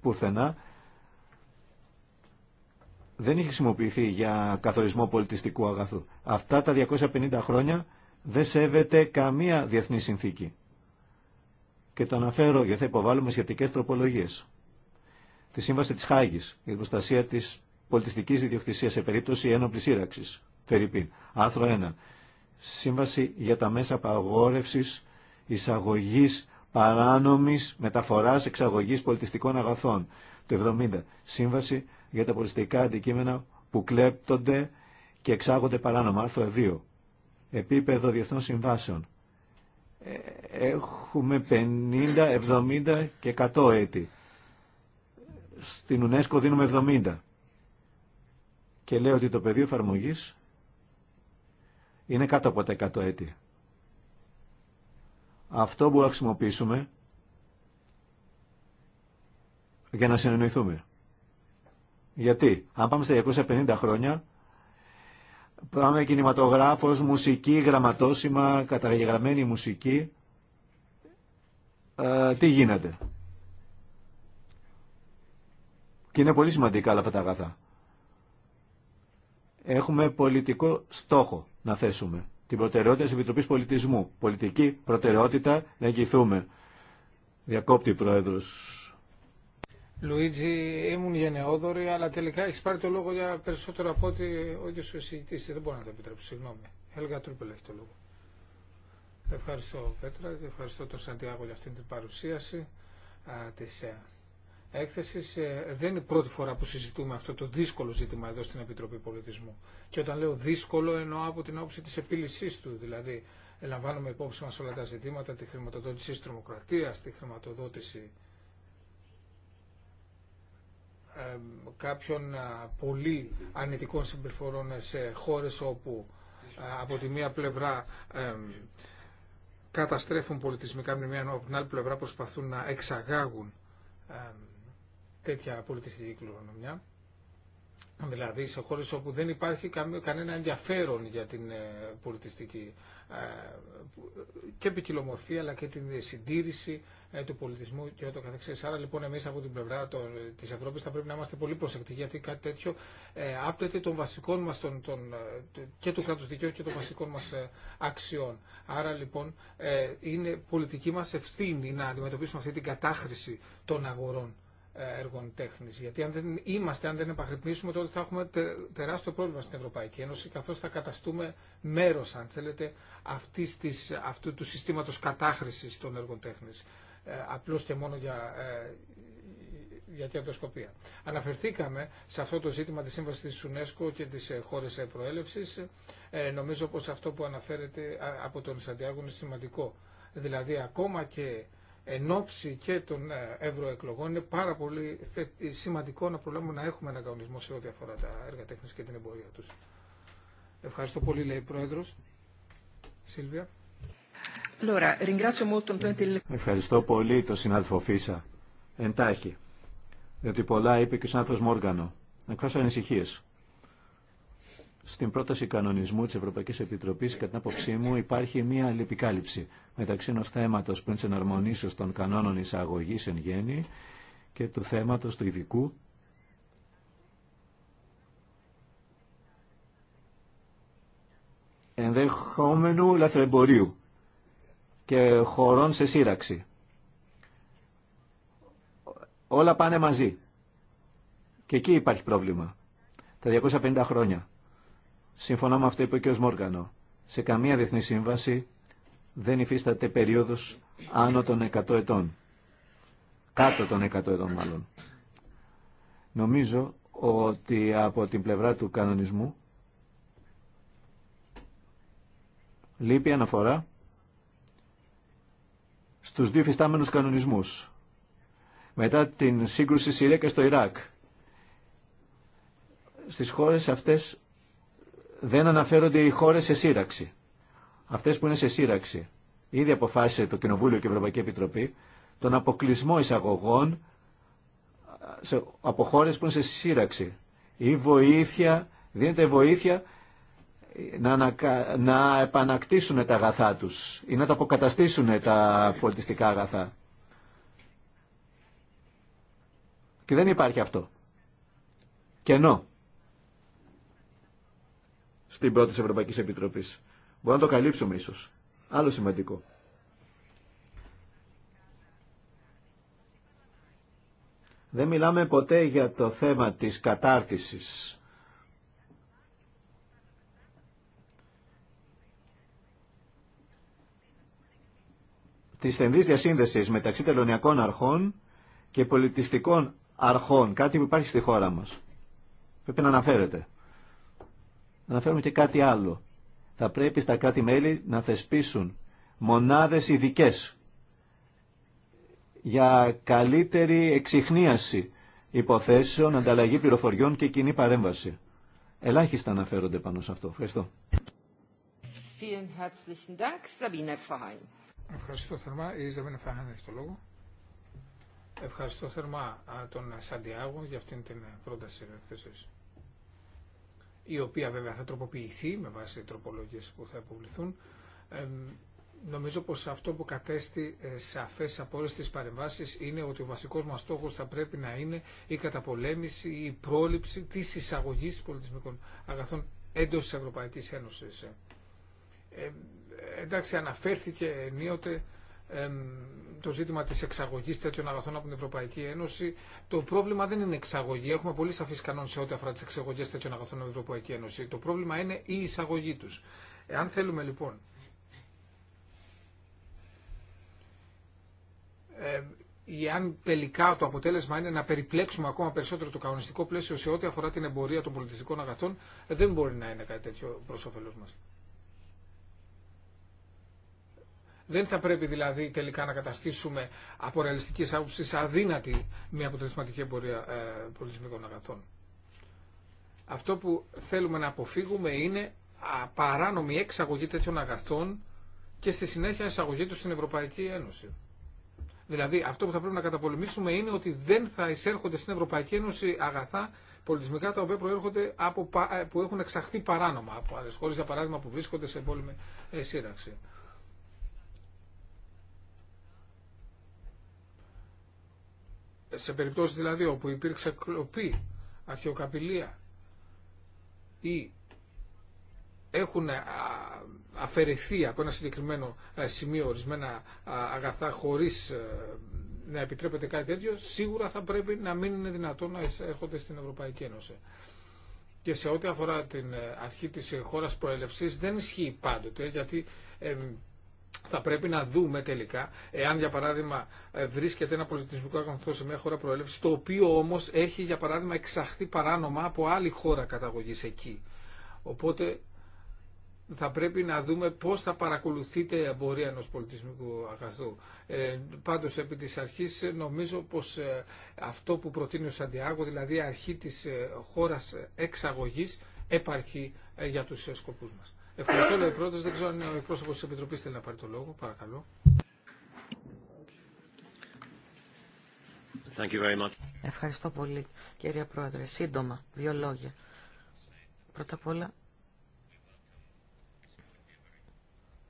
πουθενά δεν έχει χρησιμοποιηθεί για καθορισμό πολιτιστικού αγαθού. Αυτά τα 250 χρόνια δεν σέβεται καμία διεθνή συνθήκη. Και το αναφέρω γιατί θα υποβάλουμε σχετικές τροπολογίες. Τη Σύμβαση της Χάγης για την προστασία της πολιτιστικής ιδιοκτησίας σε περίπτωση ένοπλης σύραξη. Φερρυπίν. Άρθρο 1. Σύμβαση για τα μέσα παγόρευσης εισαγωγής παράνομης μεταφοράς εξαγωγής πολιτιστικών αγαθών. Το 70. Σύμβαση για τα πολιτιστικά αντικείμενα που κλέπτονται και εξάγονται παράνομα. Άρθρο 2. Επίπεδο διεθνών συμβάσεων. Ε, έχουμε 50, 70 και 100 έτη. Στην UNESCO δίνουμε 70. Και λέω ότι το πεδίο εφαρμογή είναι κάτω από τα 100 έτη. Αυτό μπορούμε να χρησιμοποιήσουμε για να συνεννοηθούμε. Γιατί, αν πάμε στα 250 χρόνια, πάμε κινηματογράφος, μουσική, γραμματόσημα, καταγεγραμμένη μουσική. Ε, τι γίνεται. Και είναι πολύ σημαντικά όλα αυτά τα αγαθά. Έχουμε πολιτικό στόχο να θέσουμε. Την προτεραιότητα της Επιτροπής Πολιτισμού. Πολιτική προτεραιότητα να εγγυηθούμε. Διακόπτη, Πρόεδρος. Λουίτζι, ήμουν γενναιόδορη, αλλά τελικά έχει πάρει το λόγο για περισσότερο από ότι ο ίδιο ο εισηγητή. Δεν μπορώ να το επιτρέψω, συγγνώμη. Έλγα Τρούπελ έχει το λόγο. Ευχαριστώ, Πέτρα, και ευχαριστώ τον Σαντιάγο για αυτή την παρουσίαση τη ε, έκθεση. Ε, δεν είναι η πρώτη φορά που συζητούμε αυτό το δύσκολο ζήτημα εδώ στην Επιτροπή Πολιτισμού. Και όταν λέω δύσκολο, εννοώ από την άποψη τη επίλυσή του. Δηλαδή, λαμβάνουμε υπόψη μα όλα τα ζητήματα, τη χρηματοδότηση τη τρομοκρατία, τη χρηματοδότηση κάποιων πολύ ανητικών συμπεριφορών σε χώρες όπου από τη μία πλευρά καταστρέφουν πολιτισμικά μνημεία, ενώ από την άλλη πλευρά προσπαθούν να εξαγάγουν τέτοια πολιτιστική κληρονομιά. Δηλαδή σε χώρες όπου δεν υπάρχει κανένα ενδιαφέρον για την ε, πολιτιστική ε, ε, και ποικιλομορφία αλλά και την συντήρηση ε, του πολιτισμού και ό,τι καθεξής. Άρα λοιπόν εμείς από την πλευρά της Ευρώπης θα πρέπει να είμαστε πολύ προσεκτικοί γιατί κάτι τέτοιο άπτεται των βασικών μας τον και του κράτους δικαίου και των βασικών μας αξιών. Άρα λοιπόν είναι πολιτική μας ευθύνη να αντιμετωπίσουμε αυτή την κατάχρηση των αγορών έργων τέχνης. Γιατί αν δεν είμαστε, αν δεν επαγρυπνήσουμε, τότε θα έχουμε τεράστιο πρόβλημα στην Ευρωπαϊκή Ένωση, καθώ θα καταστούμε μέρο, αν θέλετε, αυτής της, αυτού του συστήματο κατάχρηση των έργων τέχνης. Ε, απλώς και μόνο για, ε, για κερδοσκοπία. Αναφερθήκαμε σε αυτό το ζήτημα της σύμβασης της UNESCO και της ε, χώρες ε, προέλευσης. Ε, νομίζω πως αυτό που αναφέρεται από τον Σαντιάγο είναι σημαντικό. Δηλαδή ακόμα και εν ώψη και των ε, ευρωεκλογών είναι πάρα πολύ ε, σημαντικό να προλάβουμε να έχουμε έναν κανονισμό σε ό,τι αφορά τα έργα τέχνης και την εμπορία τους. Ευχαριστώ πολύ, λέει η Πρόεδρος. Σίλβια. Ευχαριστώ πολύ τον συνάδελφο Φίσα. Εντάχει. Διότι πολλά είπε και ο συνάδελφος Μόργανο. Εκφράσω ανησυχίες στην πρόταση κανονισμού της Ευρωπαϊκής Επιτροπής, κατά την άποψή μου, υπάρχει μια αλληλεπικάλυψη μεταξύ ενός θέματος πριν της εναρμονίσεως των κανόνων εισαγωγής εν γέννη και του θέματος του ειδικού ενδεχόμενου λαθρεμπορίου και χωρών σε σύραξη. Όλα πάνε μαζί. Και εκεί υπάρχει πρόβλημα. Τα 250 χρόνια. Σύμφωνα με αυτό που είπε ο κ. σε καμία διεθνή σύμβαση δεν υφίσταται περίοδος άνω των 100 ετών. Κάτω των 100 ετών μάλλον. Νομίζω ότι από την πλευρά του κανονισμού λείπει αναφορά στους δύο φυστάμενους κανονισμούς. Μετά την σύγκρουση Συρία και στο Ιράκ. Στις χώρες αυτές δεν αναφέρονται οι χώρες σε σύραξη. Αυτές που είναι σε σύραξη. Ήδη αποφάσισε το Κοινοβούλιο και η Ευρωπαϊκή Επιτροπή τον αποκλεισμό εισαγωγών ε, από χώρε που είναι σε σύραξη. Ή βοήθεια, δίνεται βοήθεια ε, να, να επανακτήσουν τα αγαθά τους ή να τα αποκαταστήσουν τα πολιτιστικά αγαθά. Και δεν υπάρχει αυτό. ενώ στην πρώτη Ευρωπαϊκής Επιτροπής. Μπορούμε να το καλύψουμε ίσως. Άλλο σημαντικό. Δεν μιλάμε ποτέ για το θέμα της κατάρτισης. Τη στενή διασύνδεση μεταξύ τελωνιακών αρχών και πολιτιστικών αρχών, κάτι που υπάρχει στη χώρα μας. Πρέπει να αναφέρεται. Αναφέρουμε και κάτι άλλο. Θα πρέπει στα κάτι μελη να θεσπίσουν μονάδες ειδικέ για καλύτερη εξυχνίαση υποθέσεων, ανταλλαγή πληροφοριών και κοινή παρέμβαση. Ελάχιστα αναφέρονται πάνω σε αυτό. Ευχαριστώ. Ευχαριστώ θερμά. Η Ζαμίνα Φαχάν έχει το λόγο. Ευχαριστώ θερμά τον Σαντιάγο για αυτήν την πρόταση εκθέσεως η οποία βέβαια θα τροποποιηθεί με βάση τροπολογίες που θα υποβληθούν. νομίζω πως αυτό που κατέστη ε, σαφές από όλες τις παρεμβάσεις είναι ότι ο βασικός μας στόχος θα πρέπει να είναι η καταπολέμηση, η πρόληψη της εισαγωγής πολιτισμικών αγαθών εντός της Ευρωπαϊκής Ένωσης. Ε, εντάξει, αναφέρθηκε ενίοτε το ζήτημα της εξαγωγής τέτοιων αγαθών από την Ευρωπαϊκή Ένωση. Το πρόβλημα δεν είναι εξαγωγή. Έχουμε πολύ σαφείς κανόνες σε ό,τι αφορά τις εξαγωγές τέτοιων αγαθών από την Ευρωπαϊκή Ένωση. Το πρόβλημα είναι η εισαγωγή τους. Εάν θέλουμε λοιπόν ή αν τελικά το αποτέλεσμα είναι να περιπλέξουμε ακόμα περισσότερο το κανονιστικό πλαίσιο σε ό,τι αφορά την εμπορία των πολιτιστικών αγαθών, δεν μπορεί να είναι κάτι τέτοιο προ όφελο μα. Δεν θα πρέπει δηλαδή τελικά να καταστήσουμε από ρεαλιστική άποψη αδύνατη μια αποτελεσματική εμπορία ε, πολιτισμικών αγαθών. Αυτό που θέλουμε να αποφύγουμε είναι παράνομη εξαγωγή τέτοιων αγαθών και στη συνέχεια εισαγωγή του στην Ευρωπαϊκή Ένωση. Δηλαδή αυτό που θα πρέπει να καταπολεμήσουμε είναι ότι δεν θα εισέρχονται στην Ευρωπαϊκή Ένωση αγαθά πολιτισμικά τα οποία προέρχονται από, ε, που έχουν εξαχθεί παράνομα από άλλε χώρε, για παράδειγμα που βρίσκονται σε πόλεμη ε, σύραξη. σε περιπτώσεις δηλαδή όπου υπήρξε κλοπή, αρχαιοκαπηλεία ή έχουν αφαιρεθεί από ένα συγκεκριμένο σημείο ορισμένα αγαθά χωρίς ε, να επιτρέπεται κάτι τέτοιο, σίγουρα θα πρέπει να μην είναι δυνατόν να έρχονται στην Ευρωπαϊκή Ένωση. Και σε ό,τι αφορά την ε, αρχή της χώρας προέλευσης δεν ισχύει πάντοτε, γιατί θα πρέπει να δούμε τελικά, εάν για παράδειγμα βρίσκεται ένα πολιτισμικό αγαθό σε μια χώρα προέλευση, το οποίο όμω έχει για παράδειγμα εξαχθεί παράνομα από άλλη χώρα καταγωγή εκεί. Οπότε θα πρέπει να δούμε πώς θα παρακολουθειται η εμπορία ενός πολιτισμικού αγαθού. Ε, πάντως, επί της αρχής, νομίζω πως ε, αυτό που προτείνει ο Σαντιάγο, δηλαδή αρχή της χωρα ε, χώρας εξαγωγής, επαρχεί ε, για τους σκοπούς μας. Ευχαριστώ, λέει πρώτος. Δεν ξέρω αν ο εκπρόσωπος της Επιτροπής θέλει να πάρει το λόγο. Παρακαλώ. Thank you very much. Ευχαριστώ πολύ, κυρία Πρόεδρε. Σύντομα, δύο λόγια. Πρώτα απ' όλα,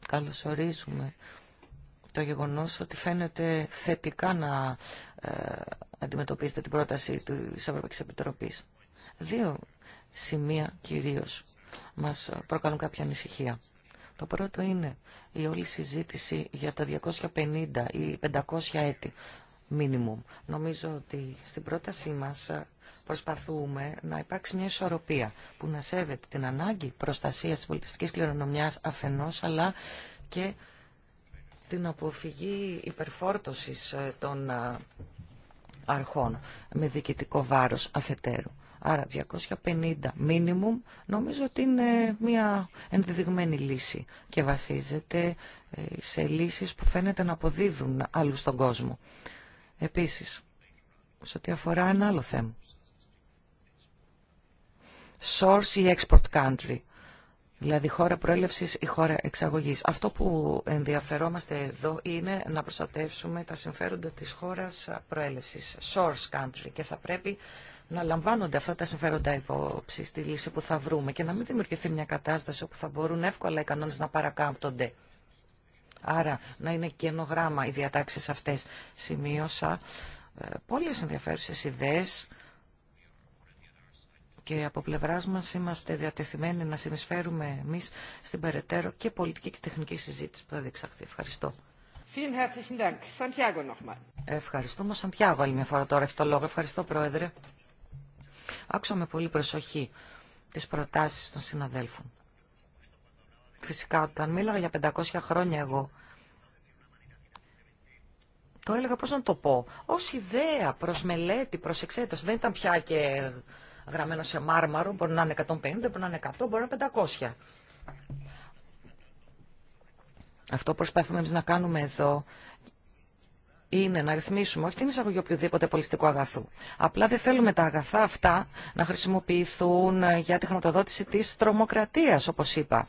καλωσορίζουμε το γεγονός ότι φαίνεται θετικά να ε, αντιμετωπίζετε την πρόταση της Ευρωπαϊκής Επιτροπής. Δύο σημεία κυρίως μας προκαλούν κάποια ανησυχία. Το πρώτο είναι η όλη συζήτηση για τα 250 ή 500 έτη minimum. Νομίζω ότι στην πρότασή μας προσπαθούμε να υπάρξει μια ισορροπία που να σέβεται την ανάγκη προστασίας της πολιτιστικής κληρονομιάς αφενός, αλλά και την αποφυγή υπερφόρτωσης των ε, αρχών με διοικητικό βάρος αφετέρου. Άρα 250 minimum νομίζω ότι είναι μια ενδεδειγμένη λύση και βασίζεται ε, σε λύσεις που φαίνεται να αποδίδουν άλλους στον κόσμο. Επίσης, σε ό,τι αφορά ένα άλλο θέμα. Source ή export country. Δηλαδή χώρα προέλευσης ή χώρα εξαγωγής. Αυτό που ενδιαφερόμαστε εδώ είναι να προστατεύσουμε τα συμφέροντα της χώρας προέλευσης. Source country. Και θα πρέπει να λαμβάνονται αυτά τα συμφέροντα υπόψη στη λύση που θα βρούμε και να μην δημιουργηθεί μια κατάσταση όπου θα μπορούν εύκολα οι κανόνες να παρακάμπτονται. Άρα να είναι καινογράμμα οι διατάξει αυτέ. Σημείωσα ε, πολλές ενδιαφέρουσες ιδέες και από πλευρά μα είμαστε διατεθειμένοι να συνεισφέρουμε εμεί στην περαιτέρω και πολιτική και τεχνική συζήτηση που θα διεξαχθεί. Ευχαριστώ. Ευχαριστούμε, Σαντιάγο, άλλη μια φορά τώρα έχει το λόγο. Ευχαριστώ, Πρόεδρε. Άκουσα με πολύ προσοχή τις προτάσεις των συναδέλφων. Φυσικά, όταν μίλαγα για 500 χρόνια εγώ, το έλεγα πώς να το πω, ως ιδέα προς μελέτη, προς εξέταση, δεν ήταν πια και γραμμένο σε μάρμαρο, μπορεί να είναι 150, μπορεί να είναι 100, μπορεί να είναι 500. Αυτό προσπαθούμε εμείς να κάνουμε εδώ είναι να ρυθμίσουμε όχι την εισαγωγή οποιοδήποτε πολιστικού αγαθού. Απλά δεν θέλουμε τα αγαθά αυτά να χρησιμοποιηθούν ε, για τη χρηματοδότηση της τρομοκρατίας, όπως είπα.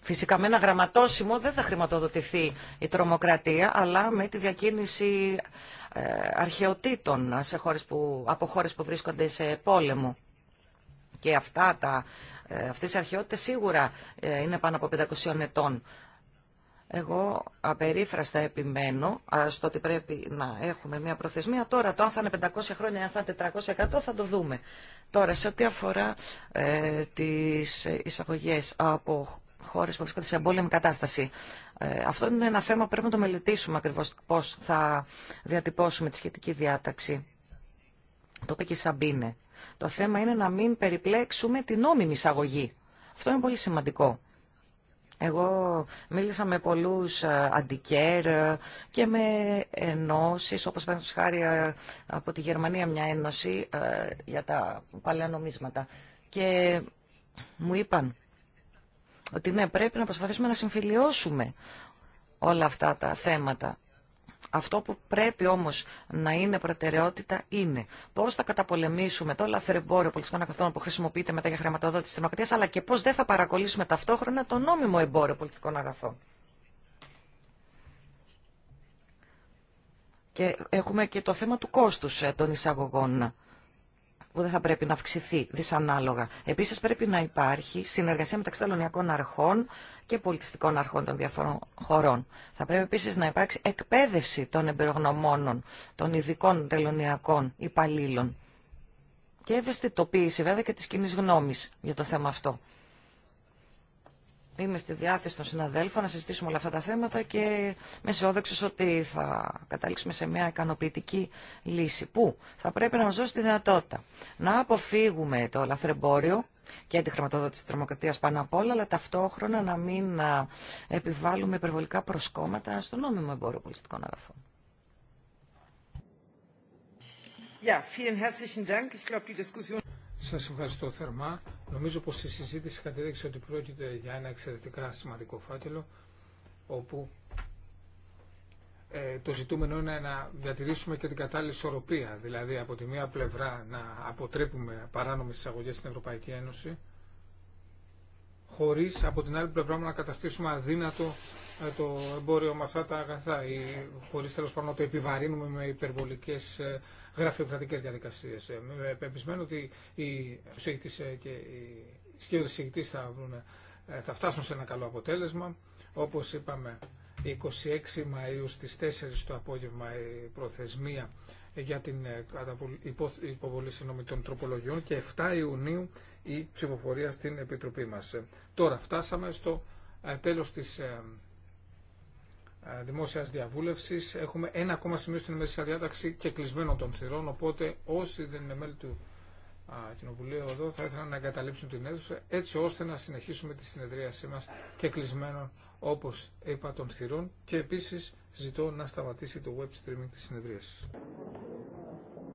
Φυσικά με ένα γραμματόσημο δεν θα χρηματοδοτηθεί η τρομοκρατία, αλλά με τη διακίνηση ε, αρχαιοτήτων σε που, από χώρες που βρίσκονται σε πόλεμο. Και αυτά τα, ε, αυτές οι αρχαιότητες σίγουρα είναι πάνω από 500 ετών. Εγώ απερίφραστα επιμένω στο ότι πρέπει να έχουμε μια προθεσμία. Τώρα το αν θα είναι 500 χρόνια, ή αν θα είναι 400, θα το δούμε. Τώρα σε ό,τι αφορά ε, τις εισαγωγές από χώρε που βρίσκονται σε εμπόλεμη κατάσταση. Ε, αυτό είναι ένα θέμα που πρέπει να το μελετήσουμε ακριβώς πώς θα διατυπώσουμε τη σχετική διάταξη. Το είπε και η Σαμπίνε. Το θέμα είναι να μην περιπλέξουμε την νόμιμη εισαγωγή. Αυτό είναι πολύ σημαντικό. Εγώ μίλησα με πολλούς ε, αντικέρ ε, και με ενώσεις, όπως πέραν χάρη ε, από τη Γερμανία μια ένωση για τα παλαιά νομίσματα. Και μου είπαν ότι ναι, πρέπει να προσπαθήσουμε να συμφιλιώσουμε όλα αυτά τα θέματα. Αυτό που πρέπει όμως να είναι προτεραιότητα είναι πώς θα καταπολεμήσουμε το λαθρεμπόριο πολιτικών αγαθών που χρησιμοποιείται μετά για χρηματοδότηση τη δημοκρατία, αλλά και πώς δεν θα παρακολύσουμε ταυτόχρονα το νόμιμο εμπόριο πολιτικών αγαθών. Και έχουμε και το θέμα του κόστου ε, των εισαγωγών που δεν θα πρέπει να αυξηθεί δυσανάλογα. Επίση, πρέπει να υπάρχει συνεργασία μεταξύ ταλωνιακών αρχών και πολιτιστικών αρχών των διαφορών χωρών. Θα πρέπει επίση να υπάρξει εκπαίδευση των εμπειρογνωμόνων, των ειδικών τελωνιακών υπαλλήλων και ευαισθητοποίηση βέβαια και τη κοινή γνώμη για το θέμα αυτό. Είμαι στη διάθεση των συναδέλφων να συζητήσουμε όλα αυτά τα θέματα και είμαι αισιόδοξο ότι θα καταλήξουμε σε μια ικανοποιητική λύση που θα πρέπει να μα δώσει τη δυνατότητα να αποφύγουμε το λαθρεμπόριο και τη χρηματοδότηση τη τρομοκρατία πάνω απ' όλα, αλλά ταυτόχρονα να μην επιβάλλουμε υπερβολικά προσκόμματα στο νόμιμο εμπόριο πολιτιστικών αγαθών. vielen herzlichen Dank. Ich glaube, die Diskussion... Σας ευχαριστώ θερμά. Νομίζω πως η συζήτηση κατέδειξε ότι πρόκειται για ένα εξαιρετικά σημαντικό φάκελο όπου ε, το ζητούμενο είναι να διατηρήσουμε και την κατάλληλη ισορροπία. Δηλαδή από τη μία πλευρά να αποτρέπουμε παράνομες εισαγωγές στην Ευρωπαϊκή Ένωση χωρίς από την άλλη πλευρά να καταστήσουμε αδύνατο ε, το εμπόριο με αυτά τα αγαθά ή χωρίς τέλος να το επιβαρύνουμε με υπερβολικές ε, γραφειοκρατικές διαδικασίες. Ε, πεπισμένο ότι οι σχέδιοι ε, και οι σχέδιοι θα, ε, θα φτάσουν σε ένα καλό αποτέλεσμα. Όπως είπαμε, 26 Μαΐου στις 4 το απόγευμα η προθεσμία για την υποβολή συνόμη των τροπολογιών και 7 Ιουνίου η ψηφοφορία στην Επιτροπή μας. Τώρα φτάσαμε στο τέλος της δημόσια διαβούλευση. Έχουμε ένα ακόμα σημείο στην ημερήσια διάταξη και κλεισμένο των θυρών. Οπότε όσοι δεν είναι μέλη του Κοινοβουλίου εδώ θα ήθελαν να εγκαταλείψουν την αίθουσα έτσι ώστε να συνεχίσουμε τη συνεδρίασή μα και κλεισμένο όπω είπα των θυρών. Και επίση ζητώ να σταματήσει το web streaming τη συνεδρίαση.